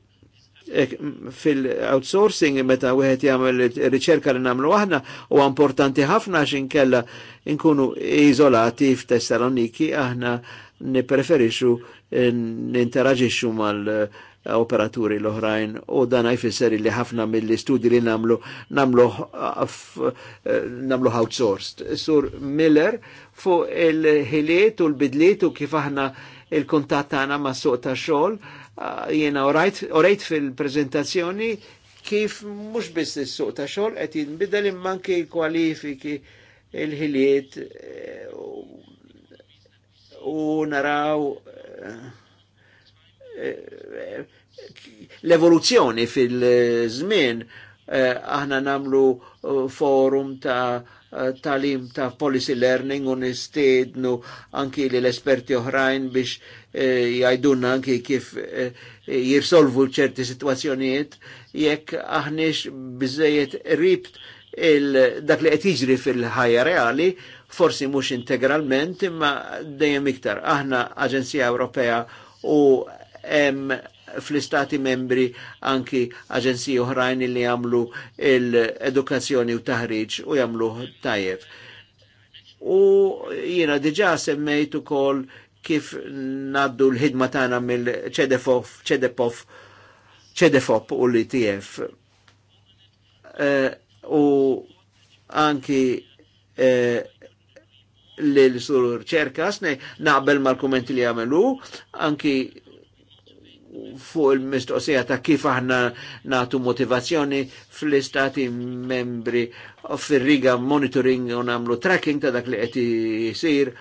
Fil-outsourcing meta wieħed jagħmel riċerka li nagħmlu aħna huwa importanti ħafna x'inkella nkunu iżolati f'Tessaloniki aħna nipreferixu ninteraġixxu mal- uh, operaturi l-oħrajn u dan jfisser li ħafna mill-istudji li namlu namlu uh, uh, outsourced. Sur Miller fuq il-ħiliet u l-bidliet u kif aħna il-kontat għana ma' suq ta' xogħol uh, jiena orajt fil prezentazzjoni kif mhux biss il suq ta' xogħol għet jinbidel imma kwalifiki il-ħiliet u naraw uh, l-evoluzzjoni fil-żmien eh, aħna namlu eh, forum ta' eh, talim ta' policy learning u nistednu anki li l-esperti oħrajn biex jajdunna anki kif jirsolvu ċerti situazzjonijiet jekk aħniex bizzejiet ribt dak li qed jiġri fil-ħajja reali forsi mhux integralment imma dejjem iktar. Aħna Aġenzija Ewropea u hemm fl-istati membri anki aġenziji oħrajn li jagħmlu l-edukazzjoni u taħriġ u jagħmlu tajjeb. U jiena diġà semmejt ukoll kif naddu l-ħidma tagħna mill-ċedefof, ċedepof, ċedefop u l-ITF. Eh, u anki uh, eh, l-sur ċerkas, naqbel mal kumenti li għamelu, anki fuq il-mistoqsija ta' kif aħna natu motivazzjoni fl-istati membri u fil-riga monitoring u namlu tracking ta' dak li għet jisir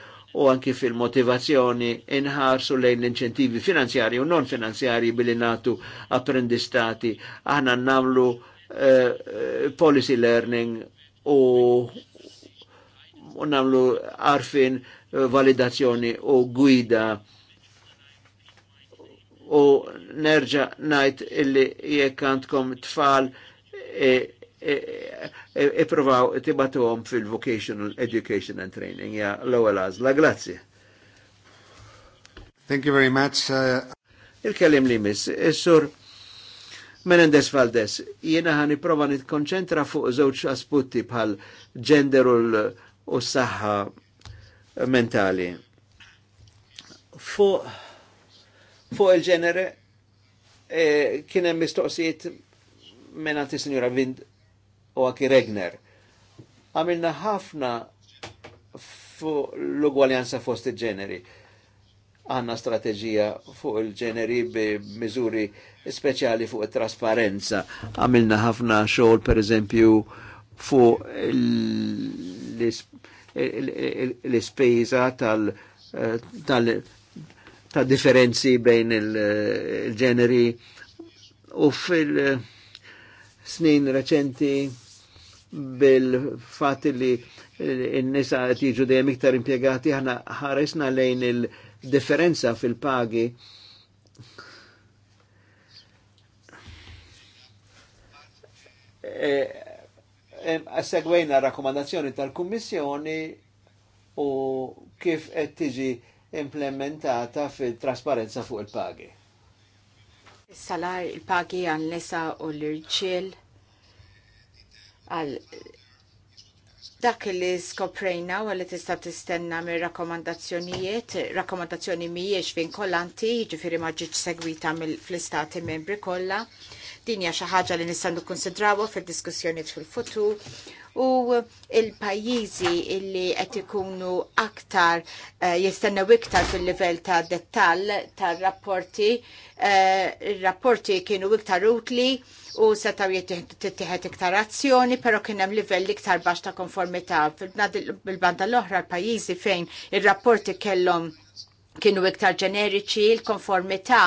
u anki fil-motivazzjoni inħarsu lejn l-inċentivi finanzjari u non finanzjari billi natu apprendistati. Aħna namlu eh, policy learning u, namlu arfin validazzjoni u gwida u nerġa najt illi jekk għandkom tfal iprovaw e, e, e, tibatuhom fil-vocational education and training ja l-ewwel għażla. Grazzi. Thank you very much. Uh, Il-kellim li miss, is-sur Menendez Valdes, jiena ħan iprova nitkonċentra fuq żewġ asputti bħal gender u s-saħħa mentali. Fuq Fuq il-ġenere eh, kien hemm mistoqsijiet minn Signora Sinjura Vind u Aki Regner. Għamilna ħafna fuq l-ugwaljanza fost il-ġeneri. Għanna strategija fuq il-ġeneri bi mizuri speċjali fuq il-trasparenza. Għamilna ħafna xogħol per eżempju fuq l-ispejza tal ta' differenzi bejn il-ġeneri eh, u fil-snin eh, reċenti bil-fat li eh, n-nisa tiġu dejjem iktar impjegati ħana ħaresna lejn il-differenza fil-pagi e, e, rakkomandazzjoni tal-Kummissjoni u kif qed tiġi implementata fil-trasparenza fuq il-pagi. salar il-pagi għan lesa u l irċil għal dak li skoprejna u li tista' tistenna mir rakkomandazzjonijiet, rakkomandazzjoni mhijiex vinkolanti, jiġifieri ma ġietx segwita fl-istati membri kollha, Din hija xi ħaġa li nistgħu nikkonsidrawha fid-diskussjoni fil futu u il-pajjiżi li qed ikunu aktar eh, jistennew iktar fil-livell ta' dettall tar-rapporti, eh, ir-rapporti kienu iktar utli u setaw jittieħed iktar azzjoni, però kien hemm livell iktar baxx ta' konformità. Fil-banda l-oħra l-pajjiżi fejn ir-rapporti kellhom kienu iktar ġeneriċi, l-konformità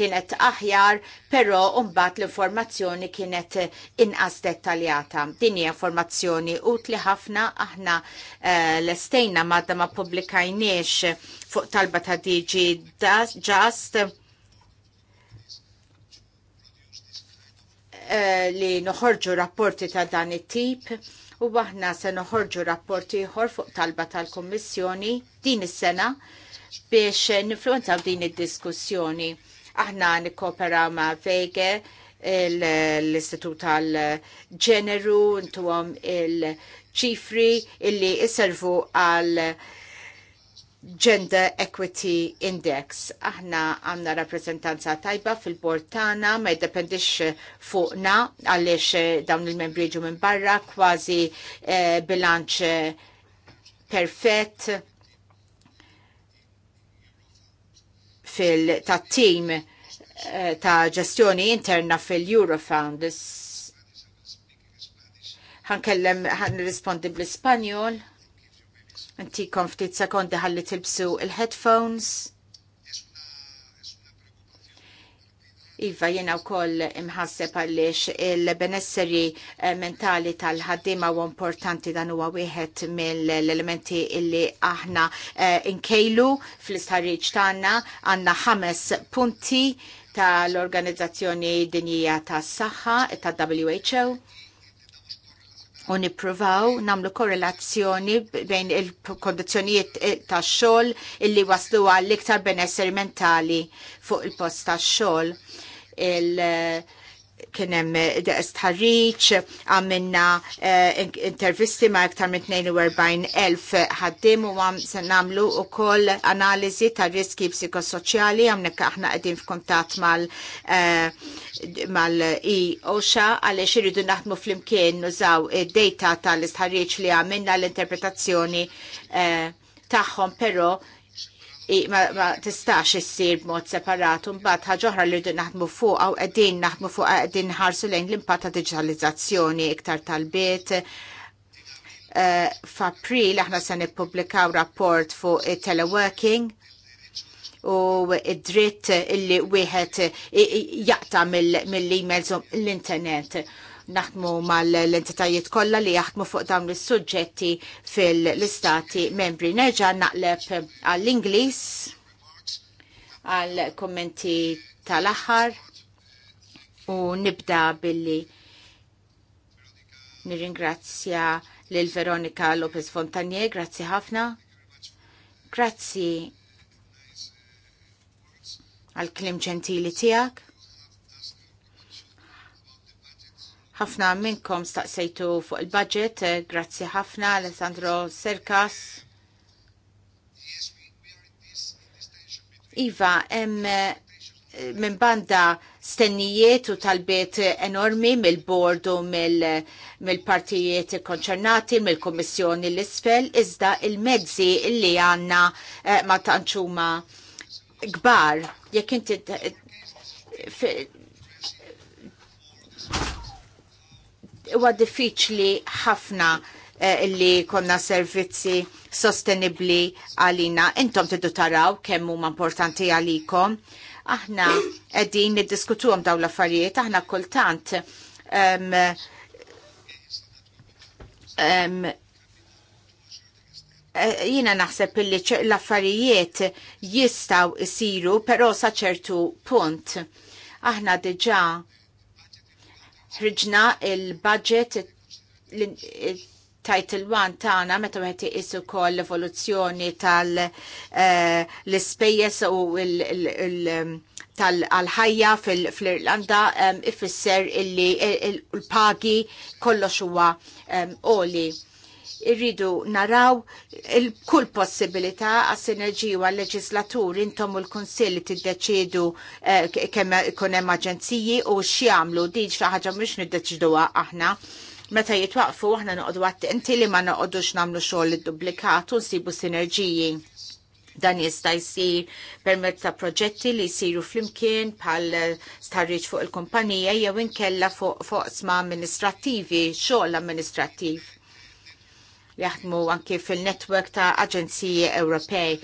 kienet aħjar, però mbagħad l-informazzjoni kienet inqas dettaljata. Din hija informazzjoni utli ħafna aħna uh, l-estejna madda ma publikajniex fuq talba ta' DG Just eh, li noħorġu rapporti ta' dan it-tip u aħna se noħorġu rapporti ieħor fuq talba tal-Kummissjoni din is-sena biex nifluenzaw din id-diskussjoni. Aħna nikkopera ma' Vege l-Istitut tal-ġeneru, ntuwom il-ċifri illi iservu għal Gender Equity Index. Aħna għanna rappresentanza tajba fil-bord tagħna ma jiddependix fuqna għaliex dawn il-membri ġu minn barra kważi eh, bilanċ perfett fil tat team eh, ta' ġestjoni interna fil-Eurofund. Ħankellem għan nirrispondi bl-Ispanjol. Intikom ftit sekondi ħalli tilbsu il-headphones. Iva jena u koll imħasseb għallix il-benesseri eh, mentali tal-ħaddima u importanti dan huwa wieħed mill-elementi illi aħna eh, inkejlu fl-istħarriġ tagħna għandna ħames punti tal-Organizzazzjoni Dinjija tas-Saħħa ta' who u nipruvaw namlu korrelazzjoni bejn il-kondizjonijiet eh, ta' xogħol illi waslu għall iktar benesseri mentali fuq il-post ta' xogħol il- kienem stħarriċ, għamminna għamilna eh, intervisti ma' iktar minn 42.000 ħaddim u għam se namlu u koll analizi ta' riski psikosoċjali għamnek aħna għedin f'kontat mal eh, mal i e oxa għalix irridu naħdmu fl-imkien nużaw id-data tal-istħarriċ li għamminna l-interpretazzjoni eh, tagħhom taħħom, pero ma, ma tistax issir b'mod separat u mbagħad ħaġa oħra li rridu naħdmu fuq aw qegħdin naħdmu fuq qegħdin ħarsu lejn l-impatt ta' diġitalizzazzjoni iktar tal-bit. Uh, F'April aħna se nippubblikaw rapport fuq teleworking u id-dritt li wieħed jaqta mill-emails mill l-internet. Mill naħdmu mal-entitajiet kollha li jaħdmu fuq dawn is-suġġetti fil-istati membri. Nerġa' naqleb għall-Ingliż għall kommenti tal-aħħar u nibda billi nirringrazzja lil Veronika Lopez Fontanier, grazzi ħafna. Grazzi għal klim ġentili tiegħek ħafna minnkom staqsejtu fuq il-budget, eh, grazzi ħafna Alessandro Serkas. Iva, hemm eh, minn banda stennijiet u talbiet enormi mill-bord u mill-partijiet mil konċernati, mill-Kommissjoni l-isfel, iżda il-mezzi li għanna eh, ma tanċuma gbar. Jekk inti huwa diffiċli ħafna eh, li konna servizzi sostenibli għalina. Intom tiddu taraw kemm huma importanti għalikom. Aħna qegħdin niddiskutuhom dawn l-affarijiet, aħna kultant jiena eh, jina naħseb illi l-affarijiet jistaw isiru, pero ċertu punt. Aħna diġa ħriġna il-budget title 1 tagħna meta wieħed iqisu wkoll l-evoluzzjoni tal eh, l-ispejjeż u tal-ħajja fl-Irlanda eh, ifisser illi eh, l-pagi kollox huwa oli irridu naraw il-kull possibilità għas sinerġiju għal leġislatur intom u l-Kunsill li tiddeċidu eh, kemm ikun hemm aġenziji u xiamlu diġ xi ħaġa mhux niddeċiduha aħna meta jitwaqfu aħna noqogħdu attenti li ma noqogħdux nagħmlu xogħol id-dublikat u nsibu sinerġiji. Dan jista' jsir permezz ta' proġetti li jsiru flimkien bħal starriċ fuq il-kumpanija jew inkella fuq foqsma amministrattivi, xogħol amministrattiv jaħdmu anki fil-network ta' aġenziji Ewropej.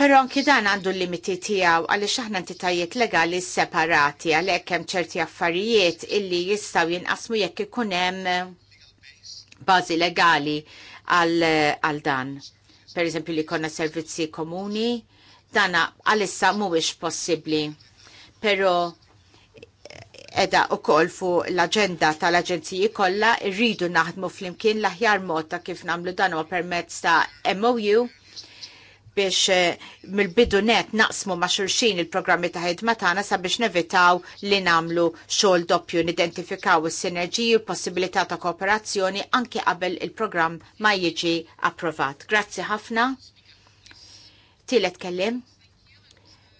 Pero anki dan għandu l limiti tijaw għalli xaħna entitajiet legali separati għalli hemm ċerti affarijiet illi jistaw jinqasmu jekk ikunem bazi legali għal dan. Per eżempju li konna servizzi komuni, dana għalissa mhuwiex possibbli. Pero edha u koll fu l-agenda tal-agenziji kolla rridu naħdmu fl-imkien l-aħjar mod ta' kif namlu dan u permezz ta' MOU biex eh, mill-bidu net naqsmu ma' xurxin il-programmi ta' ħidma tagħna sabiex nevitaw li namlu xogħol doppju nidentifikaw is-sinerġiji u possibilità ta' kooperazzjoni anke qabel il-programm ma jiġi approvat. Grazzi ħafna. Tielet kellim.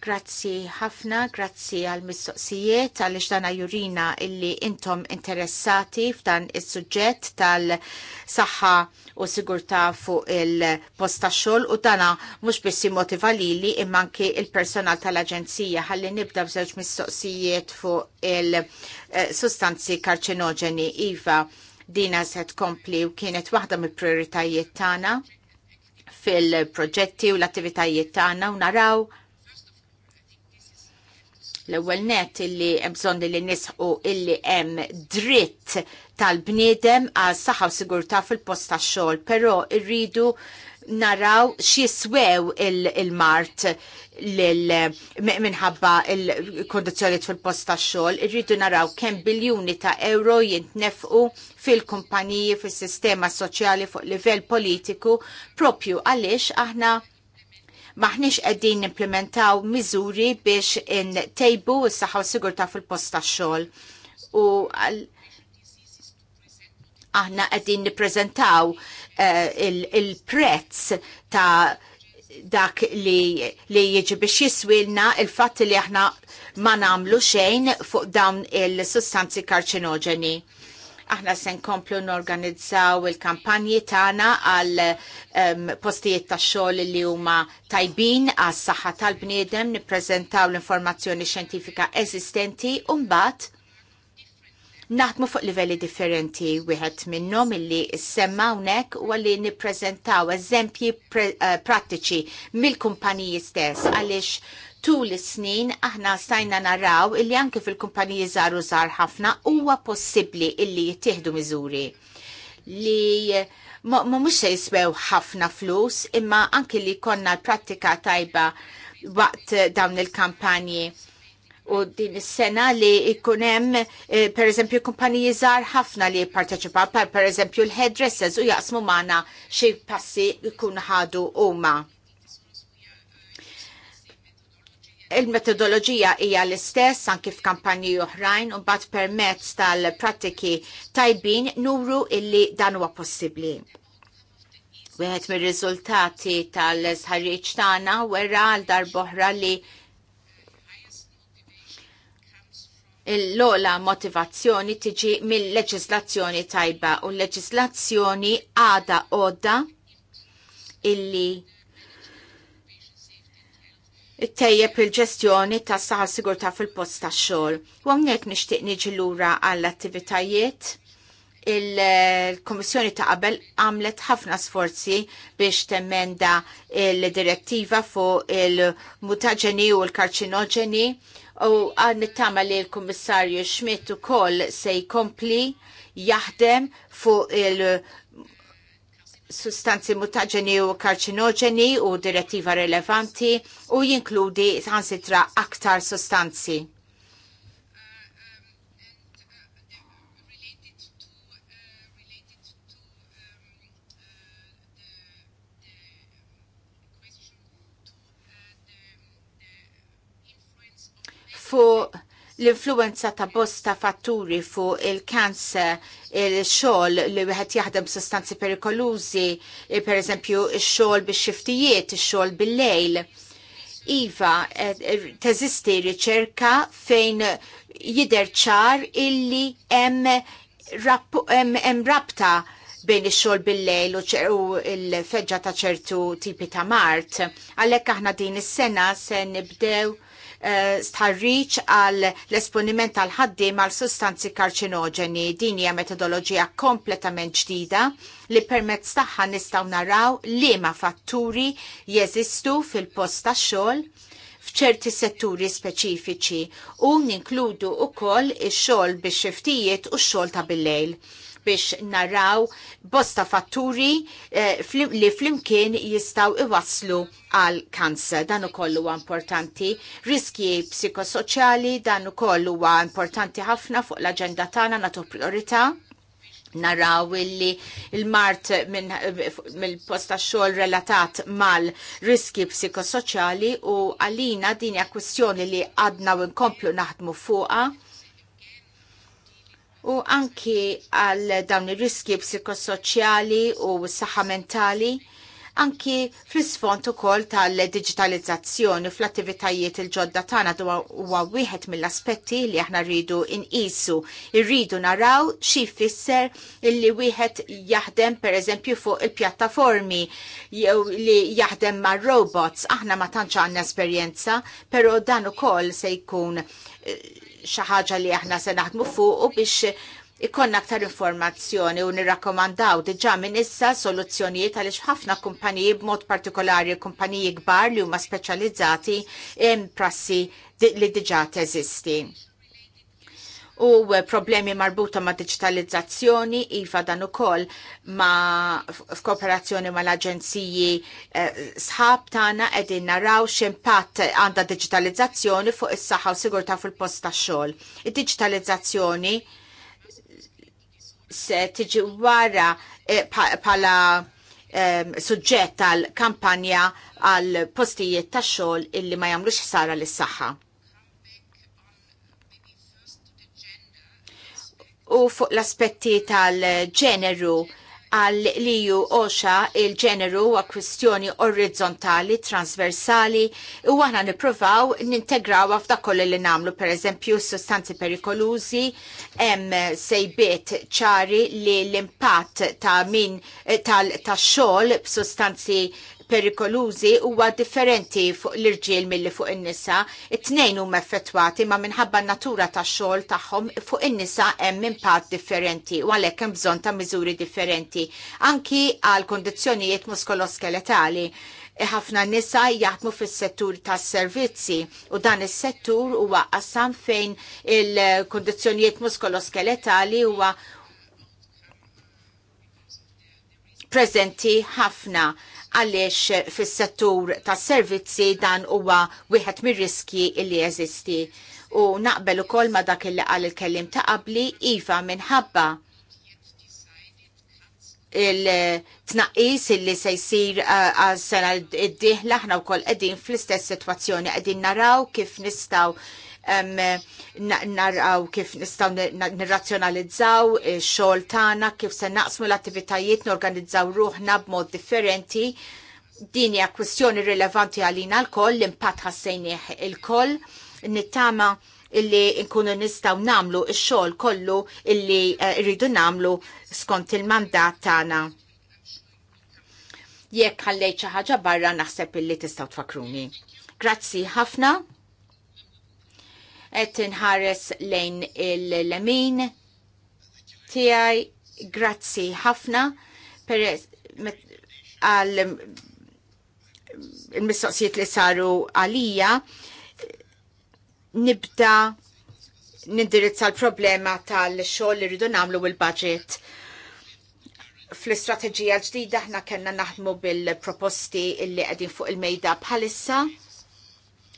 Grazzi ħafna, grazzi għal mistoqsijiet għaliex dana jurina illi intom interessati f'dan is-suġġett tal-saħħa u sigurtà fuq il-posta xogħol u dana mhux biss motivali lili imma anke il-personal tal-Aġenzija ħalli nibda b'żewġ mistoqsijiet fuq il-sustanzi karċinoġeni iva dina se tkompli u kienet waħda mill-prioritajiet tagħna fil-proġetti u l-attivitajiet tagħna u naraw L-ewwel net illi hemm bżonn li nisħu illi hemm dritt tal-bniedem għal saħħa u sigurtà fil-post tax-xogħol, però rridu naraw x'jiswew il-mart minħabba il-kondizjoniet fil-post tax-xogħol, irridu naraw kemm biljuni ta' euro jintnefqu fil-kumpaniji fis-sistema soċjali fuq livell politiku propju għaliex aħna maħniex qegħdin nimplementaw miżuri biex intejbu s-saħħa u sigurtà fil-post tax-xogħol. U aħna qegħdin nippreżentaw eh, il-prezz ta' dak li, li jieġi biex jiswilna il-fatt li aħna ma namlu xejn fuq dawn il-sustanzi karċinogeni. Aħna se nkomplu norganizzaw il-kampanji tagħna għal um, postijiet ta' xogħol li huma tajbin għas saħħa tal-bniedem, nippreżentaw l-informazzjoni xjentifika eżistenti u mbagħad naħdmu fuq livelli differenti wieħed minnhom illi semma hawnhekk u li nippreżentaw eżempji eh, prattiċi mill-kumpaniji stess għaliex tul is-snin aħna stajna naraw illi anke fil-kumpaniji żgħar u żar ħafna huwa possibbli illi jittieħdu miżuri li ma mhux se jiswew ħafna flus imma anke li konna l-prattika tajba waqt dawn il-kampanji u din is-sena li jkun hemm eh, pereżempju kumpaniji żgħar ħafna li jipparteċipaw per pereżempju l-headdresses u jaqsmu magħna xi passi jkunu ħadu huma il-metodoloġija hija l-istess anki f'kampanji oħrajn u mbagħad permezz tal-prattiki tajbin nuru illi dan huwa possibbli. Wieħed mir-riżultati tal-sħarriġ tagħna wera għal darboħra li l-ola motivazzjoni tiġi mill-leġislazzjoni tajba u l-leġislazzjoni għada għodda illi it-tejjeb il-ġestjoni tas saħa sigurtà fil-post tax xogħol. U hawnhekk nixtieq niġi lura għall-attivitajiet il-Komissjoni ta' qabel għamlet ħafna sforzi biex temmenda il-direttiva fuq il-mutaġeni u l-karċinoġeni u għan nittama li l-Komissarju Schmidt u koll se jkompli jaħdem fuq il- sustanzi mutaġeni u karċinoġeni u direttiva rilevanti u jinkludi għansitra aktar sustanzi. fu l-influenza ta' bosta fatturi fuq il-kanser, il-xol li wieħed jaħdem sostanzi perikolużi, per eżempju il-xol bil-xiftijiet, il-xol bil-lejl. Iva, eh, teżisti riċerka fejn jider ċar illi hemm rabta bejn ix-xogħol bil-lejl u l-feġġa ta' ċertu tipi ta' mart. Għalhekk aħna din is-sena se nibdew Eh, starriċ għal l-esponiment tal ħaddim għal sustanzi karċinogeni. Din hija metodoloġija kompletament ġdida li permezz tagħha nistgħu naraw liema fatturi jeżistu fil-post tax-xogħol f'ċerti setturi speċifiċi u ninkludu ukoll ix-xogħol bix-xiftijiet u x-xogħol ta' bil-lejl biex naraw bosta fatturi eh, li flimkien jistaw iwaslu għal kansa. Dan ukoll huwa importanti. Riski psikosoċjali dan ukoll huwa importanti ħafna fuq l-aġenda tagħna nagħtu priorità naraw illi il-mart mill-post ta' xogħol relatat mal-riski psikosoċjali u għalina din hija kwestjoni li għadna u nkomplu naħdmu fuqha u anki għal dawn ir-riski psikosoċjali u s-saħħa mentali anki fl u ukoll tal-digitalizzazzjoni fl-attivitajiet il-ġodda tagħna huwa wieħed mill-aspetti li aħna rridu inqisu. Irridu naraw xi jfisser illi wieħed jaħdem pereżempju fuq il-pjattaformi jew li jaħdem mar robots aħna ma tantx għandna esperjenza, però dan ukoll se jkun eh, xaħġa li aħna se naħdmu fuq u biex ikonna aktar informazzjoni u nirrakkomandaw diġa minn issa soluzzjonijiet għaliex ħafna kumpaniji b'mod partikolari kumpaniji kbar li huma speċjalizzati in prassi li diġa teżisti u problemi marbuta ma' digitalizzazzjoni iva dan ukoll ma' f'kooperazzjoni ma' l-aġenziji eh, sħab tagħna qegħdin naraw x'impatt għandha digitalizzazzjoni fuq is-saħħa u sigurtà fil-post tax-xogħol. Id-digitalizzazzjoni se tiġi wara eh, pala bħala eh, suġġett għal kampanja għal postijiet tax-xogħol illi ma jagħmlux ħsara lis-saħħa. u fuq l-aspetti tal-ġeneru għal li ju oċa il-ġeneru għa kwistjoni orizzontali, transversali, u għana niprofaw nintegraw għafda kolli li namlu, per eżempju, sostanzi perikolużi, em sejbiet ċari li l-impatt ta' min eh, tal-xol sostanzi perikolużi huwa differenti fuq l-irġiel milli fuq in-nisa. It-tnejn huma effettwati ma minħabba natura tax-xogħol tagħhom fuq in-nisa hemm impatt differenti u għalhekk hemm bżonn ta' miżuri differenti anki għal kondizzjonijiet muskoloskeletali ħafna nisa jaħdmu fis-settur tas-servizzi u dan is-settur huwa qassam fejn il-kondizzjonijiet muskoloskeletali huwa prezenti ħafna għaliex fis-settur tas-servizzi dan huwa wieħed mir-riskji li jeżisti. U naqbel ukoll ma dak li qal il-kellim ta' qabli iva minħabba il-tnaqis illi se jsir uh, għal sena id-dieħla aħna wkoll qegħdin fl-istess sitwazzjoni qegħdin naraw kif nistgħu narraw kif nistaw nirrazzjonalizzaw eh, xol tagħna, kif se naqsmu l-attivitajiet norganizzaw ruħna b'mod differenti. Din hija kwistjoni rilevanti għalina l-koll, l-impatt ħassejnieh l koll nittama illi nkunu nistaw namlu il-xol kollu illi eh, rridu namlu skont il-mandat tagħna. Jekk ħallejt xi ħaġa barra naħseb illi tistgħu tfakruni. Grazzi ħafna qed inħares lejn il-lemin tiegħi grazzi ħafna per għal il-mistoqsijiet li saru għalija nibda nindirizza l-problema tal-xogħol li rridu nagħmlu il-budget. Fl-istrateġija ġdida aħna kellna naħdmu bil-proposti illi qegħdin fuq il-mejda bħalissa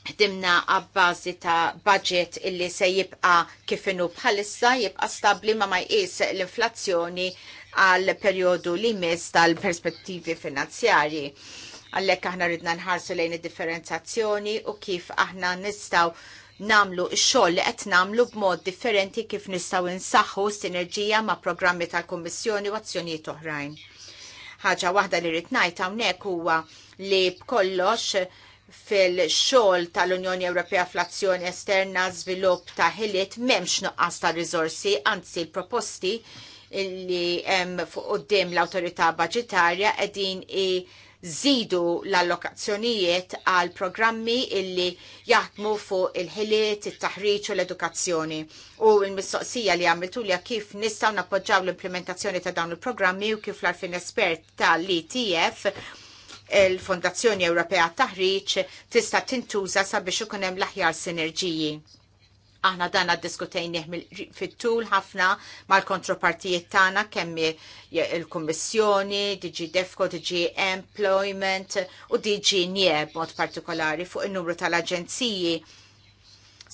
Dimna għabbażi ta' budget illi se jibqa kifinu bħalissa jibqa stabli ma ma jqis l-inflazzjoni għal periodu li mis tal-perspettivi finanzjarji. Għallek aħna ridna nħarsu lejn id-differenzazzjoni u kif aħna nistaw namlu xoll li qed namlu b'mod differenti kif nistgħu insaħħu sinerġija ma' programmi tal-Kummissjoni u azzjonijiet oħrajn. Ħaġa waħda li rid ngħid hawnhekk huwa li b'kollox fil-xol tal-Unjoni Ewropea fl-azzjoni esterna żvilupp ta' ħiliet m'hemmx nuqqas ta' rizorsi, anzi l-proposti li hemm fuq qudiem l-awtorità budġetarja qegħdin i zidu l-allokazzjonijiet għal programmi illi jaħdmu fuq il-ħiliet, it-taħriġ u l-edukazzjoni. U l-mistoqsija li għamiltu li kif nistaw nappoġġaw l-implementazzjoni ta' dawn il-programmi u kif l-arfin espert l-ETF il-Fondazzjoni Ewropea taħriġ tista' tintuża sabiex ikun hemm l-aħjar sinerġiji. Aħna dan diskutejnieh fit-tul ħafna mal-kontropartijiet tagħna kemm il-Kummissjoni, DG Defco, DG Employment u DG Nieb mod partikolari fuq in-numru tal-aġenziji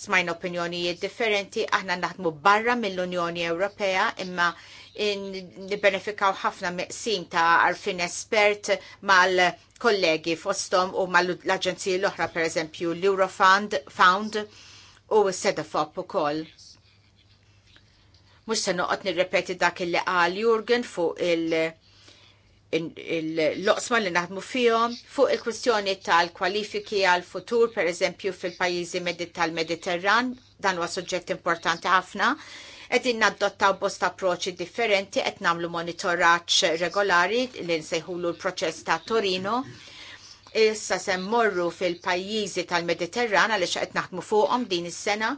smajna opinjonijiet differenti, aħna naħdmu barra mill-Unjoni Ewropea imma nibbenefikaw ħafna meqsim ta' arfin espert mal-kollegi fostom u mal-aġenziji l-oħra per eżempju l-Eurofund Found u s-Sedafop u koll. Mux se noqot nirrepeti dak il-li għal Jurgen fuq il- l-oqsma li naħdmu fihom fuq il-kwistjoni tal-kwalifiki għal futur per eżempju fil-pajjiżi tal-Mediterran dan huwa suġġett importanti ħafna Qegħdin naddottaw bosta approċċi differenti qed nagħmlu monitoraġġ regolari li nsejħulu l-proċess ta' Torino. Issa se mmorru fil-pajjiżi tal mediterrana għaliex qed naħdmu fuqhom din is-sena.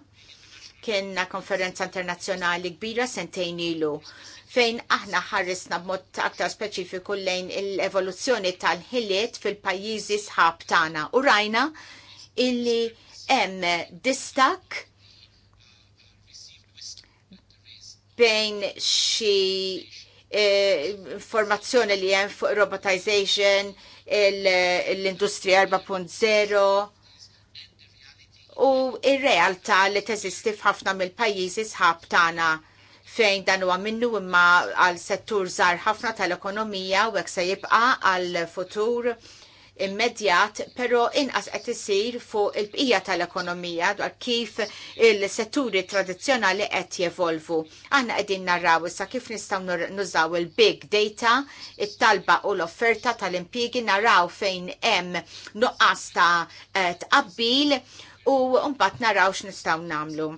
Kienna konferenza internazzjonali kbira sentejn ilu fejn aħna ħarrisna b'mod aktar speċifiku lejn l-evoluzzjoni tal-ħiliet fil-pajjiżi sħab tagħna u rajna illi hemm distak bejn xi eh, informazzjoni li hemm fuq robotization, l-industrija 4.0 u ir-realtà li teżisti f'ħafna mill-pajjiżi sħab tagħna fejn dan huwa minnu imma għal settur żgħar ħafna tal-ekonomija u hekk se jibqa' għal futur immedjat, pero inqas qed isir fuq il-bqija tal-ekonomija dwar kif il-setturi tradizzjonali qed jevolvu. Aħna qegħdin narraw issa kif nistgħu nużaw il-big data, it-talba u l-offerta tal-impjiegi narraw fejn hemm nuqqas ta' eh, tqabbil u mbagħad naraw x'nistgħu nagħmlu.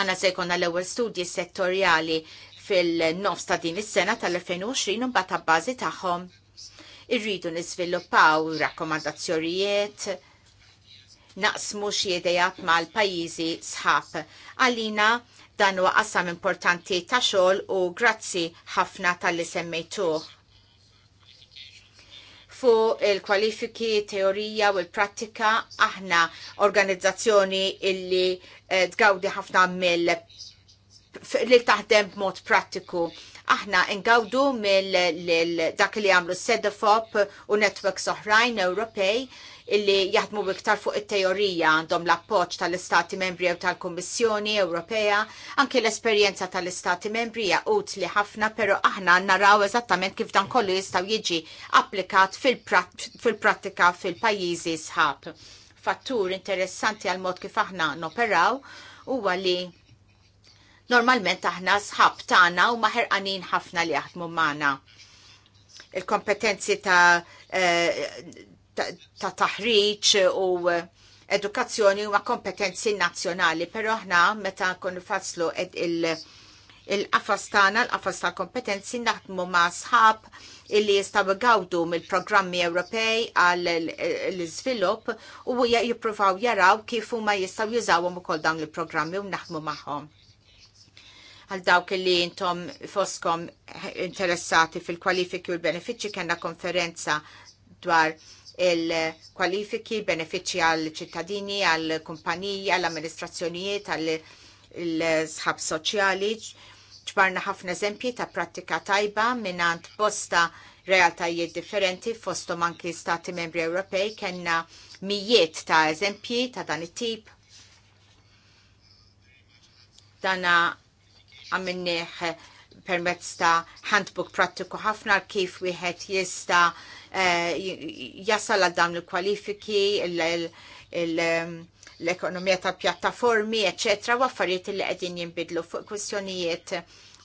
Għana se jkollna l-ewwel studji settorjali fil-nofs ta' din is-sena tal-2020 u mbagħad ta' bażi tagħhom irridu niżviluppaw rakkomandazzjonijiet, naqsmu xi idejat mal-pajjiżi sħab. Għalina dan huwa qasam importanti ta' xogħol u grazzi ħafna tal-li semmejtuh. Fu il-kwalifiki, teorija u l-prattika aħna organizzazzjoni illi eh, tgawdi ħafna mill li taħdem b'mod prattiku Aħna ingawdu mill dak li għamlu Sedefop u networks oħrajn Ewropej illi jaħdmu iktar fuq it-teorija għandhom l-appoċ tal-Istati Membri u tal-Kummissjoni Ewropea, anke l-esperjenza tal-Istati Membri hija utli ħafna, pero aħna naraw eżattament kif dan kollu jistgħu jiġi applikat fil-prattika fil-pajjiżi sħab. Fattur interessanti għal mod kif aħna noperaw huwa li Normalment aħna sħab tagħna u ħerqanin ħafna li jaħdmu magħna. Il-kompetenzi eh, ta' ta' taħriġ u edukazzjoni huma kompetenzi nazzjonali, però aħna meta kun faslu il-qafas tagħna, l-qafas ta' kompetenzi naħdmu ma' sħab illi jistaw gawdu mill-programmi Ewropej għal l-iżvilupp u jippruvaw jaraw kif huma jistgħu jużawhom ukoll dawn il-programmi u naħdmu magħhom għal dawk li intom foskom interessati fil-kwalifiki u l-benefiċi kena konferenza dwar il-kwalifiki, benefiċi għal ċittadini, għal kumpaniji, għal amministrazzjonijiet, għal sħab soċjali. ċbarna ħafna eżempji ta' prattika tajba minnant bosta realtajiet differenti fostom anki stati membri Ewropej kena mijiet ta' eżempji ta' dan it-tip. Dana għamminneħ eh, permezz ta' handbook prattiku ħafna kif wieħed jista' eh, jasal għal dawn il-kwalifiki, ehm, l-ekonomija ta' pjattaformi, eccetera, u affarijiet li qegħdin jinbidlu fuq kwistjonijiet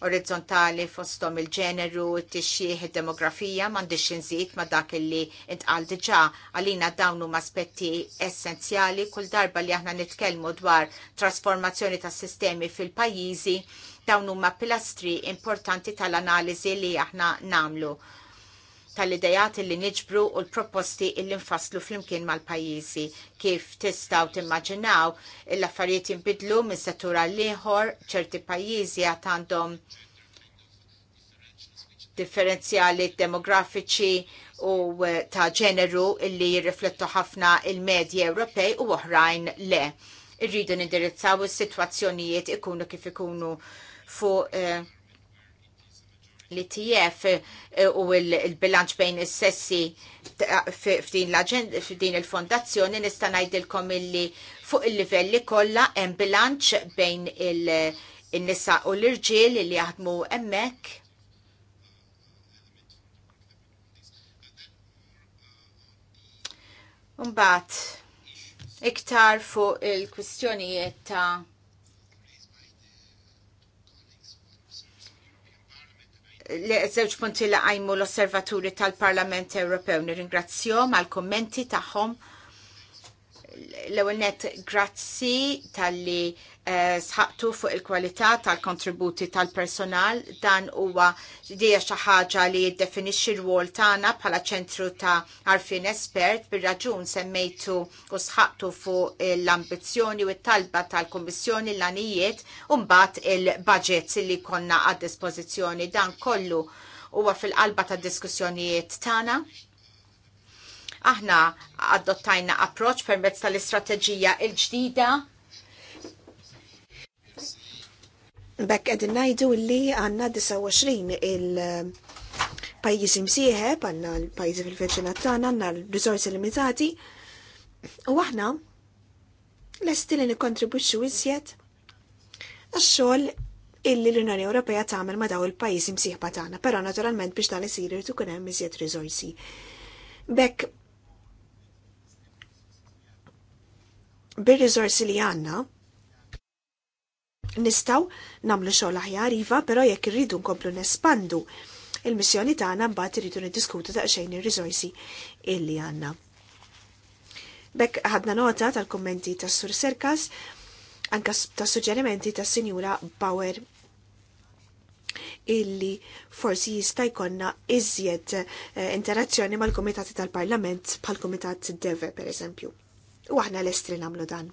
orizzontali fostom il-ġeneru, t-tixjih, il-demografija, mandiċ nżid ma dak li intqal diġa għalina dawnu aspetti essenzjali kull darba li aħna nitkelmu dwar trasformazzjoni ta' sistemi fil-pajizi Dawn huma pilastri importanti tal-analiżi li aħna namlu tal-idejat li niġbru u l-proposti illi nfasslu flimkien mal-pajjiżi. Kif tistaw timmaġinaw l-affarijiet jinbidlu minn settur għall ċerti pajjiżi għat għandhom differenzjali demografiċi u eh, ta' ġeneru illi jirriflettu ħafna il-medji Ewropej u oħrajn le. Irridu nindirizzaw is-sitwazzjonijiet ikunu kif ikunu fuq eh, li eh, l u il-bilanċ bejn is-sessi f'din il-fondazzjoni nista' ngħidilkom illi fuq il-livelli kollha hemm bilanċ bejn il-nisa u l-irġiel li jaħdmu hemmhekk. Mbagħad iktar fuq il-kwistjonijiet ta' żewġ punti li għajmu l-Osservaturi tal-Parlament Ewropew nirringrazzjom għal kommenti tagħhom l-ewwel net grazzi talli li eh, sħaqtu fuq il-kwalità tal-kontributi tal-personal dan huwa dija xi ħaġa li jiddefinixxi r-wol tagħna bħala ċentru ta' arfin espert bir-raġun semmejtu u sħaqtu fuq l-ambizzjoni u t-talba tal-Kummissjoni l-għanijiet u mbagħad il-budgets li konna għad dispożizzjoni dan kollu huwa fil-qalba tad-diskussjonijiet tagħna Aħna adottajna approċ permezz tal-istrateġija il-ġdida Bekk edin najdu li għanna 29 il-pajjiżi msieħeb, għanna l-pajjiżi fil-veċinat tagħna, għanna l rizorsi limitati, u aħna lesti li nikkontribwixxu iżjed għax-xogħol illi l-Unjoni Ewropea tagħmel ma daw il-pajjiżi msieħba tagħna, però naturalment biex dan isir irid ikun hemm iżjed riżorsi. Bekk bir rizorsi li għandna nistaw namlu xogħol aħjar iva, però jekk irridu nkomplu nespandu il-missjoni tagħna mbagħad irridu niddiskutu daqsxejn ir-riżorsi illi għandna. Bekk ħadna nota tal-kummenti tas-Sur Serkas, anka tas-suġġerimenti tas-Sinjura Bauer illi forsi jista' jkollna iżjed eh, interazzjoni mal-Kumitati tal-Parlament bħal-Kumitat Deve, per eżempju u aħna l-estri namlu dan.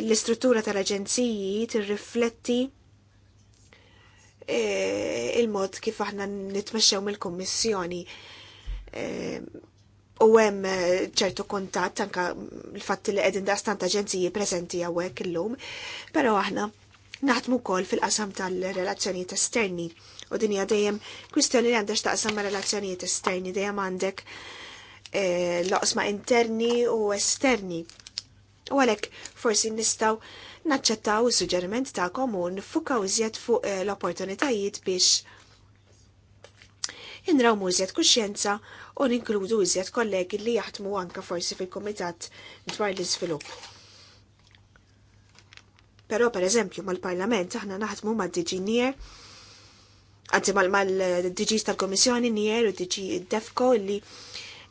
L-istruttura tal-aġenziji tirrifletti eh, il-mod kif aħna nitmexxew mill-Kummissjoni. Eh, u hemm eh, ċertu kuntatt anka l-fatt li qegħdin daqstant aġenziji preżenti hawnhekk illum, però aħna naħdmu wkoll fil-qasam tal-relazzjonijiet esterni. U dinja dejjem kwistjoni li għandek taqsam ma' relazzjonijiet esterni dejjem għandek E, l-oqsma interni u esterni. U għalek forsi nistaw naċċettaw il-suġġeriment ta' komun fukaw iżjed fuq e, l-opportunitajiet biex inraw mużjed kuxjenza u ninkludu iżjed kollegi li jaħdmu anka forsi fil-komitat dwar l-izvilupp. Pero per eżempju mal-parlament aħna naħdmu ma' DG Nier, għadzi mal-DGs tal-Komissjoni Nier u DG Defco li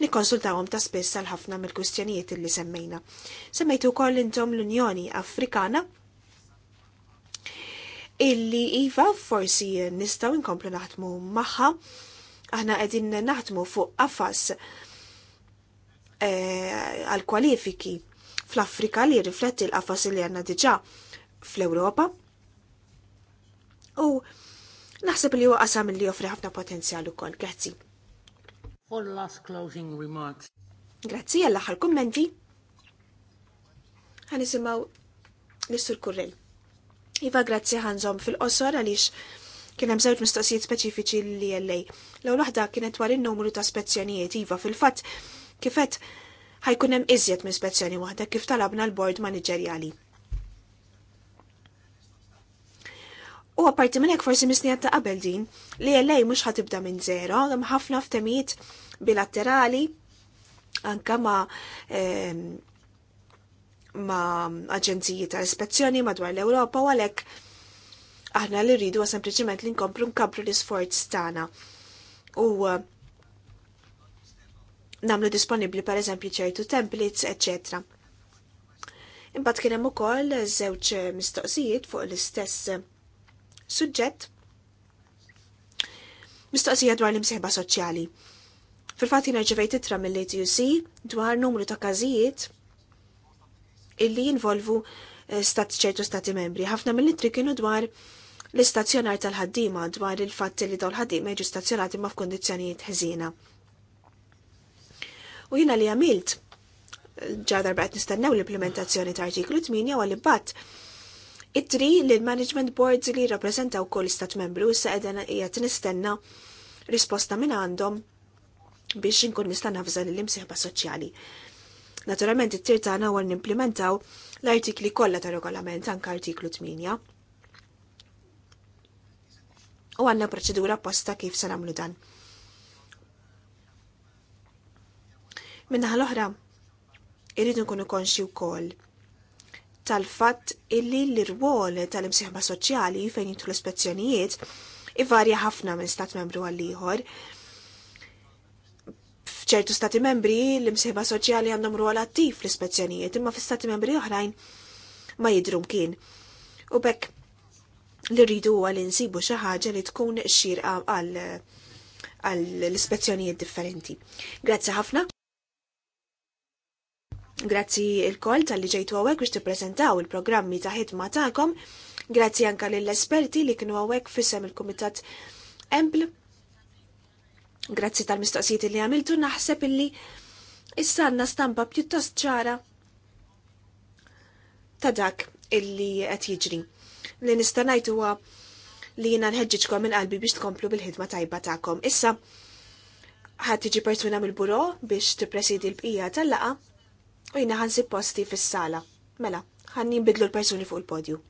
nikkonsultawhom ta' spiss għal ħafna mill-kwistjonijiet li semmejna. Semmejtu wkoll intom l-Unjoni Afrikana illi iva forsi nistgħu nkomplu naħdmu magħha aħna qegħdin naħdmu fuq qafas eh, għal kwalifiki fl-Afrika li rifletti l-qafas li għanna diġà fl-Ewropa. U naħseb li huwa qasam li joffri ħafna potenzjal ukoll. Grazzi. For last closing remarks. Grazzi għall aħħar kummenti. Ħanisimaw l-Sur Kurrel. Iva grazzi ħanżom fil-qosor għaliex kien hemm żewġ mistoqsijiet speċifiċi li għallej. L-ewwel waħda kienet dwar in-numru ta' spezzjonijiet iva fil-fatt kifet ħajkun hemm iżjed minn spezzjoni waħda kif talabna l-bord maniġerjali. U apparti minn hekk forsi misni għatta qabel din li lej mhux ħatibda minn zero, hemm ħafna ftemijiet bilaterali anka ma' ma' aġenziji ta' ispezzjoni madwar l-Ewropa u għalhekk aħna li rridu għas sempliciment li nkomplu nkabru l-isforz tagħna. U eh, namlu disponibli per eżempju ċertu templates, etc. Imbagħad kien hemm ukoll żewġ mistoqsijiet fuq l-istess Suġġett mistoqsija dwar l-imsieħba soċjali. Fil-fatt jina ġivejt itra mill-ATUC dwar numru ta' każijiet illi jinvolvu eh, stat ċertu stati membri. Ħafna mill-itri kienu dwar l-istazzjonar tal-ħaddima dwar il-fatt li dawn ħaddima jiġu stazzjonati ma' f'kondizzjonijiet ħezina. U jina li għamilt eh, ġadar baqet nistennew l-implementazzjoni ta' artiklu 8 għal bat it-tri li l-management boards li rappresentaw kol istat membru issa edena qiegħed nistenna risposta minn għandhom biex inkun nista' nafżel l-imsieħba soċjali. Naturalment it-tir tagħna huwa nimplementaw l-artikli kollha ta' regolament anke artiklu 8. U għandna proċedura posta kif se nagħmlu dan. Minnaħa l-oħra, irridu nkunu konxi wkoll tal-fatt illi l-irwol tal imsiħba soċjali fejn jintlu l-ispezzjonijiet ivarja ħafna minn stat membru għall ieħor. F'ċertu stati membri l imsiħba soċjali għandhom rwol attiv fl-ispezzjonijiet, imma f'stati membri oħrajn ma jidrum kien. U bekk li rridu huwa li nsibu xi ħaġa li tkun xirqa għal l-ispezzjonijiet differenti. Grazzi ħafna. Grazzi il-koll tal-li ġejtu għawek biex tippreżentaw il-programmi ta' ħidma tagħkom. Grazzi anka lill-esperti li kienu għawek fissem il-Kumitat Empl. Grazzi tal-mistoqsijiet li għamiltu naħseb illi issa għandna stampa pjuttost ċara ta' dak illi qed jiġri. Li nista' ngħid huwa li jiena nħeġġiġkom minn qalbi biex tkomplu bil-ħidma tajba tagħkom. Issa ħad tiġi persuna mill-buro biex tippresidi l-bqija tal-laqa u jina ħansi posti fis-sala. Mela, ħanni bidlu l-persuni fuq il-podju.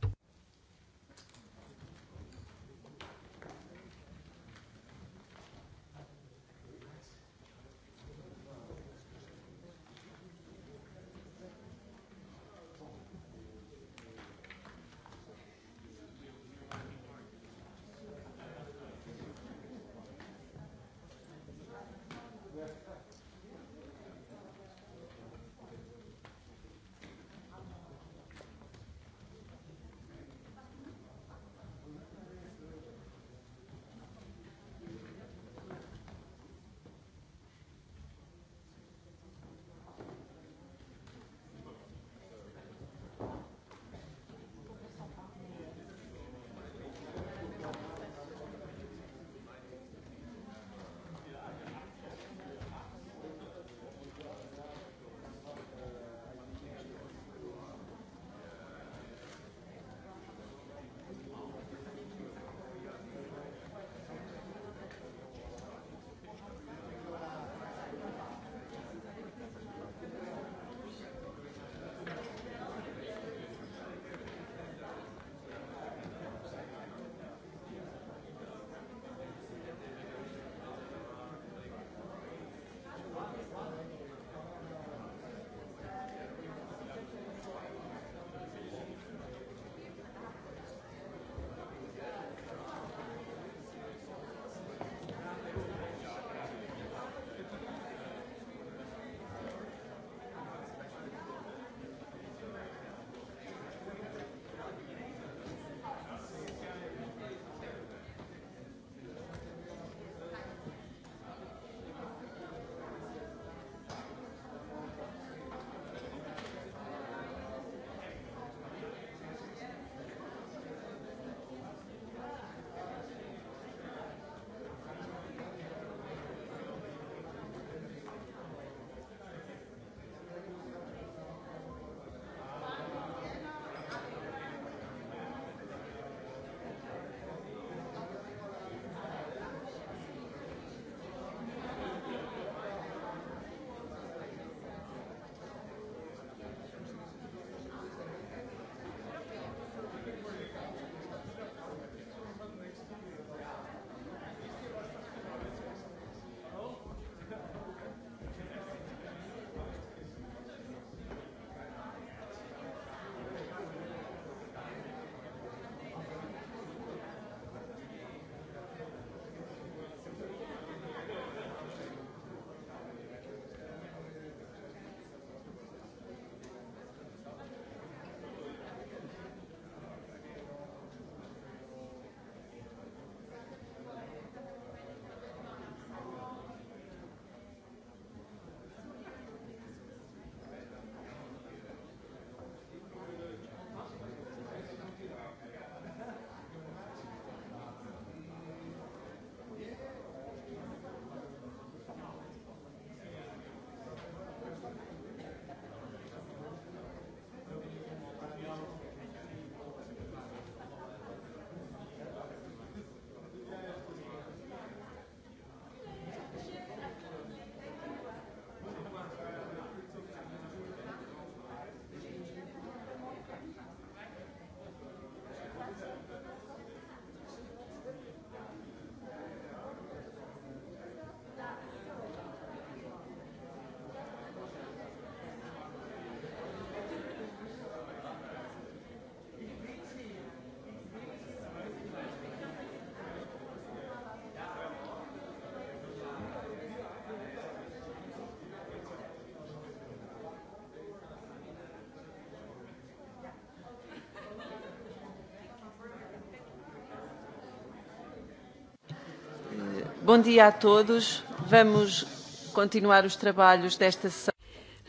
Bom dia a todos. Vamos continuar os trabalhos desta sessão.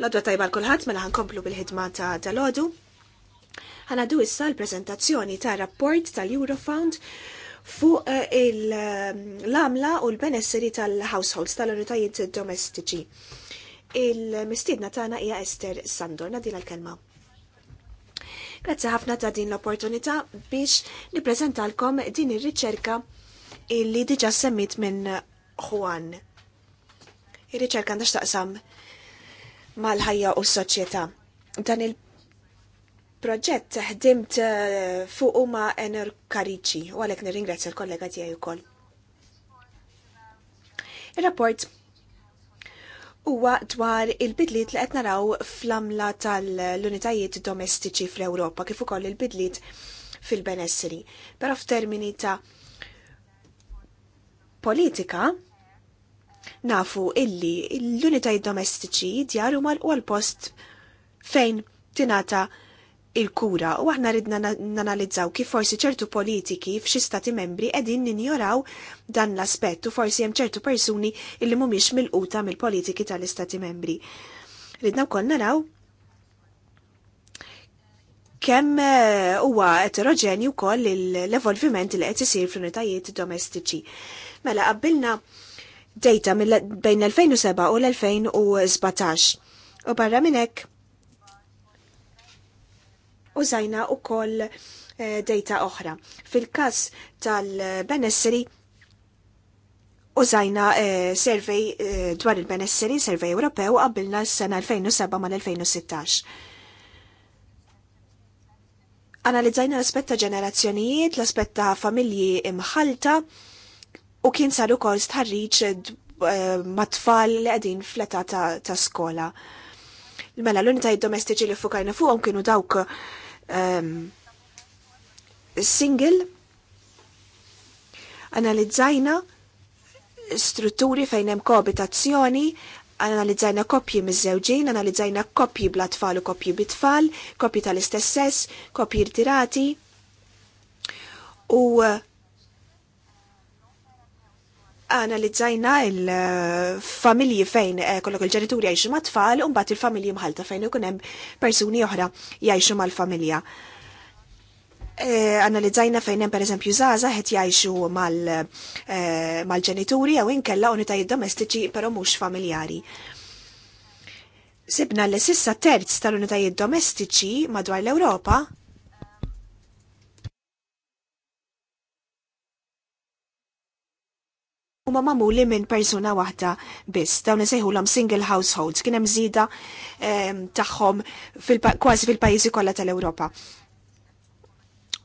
l tajba l-kulħat mela ħankomplu bil-ħidma ta' dal-ħodu. ħanadu issa l-prezentazzjoni ta' rapport tal-Eurofound fuq eh, l-għamla u l-benesseri tal-households tal-unitajiet domestiċi. Il-mistidna tagħna hija Ester Sandor, nadina l-kelma. Grazzi ħafna ta' din l-opportunità biex niprezentalkom din ir-riċerka illi diġa semmit minn Juan. Ir-riċerka għandha x'taqsam mal-ħajja u s-soċjetà. Dan il-proġett ħdimt eh, fuq huma Enor Kariċi u għalhekk nirringrazzja l-kollega tiegħi wkoll. Ir-rapport huwa dwar il-bidliet li qed naraw fl-amla tal-unitajiet domestiċi fl-Ewropa kif ukoll il-bidliet fil-benessri, però f'termini ta' politika nafu illi l-unitaj domestiċi djaru mal u post fejn tinata il-kura u aħna ridna nanalizzaw kif forsi ċertu politiki f'xi stati membri edin ninjoraw dan l-aspett u forsi hemm ċertu persuni illi mhumiex mill-quta mill-politiki tal-istati membri. Ridna wkoll naraw kemm eh, huwa eterogenju koll l-evolviment li qed isir fl-unitajiet domestiċi. Mela qabbilna data bejn l-2007 u l-2017. U barra minnek użajna u koll eh, data oħra. Fil-kas tal-benesseri użajna eh, survey eh, dwar il-benesseri, survey Ewropew, qabilna s-sena 2007 ma 2016 Analizzajna l-aspetta ġenerazzjonijiet, l-aspetta familji imħalta, u kien saru ukoll stħarriċ eh, mat-tfal li qegħdin fleta ta' skola. Mela l-unitajiet domestiċi li fukajna fuqhom kienu dawk ehm, single analizzajna strutturi fejn hemm koabitazzjoni analizzajna koppji miż-żewġin, analizzajna koppji bla tfal u koppji bit-tfal, koppji tal-istess sess, koppji rtirati. U analizzajna il-familji fejn eh, kollok il-ġenituri jgħixu ma' tfal un bat il-familji mħalta fejn ikun hemm persuni oħra jgħixu mal-familja. Eh, analizzajna fejn hemm pereżempju żaża qed jgħixu eh, mal-ġenituri jew inkella unitajiet domestiċi però mhux familjari. Sibna li sissa terz tal-unitajiet domestiċi madwar l-Ewropa huma mamuli minn persuna waħda biss. Dawn isejħulhom single households kien hemm żida ehm, tagħhom kważi fil-pajjiżi kollha tal-Ewropa.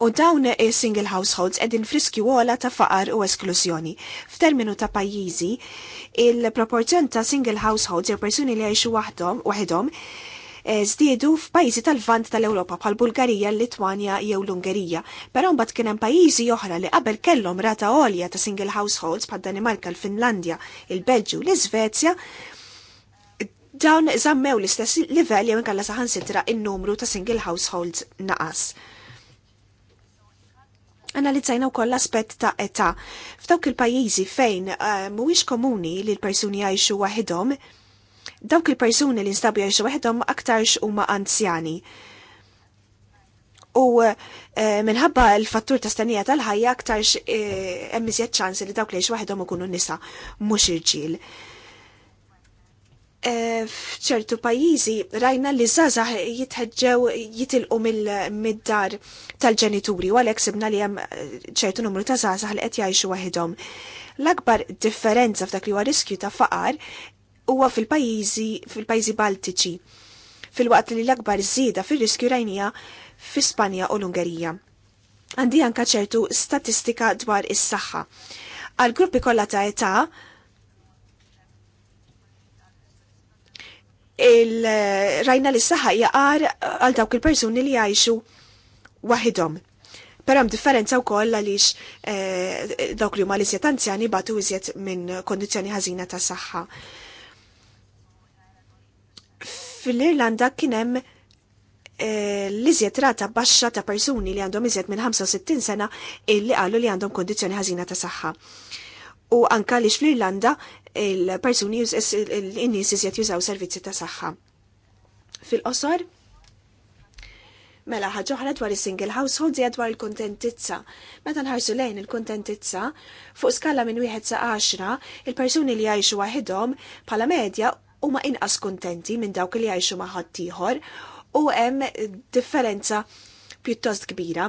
U dawn single households qegħdin friskju għola ta' faqar u esklużjoni. F'terminu ta' pajjiżi, il-proporzjon ta' single households jew persuni li jgħixu waħdhom waħedhom Eh, żdiedu f'pajjiżi tal-vant tal-Ewropa bħal Bulgarija, Litwanja jew l-Ungerija. Però mbagħad kien hemm pajjiżi oħra li qabel kellhom rata għolja ta' single households bħal Danimarka, l-Finlandja, il-Belġju, l-Iżvezja, dawn zammew l-istess livell jew inkalla saħan sitra in-numru ta' single households naqas analizzajna u koll aspet ta' età. F'dawk il-pajjiżi fejn uh, mhuwiex komuni li l-persuni jgħixu waħedhom, dawk il-persuni li nstabu jgħixu weħdhom aktarx huma anzjani. U eh, minħabba l-fattur ta' stanija tal-ħajja aktarx eh, hemm iżjed ċans li dawk li jgħixu weħdhom ikunu nisa mhux irġiel. Eh, f'ċertu pajjiżi rajna li żgħażagħ jitħeġġew jitilqu mid-dar tal-ġenituri u għalhekk sibna li hemm ċertu numru ta' żgħażagħ li qed jgħixu waħedhom l-akbar differenza f'dak li huwa riskju ta' faqar huwa fil-pajjiżi fil-pajjiżi Baltiċi fil-waqt li l-akbar żieda fir-riskju rajnija fi Spanja u l-Ungerija. Għandi anka ċertu statistika dwar is-saħħa. Għal gruppi kollha ta' età il-rajna li s-saħħa jaqar għal dawk il-persuni li jgħixu waħidhom. Però hemm differenza wkoll għaliex eh, dawk li huma li iżjed anzjani batu iżjed minn kondizzjoni ħażina ta' saħħa. Fil-Irlanda kienem eh, l iziet rata baxxa ta' persuni li għandhom iżjed minn 65 sena illi qalu li għandhom kondizjoni ħażina ta' saħħa. U anka li fl-Irlanda il-persuni l-innis iżjed jużaw servizzi ta' saħħa. Fil-qosor, Mela oħra dwar il-single household zjed dwar il-kontentizza. Meta nħarsu lejn il-kontentizza, fuq skala minn wieħed sa' 10, il-persuni li jgħixu waħedhom bħala medja huma inqas kontenti minn dawk li għajxu ma' ħaddieħor u hemm differenza pjuttost kbira.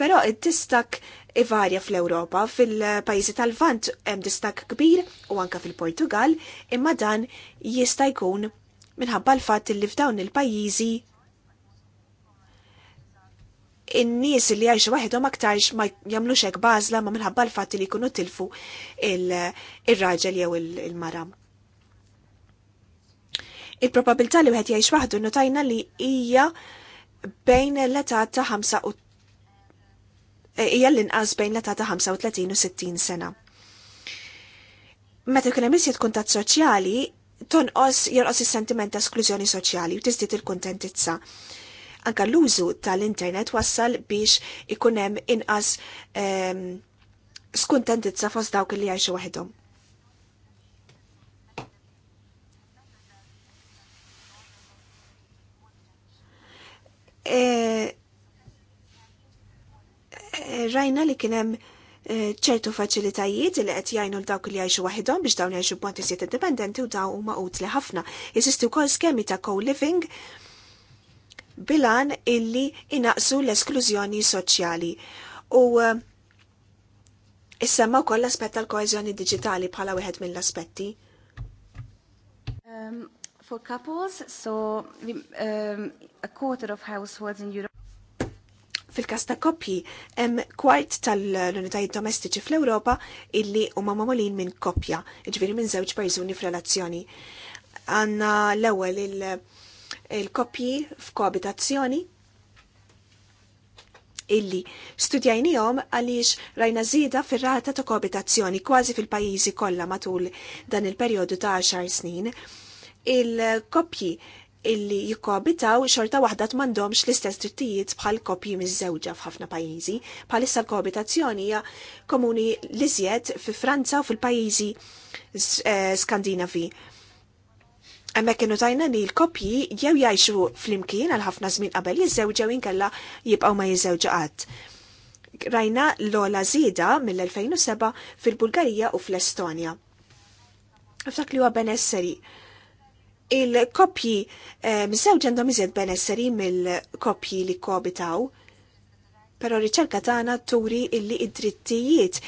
Però id-distak ivarja fl-Ewropa, fil-pajjiżi tal-Vant hemm distak kbir u anka fil-Portugal, imma dan jista' jkun minħabba l-fatt li f'dawn il-pajjiżi in-nies li għajxu waħedhom aktarx ma jagħmlux hekk bażla ma minħabba l-fatt li jkunu tilfu il-raġel jew il-mara il-probabilità li wieħed jgħix waħdu notajna li hija bejn l-età ta' 5 u eh, hija l-inqas bejn l-età ta' 35 u 60 sena. Meta kien hemm iżjed kuntatt soċjali, tonqos jonqos is-sentiment ta' esklużjoni soċjali u tiżdied il-kuntentizza. Anka l-użu tal-internet wassal biex ikun hemm inqas ehm, skuntentizza fost dawk li jgħixu waħedhom. E, e, rajna li kienem e, ċertu faċilitajiet li qed jgħinu l dawk li jgħixu waħedhom biex dawn jgħixu b'mod isiet indipendenti u daw huma utli ħafna. Jeżisti wkoll skemi ta' co-living bilan illi inaqsu l-esklużjoni soċjali. U issemma wkoll l-aspett tal-koeżjoni diġitali bħala wieħed mill-aspetti. Um, For couples, so um, a quarter of households in Europe fil kasta ta' koppji, hemm kwart tal-unitajiet domestiċi fl-Ewropa illi huma magħmulin minn koppja, jiġifieri minn żewġ pajżuni f'relazzjoni. Għanna l-ewwel il-koppji f'koabitazzjoni illi studjajnijom għaliex rajna zida fir-rata ta' koabitazzjoni kważi fil-pajjiżi kollha matul dan il-perjodu ta' 10 snin il-kopji illi jikkoabitaw xorta waħda tmandomx l-istess drittijiet bħal kopji miż-żewġa f'ħafna pajjiżi, bħalissa l-koabitazzjoni hija komuni li żjed fi Franza u fil-pajjiżi eh, Skandinavi. Hemmhekk kienu tajna li l-kopji jew jgħixu flimkien għal ħafna żmien qabel u inkella jibqgħu ma jizzewġa għad. Rajna l-ola żieda mill-2007 fil-Bulgarija u fl-Estonja. Ftak li huwa benesseri il-kopji eh, mżewġ għandhom iżjed benesseri mill-kopji li kobitaw, pero riċerka tagħna turi illi id-drittijiet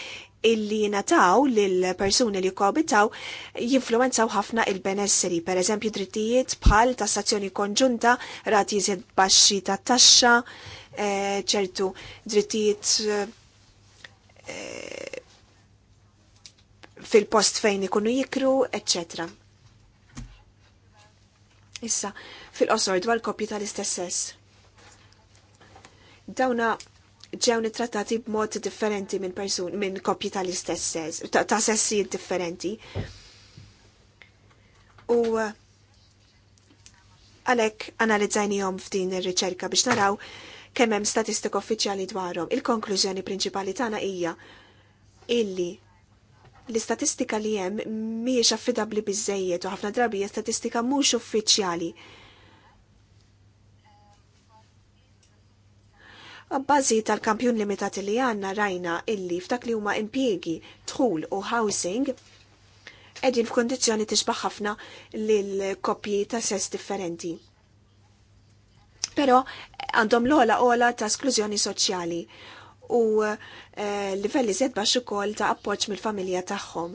illi nataw lil-persuni li kobitaw jinfluenzaw ħafna il-benesseri, per eżempju drittijiet bħal tassazzjoni konġunta, rati jizjed baxxi ta' taxxa, eh, ċertu drittijiet eh, fil-post fejn ikunu jikru, eccetera. Issa, fil-qosor dwar kopji tal-istess Dawna ġew nittrattati b'mod differenti minn persun minn koppji tal-istess sess, ta', sessijiet sessi differenti. U għalek jom f'din ir-riċerka biex naraw kemm hemm statistika uffiċjali dwarhom. Il-konklużjoni prinċipali tagħna hija illi l-istatistika li hemm mhijiex affidabbli biżejjed u ħafna drabi hija statistika mhux uffiċjali. Bbażi tal-kampjun limitati li għandna rajna illi f'dak li huma impjiegi, dħul u housing qegħdin f'kondizzjoni tixbaħ ħafna lil koppji ta' sess differenti. Però għandhom l-ola ola ta' esklużjoni soċjali u eh, livelli zed baxu ukoll ta' appoġġ mill-familja tagħhom.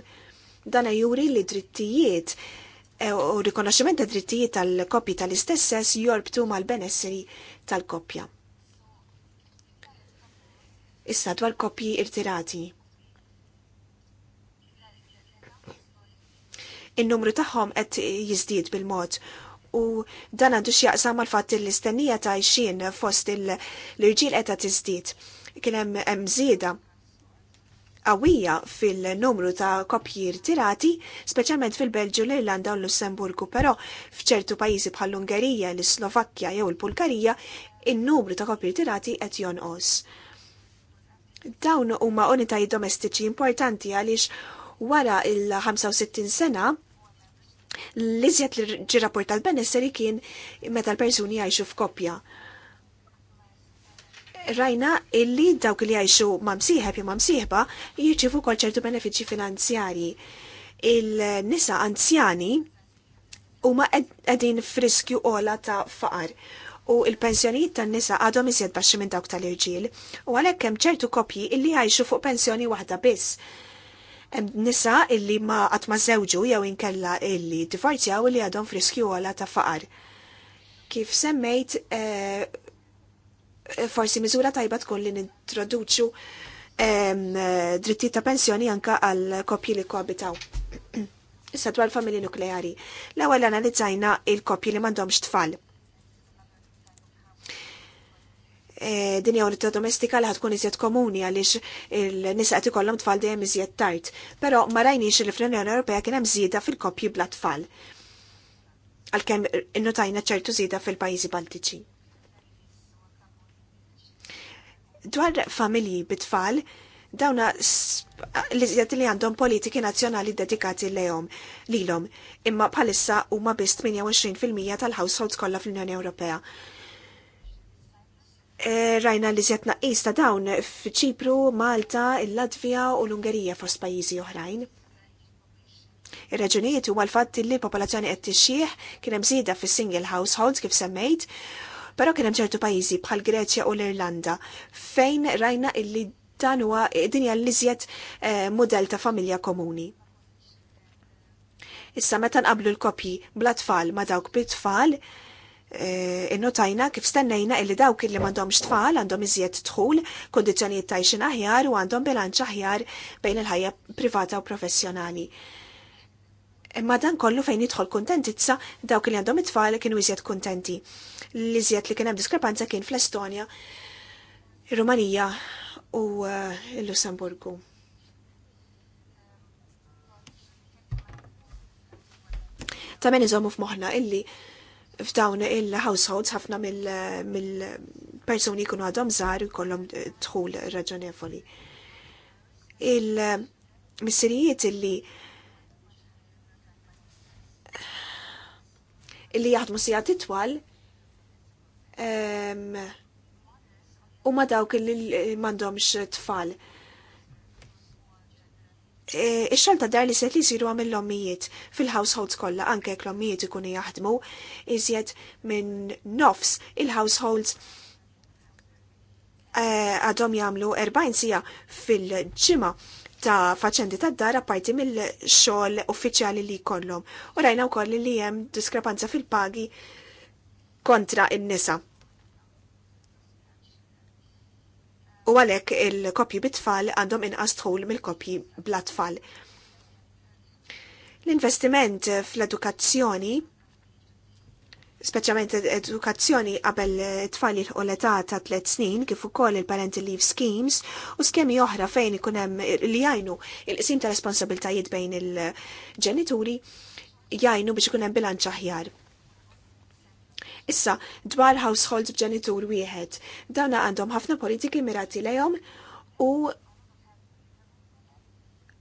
Dan juri li drittijiet eh, u rikonoxximent ta' drittijiet tal-koppji tal-istess jorbtu mal-benesseri tal-koppja. Issa dwar koppji irtirati. In-numru tagħhom qed jiżdied bil-mod u dan għandu jaqsam mal fatt l-istennija ta' xin fost l-irġiel qed tiżdied kien hemm hemm żieda qawwija fil-numru ta' kopji rtirati, speċjalment fil-Belġu, l-Irlanda u l-Lussemburgu, però f'ċertu pajjiżi bħall-Ungerija, l-Slovakkja jew l-Bulgarija, in-numru ta' kopji rtirati qed jonqos. Dawn huma unitaj domestiċi importanti għaliex wara il-65 sena l-iżjed li ġi rapportat benesseri kien meta l-persuni għajxu f'koppja rajna illi dawk li għajxu ma' msieħeb jew ma' msieħba jirċivu kol ċertu benefiċċji finanzjarji. Il-nisa anzjani huma qegħdin friskju ola ta' faqar u il-pensjonijiet tan-nisa għadhom iżjed baxxi minn dawk tal-irġiel u għalhekk hemm ċertu koppji illi jgħixu fuq pensjoni waħda biss. Hemm nisa illi ma qatt ma żewġu jew inkella illi divorzjaw illi għadhom friskju għola ta' faqar. Kif semmejt eh, forsi miżura tajba tkun li nintroduċu drittijiet ta' pensjoni anka għal kopji li koabitaw. Issa dwar familji nukleari. L-ewwel analizzajna il-kopji li m'għandhomx tfal. E, din hija unità domestika li ħatkun iżjed komuni għaliex il-nisa qed ikollhom tfal dejjem iżjed tard. Però ma rajniex li fl-Unjoni Ewropea kien hemm żieda fil-koppji bla tfal. Għalkemm innotajna ċertu żieda fil-pajjiżi Baltiċi. Dwar familji bit-tfal, dawna l-iżjat li għandhom politiki nazzjonali dedikati lejhom lilhom, imma bħalissa huma biss 28% tal-households kollha fl-Unjoni Ewropea. E, rajna l zjat naqis ta' dawn f'Ċipru, Malta, il-Latvija u l-Ungerija fost pajjiżi oħrajn. Ir-raġunijiet huwa l-fatt li l-popolazzjoni qed tixxieħ kien hemm żieda fis-single households kif semmejt Però kien hemm ċertu pajjiżi bħal Greċja u l-Irlanda fejn rajna illi dan huwa dinja l-iżjed eh, modell ta' familja komuni. Issa meta nqablu l-kopji bla tfal ma dawk bit-tfal, eh, innotajna kif stennejna illi dawk illi m'għandhomx tfal għandhom iżjed dħul, ta' tajxin aħjar u għandhom bilanċ aħjar bejn il-ħajja privata u professjonali. Imma dan kollu fejn jidħol kuntentizza dawk li għandhom it-tfal kienu iżjed kuntenti li zjed li kien hemm diskrepanza kien fl-Estonja, ir-Rumanija u eh, l-Lussemburgu. Ta' men iżommu f'moħna illi f'dawn il-households ħafna mill-persuni mil kunu għadhom żgħar jkollhom eh, dħul raġonevoli. Il-missirijiet eh, illi illi jaħdmu sija itwal u ma dawk li mandomx tfal. E, Ix-xalta dar li set li jisiru għam l-ommijiet fil-households kollha anke jek l-ommijiet ikunu jaħdmu iżjed minn nofs il-households e, għadhom jagħmlu 40 sija fil ġima ta' faċendi ta' dar apparti mill-xogħol uffiċjali li jkollhom. U rajna koll li hemm diskrepanza fil-pagi kontra in-nisa. u għalhekk il-kopji bit-tfal għandhom inqas tħul mill-kopji bla-tfal. L-investiment fl-edukazzjoni speċjalment edukazzjoni qabel tfal il l-età ta' tliet snin kif ukoll il-parent leave schemes u skemi oħra fejn ikun hemm li jajnu il-qsim ta' responsabiltajiet bejn il-ġenituri jajnu biex ikun hemm bilanċ aħjar. Issa, dwar households b'ġenitur wieħed, dawna għandhom ħafna politiki mirati lejhom u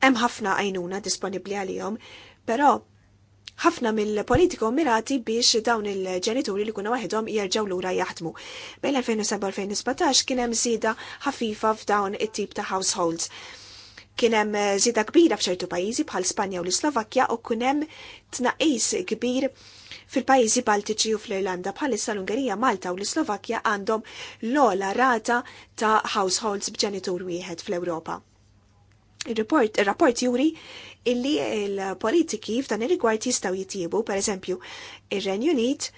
hemm ħafna għajnuna disponibbli għalihom, però ħafna mill-politiku mirati biex dawn il-ġenituri li kuna waħedhom jerġgħu lura jaħdmu. Bejn 2007-2017 kien hemm żieda ħafifa f'dawn it-tip ta' households. Kien hemm eh, żieda kbira f'ċertu pajjiżi bħal Spanja u l-Slovakkja u kien hemm tnaqqis kbir fil-pajjiżi Baltiċi u fl-Irlanda bħalissa l-Ungerija, Malta u l-Slovakkja għandhom l-ola rata ta' households b'ġenitur wieħed fl-Ewropa. Il-rapport il juri illi il-politiki f'dan ir-rigward jistgħu jitjiebu, pereżempju, ir-Renju Unit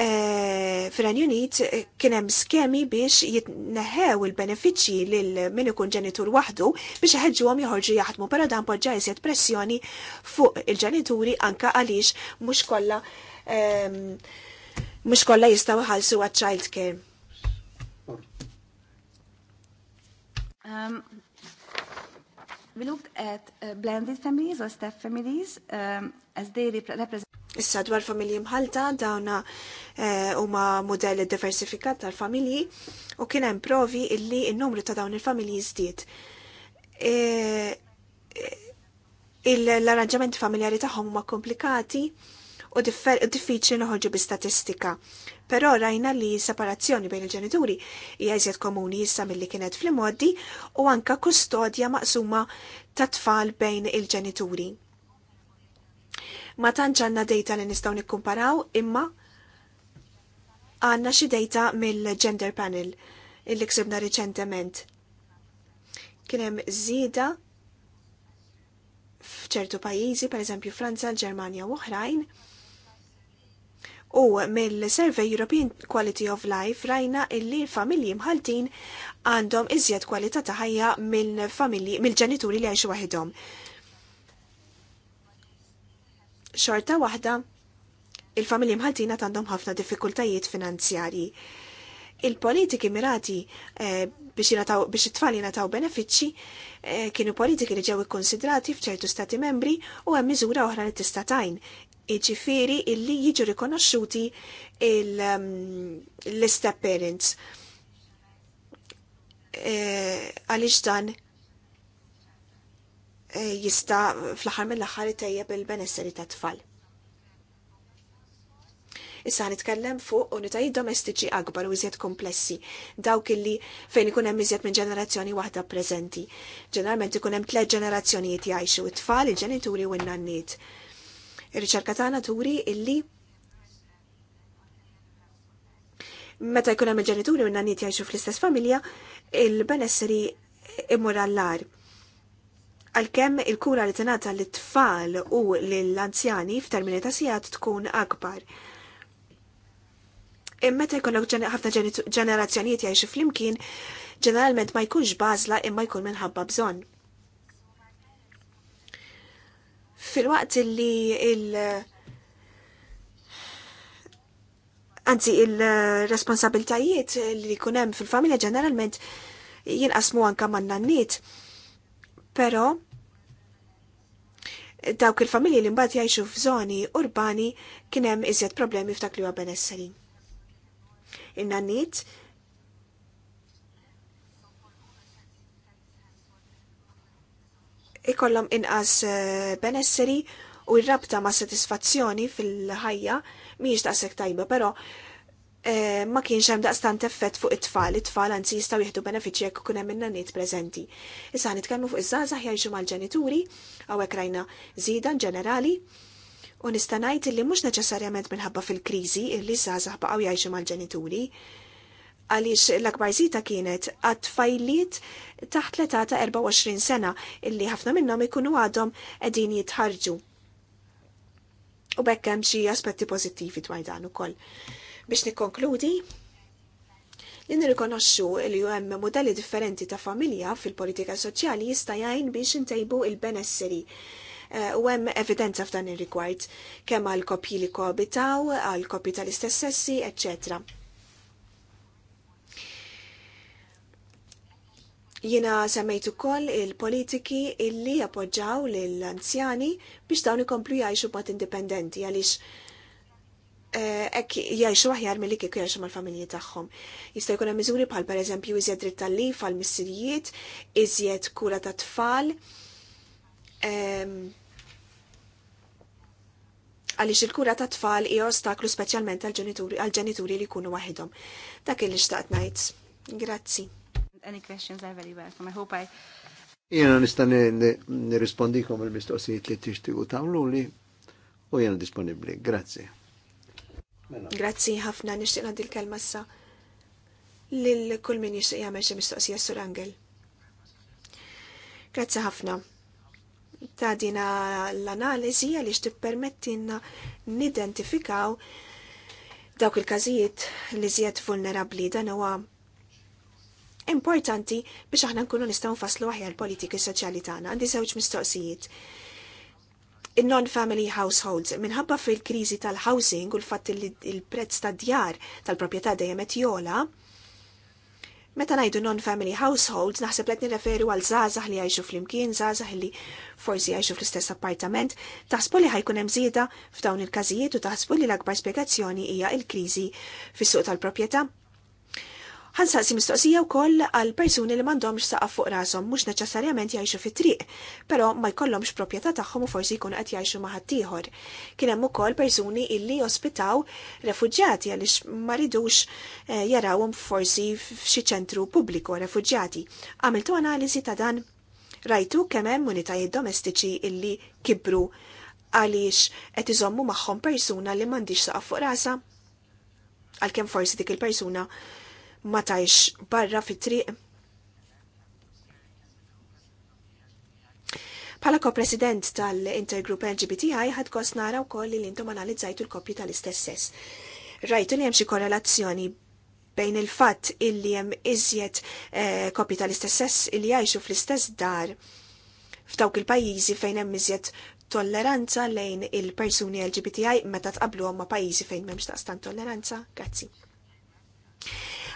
Eh, fil-Renju Unit eh, kien hemm skemi biex jitneħew il-benefiċċji lil min ikun ġenitur waħdu biex għom joħorġu jaħdmu, però dan poġġa jsiet pressjoni fuq il-ġenituri anka għaliex mhux kollha mux ehm, kolla jistgħu ħalsu għad child care. Um, we looked at uh, blended families or step families um, as they rep represent Issa dwar familji mħalta dawna eh, huma e, modelli diversifikat tal-familji u kien hemm provi illi n-numru ta' dawn il-familji żdied. E, e, L-arranġamenti familjari tagħhom huma komplikati u diffiċli noħorġu bi statistika. Però rajna li separazzjoni bejn il-ġenituri hija iżjed komuni issa milli kienet fl-modi u anka kustodja maqsuma ta' tfal bejn il-ġenituri ma tantx għandna data li nistgħu nikkumparaw imma għandna xi data mill-gender panel illi ksibna riċentement. Kien hemm żieda f'ċertu pajjiżi, pereżempju Franza, l-Ġermanja u oħrajn, U mill-Survey European Quality of Life rajna illi familji mħaltin għandhom iżjed kwalità ta' ħajja mill-familji mill-ġenituri li għajxu waħedhom xorta waħda il-familji mħaltina għandhom ħafna diffikultajiet finanzjarji. Il-politiki mirati eh, biex it-tfal nataw benefiċċi eh, kienu politiki li ġew ikkonsidrati f'ċertu stati membri u hemm miżura oħra li tista' tajn. Iġifieri illi jiġu rikonoxxuti ehm, l-step parents. Eh, għaliex dan Eh, jista fl-aħħar mill-aħħar itejjeb il-benesseri ta' tfal. Issa nitkellem fuq unitajiet domestiċi akbar u iżjed komplessi, dawk illi fejn ikun hemm iżjed minn ġenerazzjoni waħda preżenti. Ġeneralment ikun hemm tliet ġenerazzjonijiet jgħixu it-tfal, il-ġenituri u n-nanniet. Ir-riċerka tagħna turi illi meta jkun hemm il-ġenituri u n-nanniet jgħixu fl-istess familja, il-benesseri immur allar għalkemm il-kura li tingħata lit tfal u lill-anzjani f'termini ta' sigħat tkun akbar. Imma jkollok ħafna ġenerazzjonijiet jgħixu flimkien, ġeneralment ma jkunx bażla imma jkun minħabba bżonn. Fil-waqt li il- Anzi, il-responsabiltajiet li kunem fil-familja ġeneralment jinqasmu anka man-nanniet Però dawk il-familji li mbagħad jgħixu f'żoni urbani kien hemm iżjed problemi f'dak li huwa benesseri. In-nannit ikollhom inqas eh, benesseri u r-rabta ma' satisfazzjoni fil-ħajja mhijiex daqshekk tajba, però Eh, ma kienx hemm daqstant effett fuq it-tfal, it-tfal anzi jistgħu jieħdu benefiċċji jekk ikun hemm in-nanniet preżenti. Issa nitkellmu fuq iż-żgħażagħ jgħixu mal-ġenituri hawnhekk rajna żieda ġenerali u nista' ngħid li mhux neċessarjament minħabba fil-kriżi illi żgħażagħ baqgħu jgħixu mal-ġenituri għaliex l-akbar zita kienet għat fajliet taħt l-età ta' 24 sena illi ħafna minnhom ikunu għadhom qegħdin jitħarġu. U bekk hemm xi aspetti pożittivi dwar dan ukoll. Biex nikkonkludi, li nirrikonoxxu li hemm modelli differenti ta' familja fil-politika soċjali jista' jgħin biex intejbu il-benesseri. Eh, u hemm evidenza f'dan ir-rigward kemm għal kopji li koabitaw, għal kopji tal-istess sessi, etc. Jiena semmejt ukoll il-politiki illi appoġġaw lill-anzjani biex dawn ikomplu jgħixu b'mod indipendenti għaliex Eh, ek jgħajxu aħjar mill-li kieku jgħajxu mal-familji tagħhom. Jista' jkun hemm miżuri bħal pereżempju iżjed dritt tal-lif għal missirijiet, iżjed kura ta' tfal. Ehm, għaliex il-kura ta' tfal hija ostaklu speċjalment għal-ġenituri li jkunu waħedhom. Dak il xtaqt ngħid. Grazzi. Any questions are very welcome. I hope I Jena nista nirrispondikom il-mistoqsijiet li tixtiqu tagħmlu li u jena disponibbli. Grazzi. Mela. Grazzi ħafna nixtieq nagħdi l-kelma issa lil kull min jixtieq jagħmel xi mistoqsija sur Angel. Grazzi ħafna. Ta' dina l-analiżi għaliex tippermettilna nidentifikaw dawk il-każijiet li żjed vulnerabbli dan huwa importanti biex aħna nkunu nistgħu nfasslu aħjar politiki soċjali tagħna. Għandi żewġ mistoqsijiet non-family households minħabba fil-kriżi tal-housing u l-fatt li il-prezz tad-djar tal-proprjetà dejjem qed jola. Meta ngħidu non-family households naħseb qed nirreferu għal żgħażagħ li jgħixu flimkien, żgħażagħ li forsi jgħixu fl-istess appartament, taħsbu li ħajkun hemm żieda f'dawn il-każijiet u taħsbu li l-akbar spjegazzjoni hija l-kriżi fis-suq tal-proprjetà saqsi mistoqsija wkoll għal persuni li m'għandhomx saqqa fuq rashom mhux neċessarjament jgħixu fit-triq, però ma jkollhomx proprjetà tagħhom u forsi jkunu qed jgħajxu ma' ħaddieħor. Kien hemm ukoll persuni illi ospitaw refugġati għaliex ma ridux eh, jarawhom forsi f'xi ċentru pubbliku refugġati. Għamiltu analiżi ta' dan rajtu kemm hemm unitajiet domestiċi illi kibru għaliex qed iżommu magħhom persuna li m'għandix saqaf fuq rasa. Għalkemm forsi dik il-persuna ma tajx barra fit-triq. Pala ko-president tal-intergroup LGBTI ħad kos nara wkoll li intom analizzajtu l-kopji tal-istess sess. Rajtu li hemm xi korrelazzjoni bejn il-fatt illi hemm iżjed eh, tal-istess sess illi jgħixu fl-istess dar f'dawk il-pajjiżi fejn hemm iżjed tolleranza lejn il-persuni LGBTI meta tqablu ma' pajjiżi fejn m'hemmx taqstan tolleranza. Grazzi.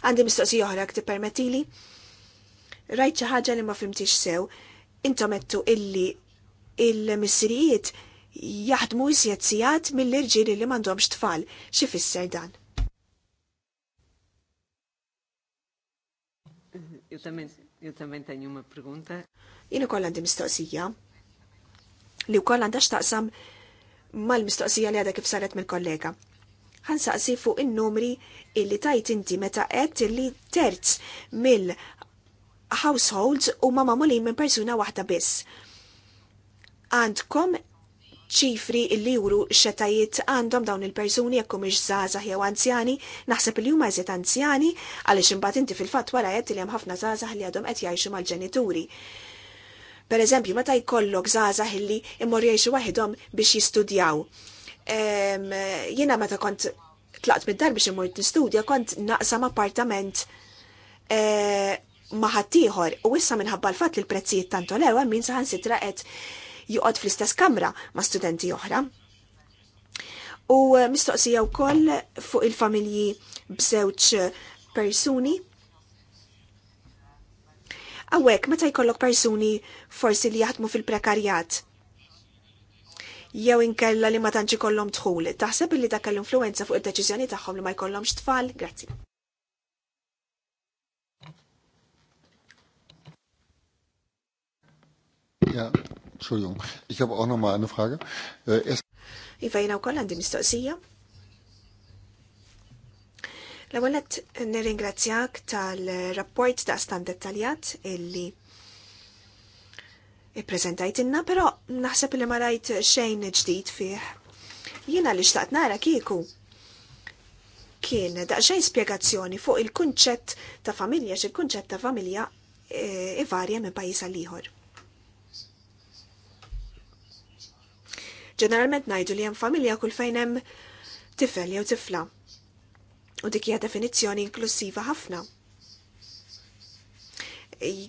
Għandi mistoqsi oħra ti permettili? Rajt xi ħaġa li ma fimtix sew, intom għettu illi il-missirijiet jaħdmu jisjazzijat mill-irġieli li m'għandhomx tfal. Xi fisser dan? Jo tamen tanju ma pregunta. Jina koll għandi mistoqsija. Li u koll għandax taqsam mal-mistoqsija li għadha kif saret mill-kollega ħansaqsi fuq in-numri illi tajt inti meta qed illi terz mill households u ma mamulin minn persuna waħda biss. Għandkom ċifri illi juru xetajiet għandhom dawn il-persuni jekk hux żgħażagħ jew anzjani, naħseb li huma eżiet anzjani għaliex imbagħad inti fil-fatt wara qed li hemm ħafna żgħażagħ li għadhom qed jgħixu mal-ġenituri. Per eżempju, meta jkollok żgħażagħ illi immor jgħixu waħedhom biex jistudjaw. Jiena meta kont tlaqt mid-dar biex imur t-studja, kont naqsam appartament e, maħattijħor u issa minħabba l-fat li l-prezzijiet tanto lewa minn saħan sitra qed juqod fl-istess kamra ma' studenti oħra. U eh, mistoqsija wkoll fuq il-familji b'żewġ persuni Awek, meta jkollok persuni forsi li jaħdmu fil-prekarjat, jew inkella li ma tantx ikollhom dħul. Taħseb li dak l-influenza fuq id-deċiżjoni tagħhom li ma jkollhomx tfal? Grazzi. Ja, Entschuldigung, ich habe auch noch mal eine Frage. Äh, iva jina wkoll għandi mistoqsija. L-ewwel qed nirringrazzjak tal-rapport ta' stan dettaljat illi ippreżentajtinna, però naħseb li ma rajt xejn ġdid fih. Jiena li xtaqt nara kieku kien daqsxejn spjegazzjoni fuq il-kunċett ta' familja il kunċett ta' familja e, ivarja minn pajjiż għal ieħor. Ġeneralment ngħidu li hemm familja kull fejnem hemm tifel jew tifla. U dik hija definizzjoni inklusiva ħafna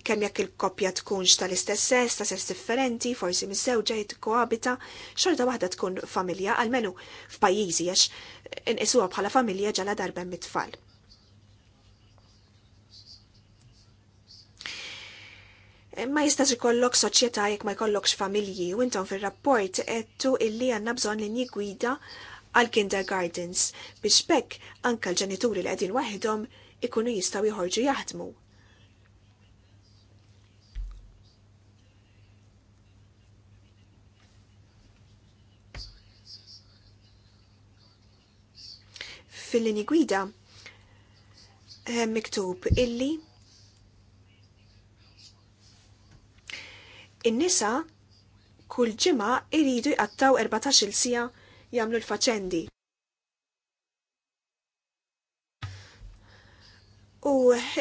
kemm jekk il-koppja tkunx tal-istess sess, ta' sess differenti, forsi mis żewġa jitkoabita, xorta waħda tkun familja, għalmenu f'pajjiżi għax inqisuha bħala familja ġala darben mit-tfal. Ma jistax ikollok soċjetà jekk ma jkollokx familji u intom fir-rapport qedtu illi għandna bżonn li gwida għal kindergartens biex bekk anka l-ġenituri li qegħdin waħedhom ikunu jistaw jħorġu jaħdmu. fil-lini gwida eh, miktub illi in-nisa kull ġimgħa iridu jqattaw 14-il sija jagħmlu l-faċendi. U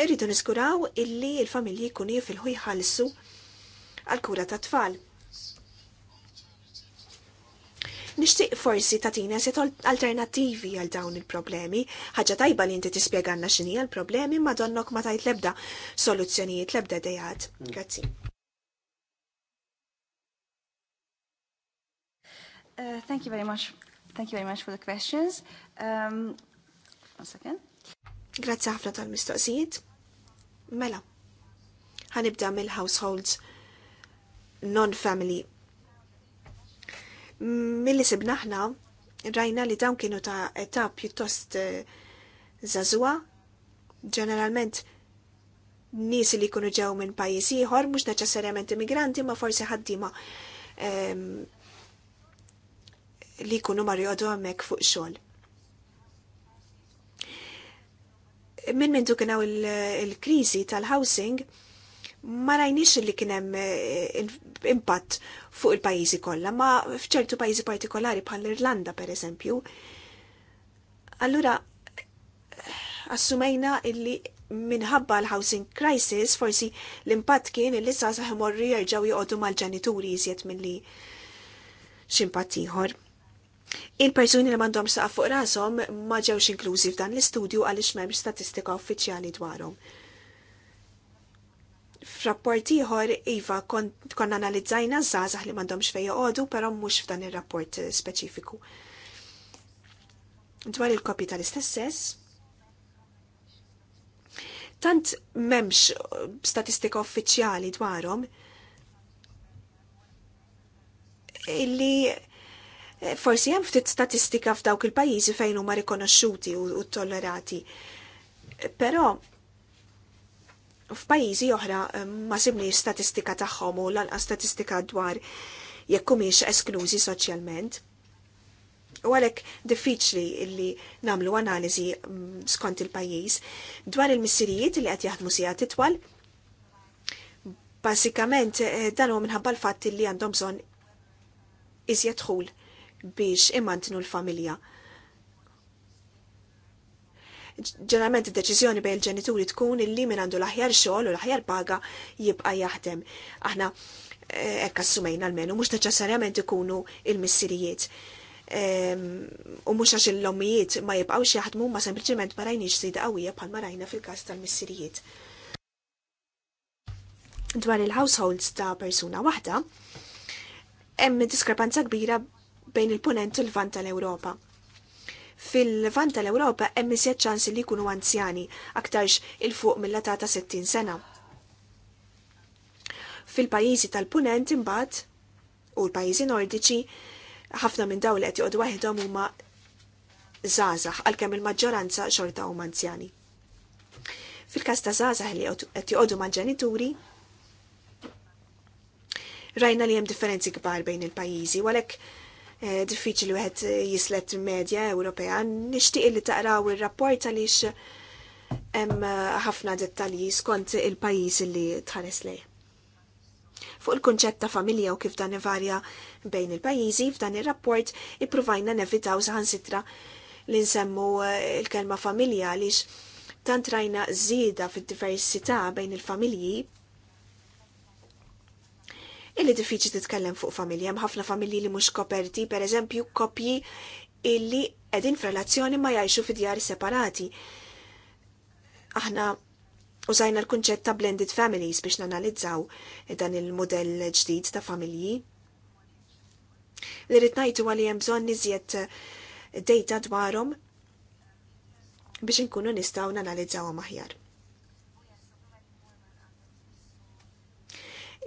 iridu niskuraw illi l-familji jkunu fil-ħujħalsu għal-kura tat-tfal. Nixtieq forsi tatina set alternativi għal dawn il-problemi, ħaġa tajba li inti tispjeganna x'inhi l-problemi ma donnok ma tajt lebda soluzzjonijiet lebda dejat. Mm. Grazzi. Uh, thank you very much. Thank you very much for the questions. Um, one second. Grazzi ħafna tal-mistoqsijiet. Mela, ħanibda mill-households non-family Milli sibna rajna li dawn kienu ta' età pjuttost eh, zazwa, ġeneralment nies li jkunu ġew minn pajjiż ieħor mhux neċessarjament immigranti ma forsi ħaddiema ehm, li jkunu mar jodu hemmhekk fuq xogħol. Min mintu kienaw il-kriżi tal-housing, ma rajniex li kien hemm eh, impatt fuq il-pajjiżi kollha, ma f'ċertu pajjiżi partikolari bħal l-Irlanda pereżempju. Allura assumejna illi minħabba l-housing crisis forsi l-impatt kien illi sa morri jarġaw joqogħdu mal-ġenituri iżjed milli x'impatt ieħor. Il-persuni li m'għandhom saqa fuq rashom ma ġewx inklużi f'dan l-istudju għaliex m'hemmx statistika uffiċjali dwarhom. F'rapport ieħor iva konna analizzajna żgħażagħ li m'għandhomx fejn joqogħdu, però mhux f'dan ir-rapport eh, speċifiku. Dwar il-kopji tal-istess sess, tant memx eh, statistika uffiċjali dwarhom illi eh, forsi hemm ftit statistika f'dawk il-pajjiżi fejn huma rikonoxxuti u tollerati. Però f'pajjiżi oħra ma sibniex statistika tagħhom u lanqas statistika dwar jekk humiex esklużi soċjalment. U għalhekk diffiċli li nagħmlu analiżi skont il-pajjiż dwar il-missirijiet li qed jaħdmu sija titwal. Basikament eh, dan huwa minħabba l-fatt li għandhom bżonn iżjed biex imantnu l-familja ġeneralment id-deċiżjoni bejn il-ġenituri tkun illi min għandu l-aħjar xogħol u l-aħjar paga jibqa' jaħdem. Aħna eh, hekk assumejna l-menu mhux neċessarjament ikunu il-missirijiet. Ehm, u mhux għax il-lommijiet ma jibqgħux jaħdmu ma sempliċement ma rajniex sida qawwija bħal ma rajna fil-każ tal-missirijiet. Dwar il-households ta' persuna waħda, hemm diskrepanza kbira bejn il-punent u l-vant tal-Ewropa fil-vant tal-Ewropa hemm iżjed ċans li jkunu anzjani aktarx il fuq mill-età ta' 60 sena. Fil-pajjiżi tal-Punent imbagħad u l-pajjiżi nordiċi ħafna minn dawn li qed joqgħdu waħedhom huma żgħażagħ għalkemm il-maġġoranza xorta huma anzjani. Fil-każ ta' żgħażagħ li qed joqogħdu mal ġenituri, rajna li hemm differenzi kbar bejn il-pajjiżi, għalhekk Eh, diffiċli wieħed jislet il-medja Ewropea. Nixtieq li taqraw ir-rapport għaliex hemm eh, ħafna dettalji skont il-pajjiż li tħares lej. Fuq il-kunċett ta' familja u kif dan ivarja bejn il-pajjiżi f'dan ir-rapport ippruvajna nevitaw saħansitra li nsemmu eh, l-kelma familja għaliex tant rajna żieda fid-diversità bejn il-familji illi diffiċi titkellem fuq familja. Hemm ħafna familji li mhux koperti, pereżempju kopji illi qegħdin f'relazzjoni ma jgħixu fi djar separati. Aħna użajna l-kunċett ta' blended families biex nanalizzaw dan il-modell ġdid ta' familji. Li rrid ngħidu għalli hemm bżonn iżjed data dwarhom biex inkunu nistgħu nanalizzawhom aħjar.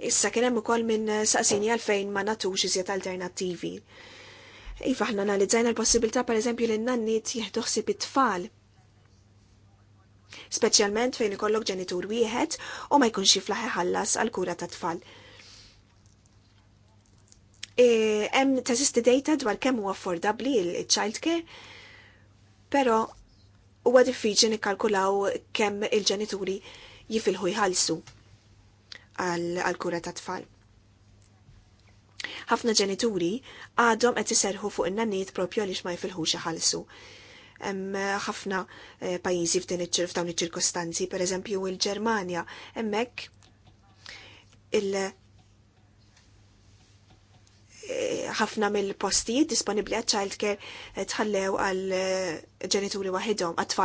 Issa kien hemm ukoll minn saqsini għalfejn ma natux iżjed alternattivi. Iva aħna analizzajna l-possibilità pereżempju li n-nannit jieħdu bit it-tfal. Speċjalment fejn ikollok ġenitur wieħed u ma jkunx jiflaħ ħallas għal kura ta' tfal. E, hemm teżisti data dwar kemm huwa affordabbli il-child care, però huwa diffiċli nikkalkulaw kemm il-ġenituri jifilħu jħallsu għal-kura ta' tfal. Ħafna ġenituri għadhom qed iserħu fuq in-nannijiet propju għaliex ma jfilħux iħallsu. Hemm ħafna eh, pajjiżi f'dawn iċ-ċirkostanzi, pereżempju il-Ġermanja, hemmhekk il eh, ħafna mill-postijiet disponibbli għal childcare tħallew għal eh, ġenituri waħedhom, għat